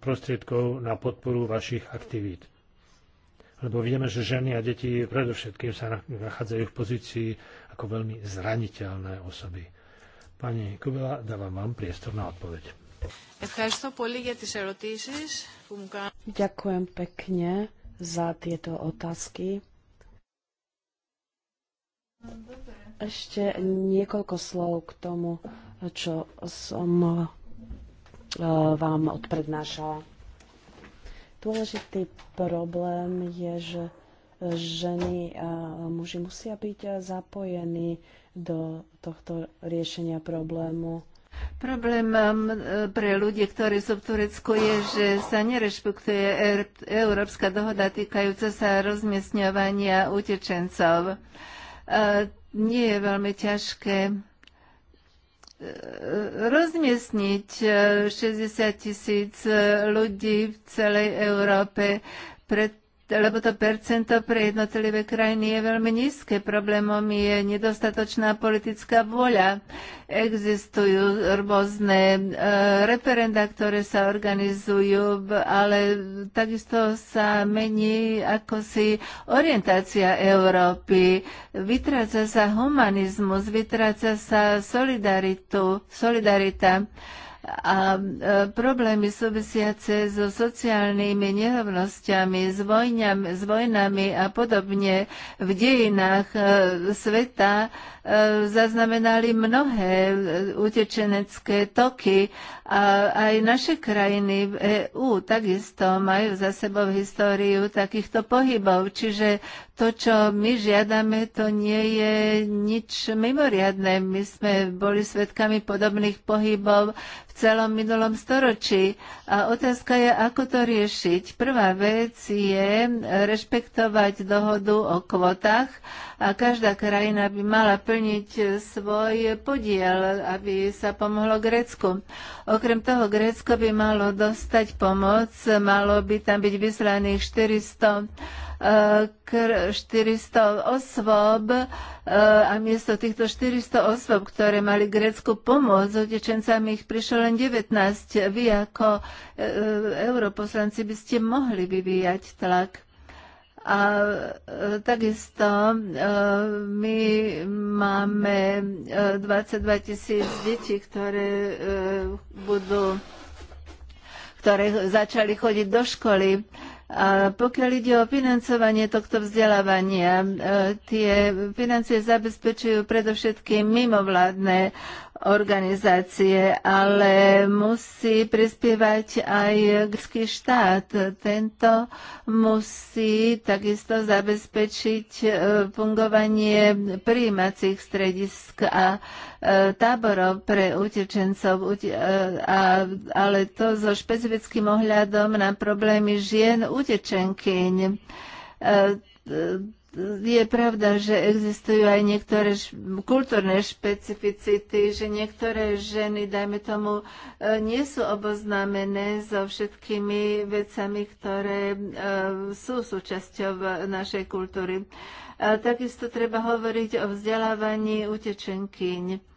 prostriedkov na podporu vašich aktivít. Lebo vieme, že ženy a deti predovšetkým sa nachádzajú v pozícii ako veľmi zraniteľné osoby. Pani Kubela, dávam vám priestor na odpoveď. Ďakujem pekne za tieto otázky. Dobre ešte niekoľko slov k tomu, čo som e, vám odprednášala. Dôležitý problém je, že ženy a muži musia byť zapojení do tohto riešenia problému. Problém pre ľudí, ktorí sú v Turecku, je, že sa nerešpektuje er, Európska dohoda týkajúca sa rozmiestňovania utečencov e, nie je veľmi ťažké e, rozmiestniť 60 e, tisíc e, ľudí v celej Európe. Pred lebo to percento pre jednotlivé krajiny je veľmi nízke. Problémom je nedostatočná politická vôľa. Existujú rôzne e, referenda, ktoré sa organizujú, ale takisto sa mení ako si orientácia Európy. Vytráca sa humanizmus, vytráca sa solidaritu, solidarita a e, problémy súvisiace so sociálnymi nerovnosťami, s, vojňami, s vojnami a podobne v dejinách e, sveta E, zaznamenali mnohé e, utečenecké toky a aj naše krajiny v EÚ takisto majú za sebou históriu takýchto pohybov. Čiže to, čo my žiadame, to nie je nič mimoriadné. My sme boli svedkami podobných pohybov v celom minulom storočí. A otázka je, ako to riešiť. Prvá vec je rešpektovať dohodu o kvotách a každá krajina by mala plniť plniť eh, svoj podiel, aby sa pomohlo Grécku. Okrem toho, Grécko by malo dostať pomoc, malo by tam byť vyslaných 400 400 eh, osôb eh, a miesto týchto 400 osôb, ktoré mali Grécku pomoc, s utečencami, ich prišlo len 19. Vy ako europoslanci by ste mohli vyvíjať tlak a e, takisto e, my máme 22 e, tisíc detí, ktoré budú ktoré začali chodiť do školy. A pokiaľ ide o financovanie tohto vzdelávania, tie financie zabezpečujú predovšetkým mimovládne organizácie, ale musí prispievať aj grecký štát. Tento musí takisto zabezpečiť e, fungovanie príjímacích stredisk a e, táborov pre utečencov, e, ale to so špecifickým ohľadom na problémy žien utečenkyň je pravda, že existujú aj niektoré š- kultúrne špecificity, že niektoré ženy, dajme tomu, e, nie sú oboznámené so všetkými vecami, ktoré e, sú súčasťou našej kultúry. takisto treba hovoriť o vzdelávaní utečenkyň.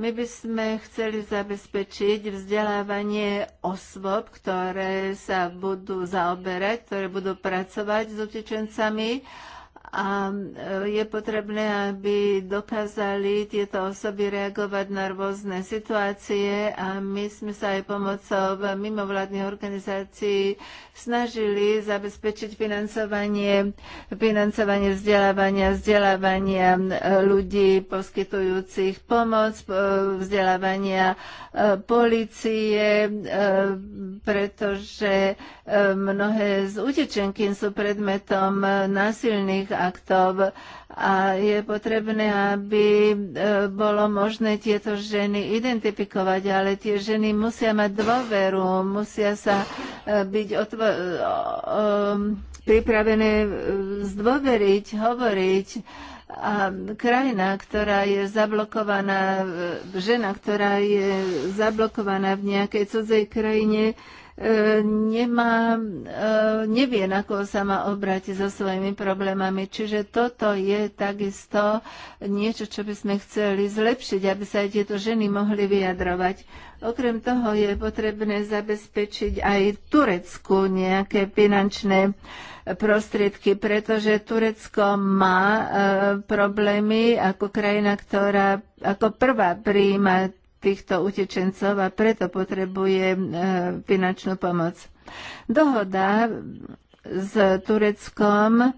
My by sme chceli zabezpečiť vzdelávanie osôb, ktoré sa budú zaoberať, ktoré budú pracovať s utečencami a e, je potrebné, aby dokázali tieto osoby reagovať na rôzne situácie a my sme sa aj pomocou mimovládnych organizácií snažili zabezpečiť financovanie, financovanie vzdelávania, vzdelávania e, ľudí poskytujúcich pomoc, e, vzdelávania policie, pretože Mnohé z utečenky sú predmetom násilných aktov a je potrebné, aby e, bolo možné tieto ženy identifikovať, ale tie ženy musia mať dôveru, musia sa e, byť otvo- e, pripravené zdôveriť, hovoriť. A krajina, ktorá je zablokovaná, žena, ktorá je zablokovaná v nejakej cudzej krajine, nemá, e, nevie, na koho sa má obrátiť so svojimi problémami. Čiže toto je takisto niečo, čo by sme chceli zlepšiť, aby sa aj tieto ženy mohli vyjadrovať. Okrem toho je potrebné zabezpečiť aj Turecku nejaké finančné prostriedky, pretože Turecko má e, problémy ako krajina, ktorá ako prvá prijíma týchto utečencov a preto potrebuje e, finančnú pomoc. Dohoda s Tureckom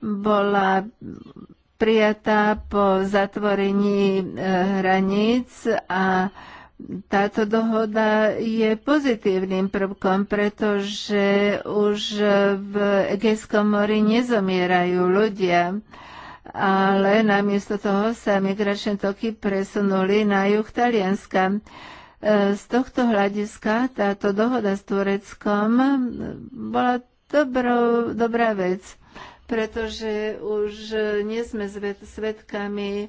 bola prijatá po zatvorení e, hraníc a táto dohoda je pozitívnym prvkom, pretože už v Egejskom mori nezomierajú ľudia ale namiesto toho sa migračné toky presunuli na juh Talianska. E, z tohto hľadiska táto dohoda s Tureckom bola dobro, dobrá vec, pretože už nie sme svedkami e,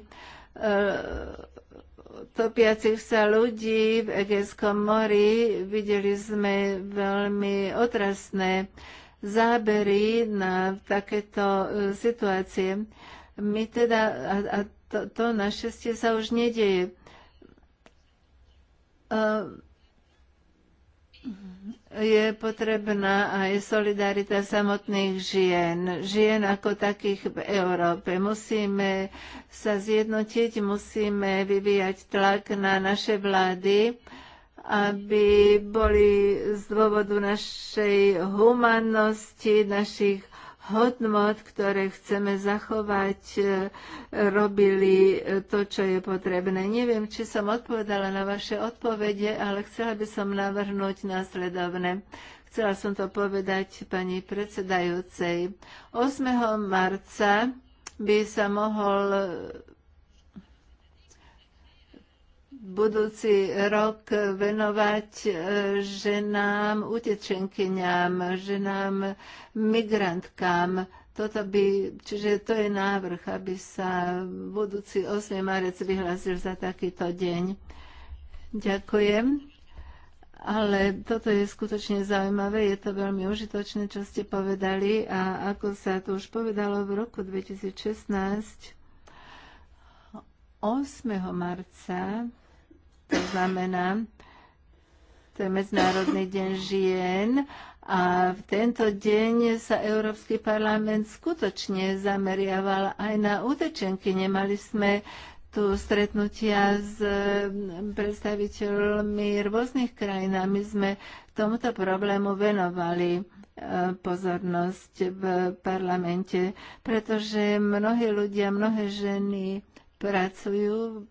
topiacich sa ľudí v Egejskom mori. Videli sme veľmi otrasné zábery na takéto e, situácie. My teda, a, a to, to našťastie sa už nedieje. Ehm, je potrebná aj solidarita samotných žien, žien ako takých v Európe. Musíme sa zjednotiť, musíme vyvíjať tlak na naše vlády, aby boli z dôvodu našej humannosti, našich hodnot, ktoré chceme zachovať, e, robili e, to, čo je potrebné. Neviem, či som odpovedala na vaše odpovede, ale chcela by som navrhnúť následovné. Chcela som to povedať pani predsedajúcej. 8. marca by sa mohol budúci rok venovať e, ženám utečenkyňám, ženám migrantkám. Toto by, čiže to je návrh, aby sa budúci 8. marec vyhlásil za takýto deň. Ďakujem. Ale toto je skutočne zaujímavé, je to veľmi užitočné, čo ste povedali a ako sa to už povedalo v roku 2016, 8. marca to znamená, to je Medzinárodný deň žien a v tento deň sa Európsky parlament skutočne zameriaval aj na utečenky. Nemali sme tu stretnutia s eh, predstaviteľmi rôznych krajín a my sme tomuto problému venovali eh, pozornosť v parlamente, pretože mnohí ľudia, mnohé ženy pracujú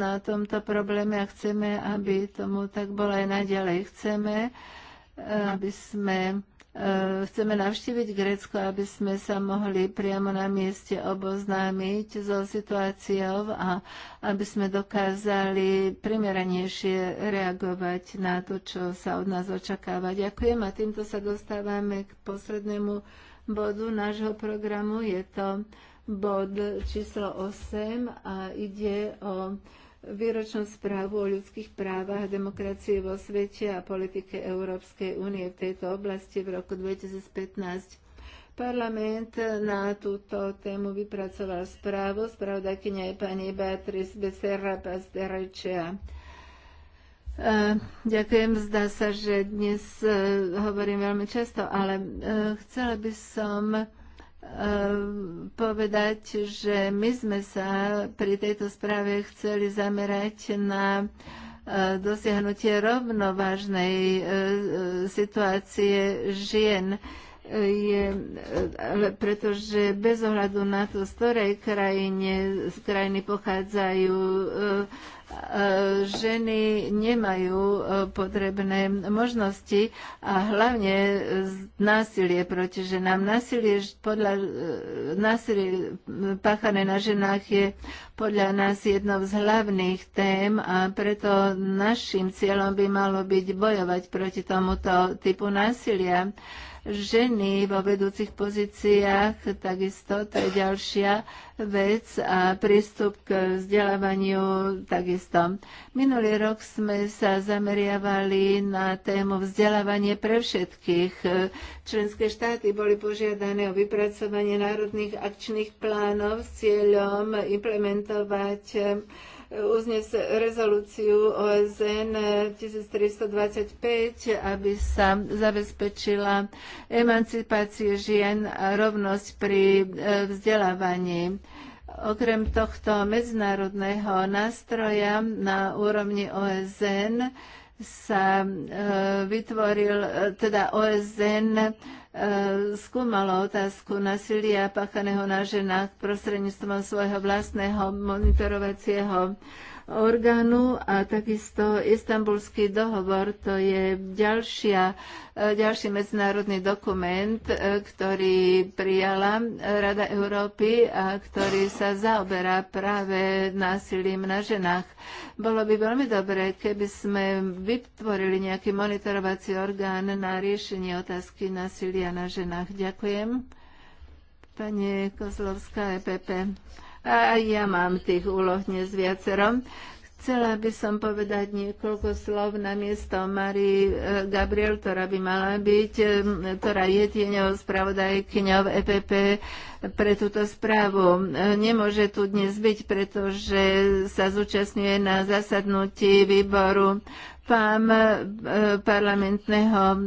na tomto probléme a chceme, aby tomu tak bolo aj naďalej. Chceme, eh, aby sme eh, chceme navštíviť Grécko, aby sme sa mohli priamo na mieste oboznámiť so situáciou a aby sme dokázali primeranejšie reagovať na to, čo sa od nás očakáva. Ďakujem a týmto sa dostávame k poslednému bodu nášho programu. Je to bod číslo 8 a ide o výročnú správu o ľudských právach, demokracii vo svete a politike Európskej únie v tejto oblasti v roku 2015. Parlament na túto tému vypracoval správu. Spravodajkynia je pani Beatrice Becerra Pasterečia. E, ďakujem, zdá sa, že dnes e, hovorím veľmi často, ale e, chcela by som Ehm, povedať, že my sme sa pri tejto správe chceli zamerať na e, dosiahnutie rovnovážnej e, e, situácie žien je, pretože bez ohľadu na to, z ktorej krajine, z krajiny pochádzajú ženy nemajú e, potrebné možnosti a hlavne násilie proti ženám. Násilie, podľa, e, násilie páchané na ženách je podľa nás jednou z hlavných tém a preto našim cieľom by malo byť bojovať proti tomuto typu násilia ženy vo vedúcich pozíciách, takisto to je ďalšia vec a prístup k vzdelávaniu takisto takisto. Minulý rok sme sa zameriavali na tému vzdelávanie pre všetkých. Členské štáty boli požiadané o vypracovanie národných akčných plánov s cieľom implementovať eh, uznes rezolúciu OSN 1325, aby sa zabezpečila emancipácie žien a rovnosť pri eh, vzdelávaní. Okrem tohto medzinárodného nástroja na úrovni OSN sa e, vytvoril, e, teda OSN e, skúmalo otázku nasilia páchaného na ženách prostredníctvom svojho vlastného monitorovacieho orgánu a takisto istambulský dohovor, to je ďalšia, e, ďalší medzinárodný dokument, e, ktorý prijala Rada Európy a ktorý sa zaoberá práve násilím na ženách. Bolo by veľmi dobré, keby sme vytvorili nejaký monitorovací orgán na riešenie otázky násilia na ženách. Ďakujem. Pani Kozlovská, EPP. A aj ja mám tých úloh dnes viacero. Chcela by som povedať niekoľko slov na miesto Marii e, Gabriel, ktorá by mala byť, e, ktorá je tieňou spravodajkyňou EPP pre túto správu. E, nemôže tu dnes byť, pretože sa zúčastňuje na zasadnutí výboru pán e, parlamentného e,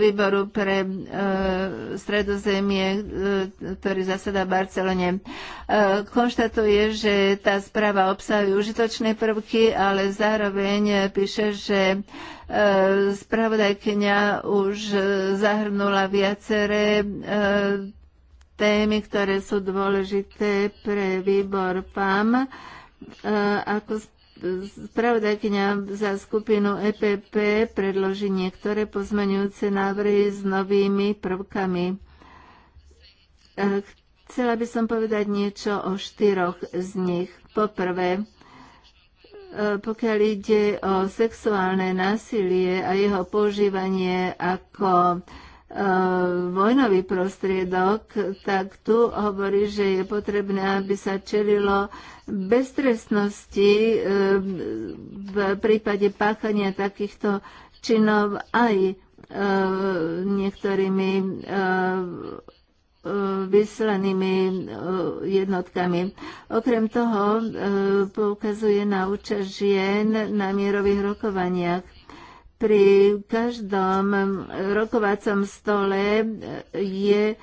výboru pre e, stredozemie, ktorý zasada v Barcelone, konštatuje, že tá správa obsahuje užitočné prvky, ale zároveň píše, že spravodajkňa už zahrnula viaceré témy, ktoré sú dôležité pre výbor PAM. Ako Spravodajkyňa za skupinu EPP predloží niektoré pozmeňujúce návrhy s novými prvkami. E, chcela by som povedať niečo o štyroch z nich. Poprvé, e, pokiaľ ide o sexuálne násilie a jeho používanie ako Eh, vojnový prostriedok, tak tu hovorí, že je potrebné, aby sa čelilo beztrestnosti eh, v prípade páchania takýchto činov aj eh, niektorými vyslanými jednotkami. Okrem toho poukazuje na účasť žien na mierových rokovaniach pri každom rokovacom stole eh, je eh,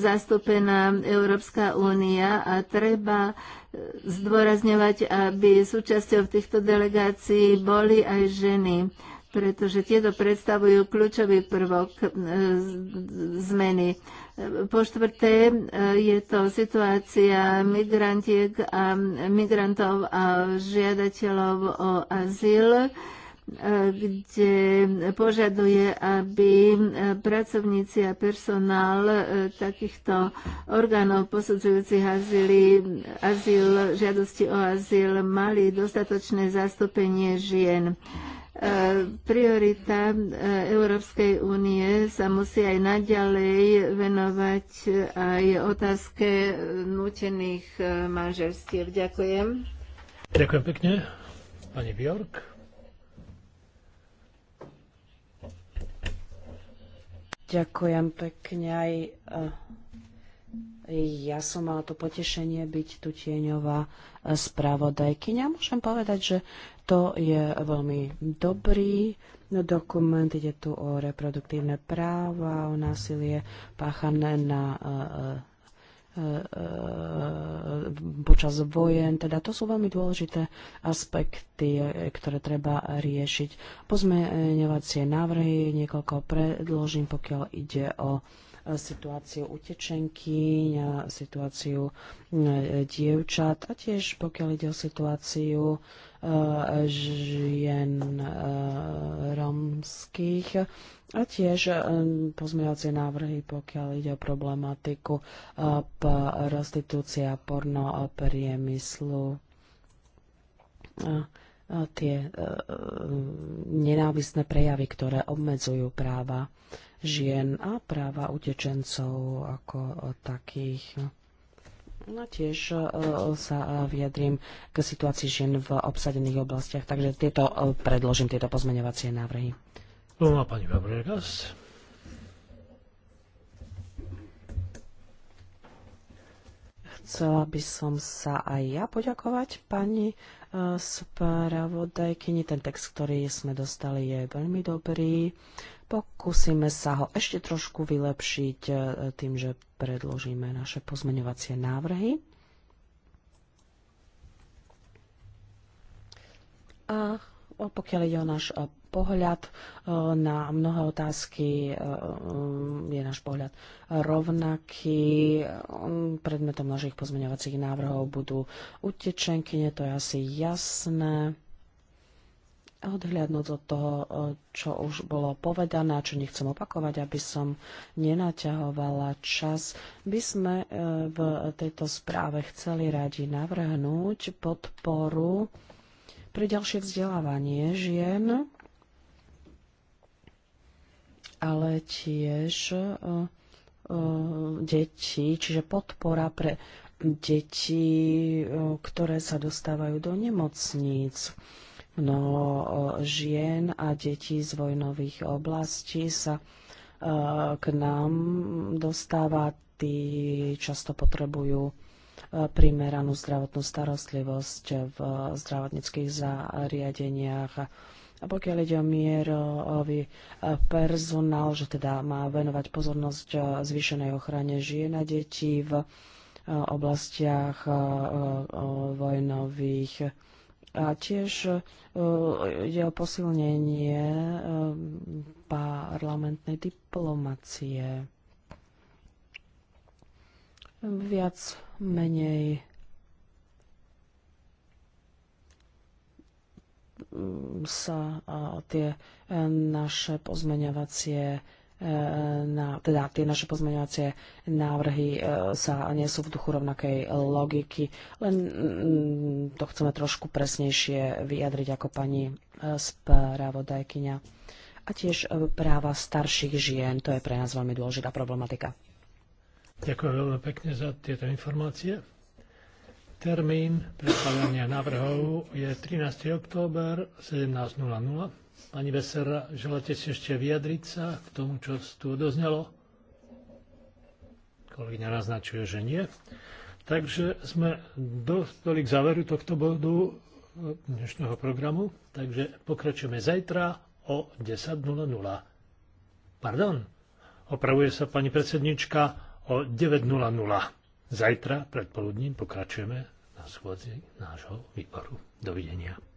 zastúpená Európska únia a treba eh, zdôrazňovať, aby súčasťou týchto delegácií boli aj ženy pretože tieto predstavujú kľúčový prvok zmeny. Po štvrté je to situácia migrantiek a migrantov a žiadateľov o azyl kde požaduje, aby e, pracovníci a personál e, takýchto orgánov posudzujúcich azyl, azyl, žiadosti o azyl mali dostatočné zastúpenie žien. E, priorita Európskej únie sa musí aj naďalej venovať aj otázke nutených manželstiev. Ďakujem. Ďakujem pekne, pani Bjork. Ďakujem pekne aj eh, ja som mala to potešenie byť tu tieňová eh, spravodajkyňa. Môžem povedať, že to je veľmi dobrý dokument. Ide tu o reproduktívne práva, o násilie páchané na eh, E, e, počas vojen. Teda to sú veľmi dôležité aspekty, e, ktoré treba riešiť. Pozmeňovacie návrhy niekoľko predložím, pokiaľ ide o E, situáciu utečenky, e, situáciu e, dievčat a tiež pokiaľ ide o situáciu žien romských a tiež pozmeňovacie návrhy, pokiaľ ide o problematiku prostitúcia porno priemyslu. A tie nenávisné prejavy, ktoré obmedzujú práva žien a práva utečencov ako takých. No tiež e, sa e, vyjadrím k situácii žien v obsadených oblastiach, takže tieto, e, predložím tieto pozmeňovacie návrhy. No a pani Fabregas. Chcela by som sa aj ja poďakovať pani spravodajkyni. Ten text, ktorý sme dostali, je veľmi dobrý. Pokúsime sa ho ešte trošku vylepšiť e, tým, že predložíme naše pozmeňovacie návrhy. A pokiaľ ide o náš e, pohľad e, na mnohé otázky, je náš pohľad rovnaký. Predmetom našich pozmeňovacích návrhov budú utečenky, to je asi jasné odhľadnúť od toho, e, čo už bolo povedané, čo nechcem opakovať, aby som nenaťahovala čas, by sme e, v tejto správe chceli radi navrhnúť podporu pre ďalšie vzdelávanie žien, ale tiež e, detí, čiže podpora pre deti, ktoré sa dostávajú do nemocníc. Mnoho eh, žien a detí z vojnových oblastí sa eh, k nám dostáva. Tí často potrebujú eh, primeranú zdravotnú starostlivosť v zdravotníckých zariadeniach. A pokiaľ ide o mierový personál, že teda má venovať pozornosť zvýšenej ochrane žien a detí v oblastiach vojnových a tiež e, ide o posilnenie e, parlamentnej diplomacie. Viac menej sa tie e, naše pozmeňovacie E, na, teda tie naše pozmeňovacie návrhy e, sa nie sú v duchu rovnakej logiky, len mm, to chceme trošku presnejšie vyjadriť ako pani e, správodajkyňa. A tiež práva starších žien, to je pre nás veľmi dôležitá problematika. Ďakujem veľmi pekne za tieto informácie. Termín predkladania návrhov je 13. október 17.00. Pani Besera, želáte si ešte vyjadriť sa k tomu, čo tu odoznelo? Kolegyňa naznačuje, že nie. Takže sme dostali k záveru tohto bodu e, dnešného programu, takže pokračujeme zajtra o 10.00. Pardon, opravuje sa pani predsednička o 9.00. Zajtra predpoludním pokračujeme na schôdzi nášho výboru. Dovidenia.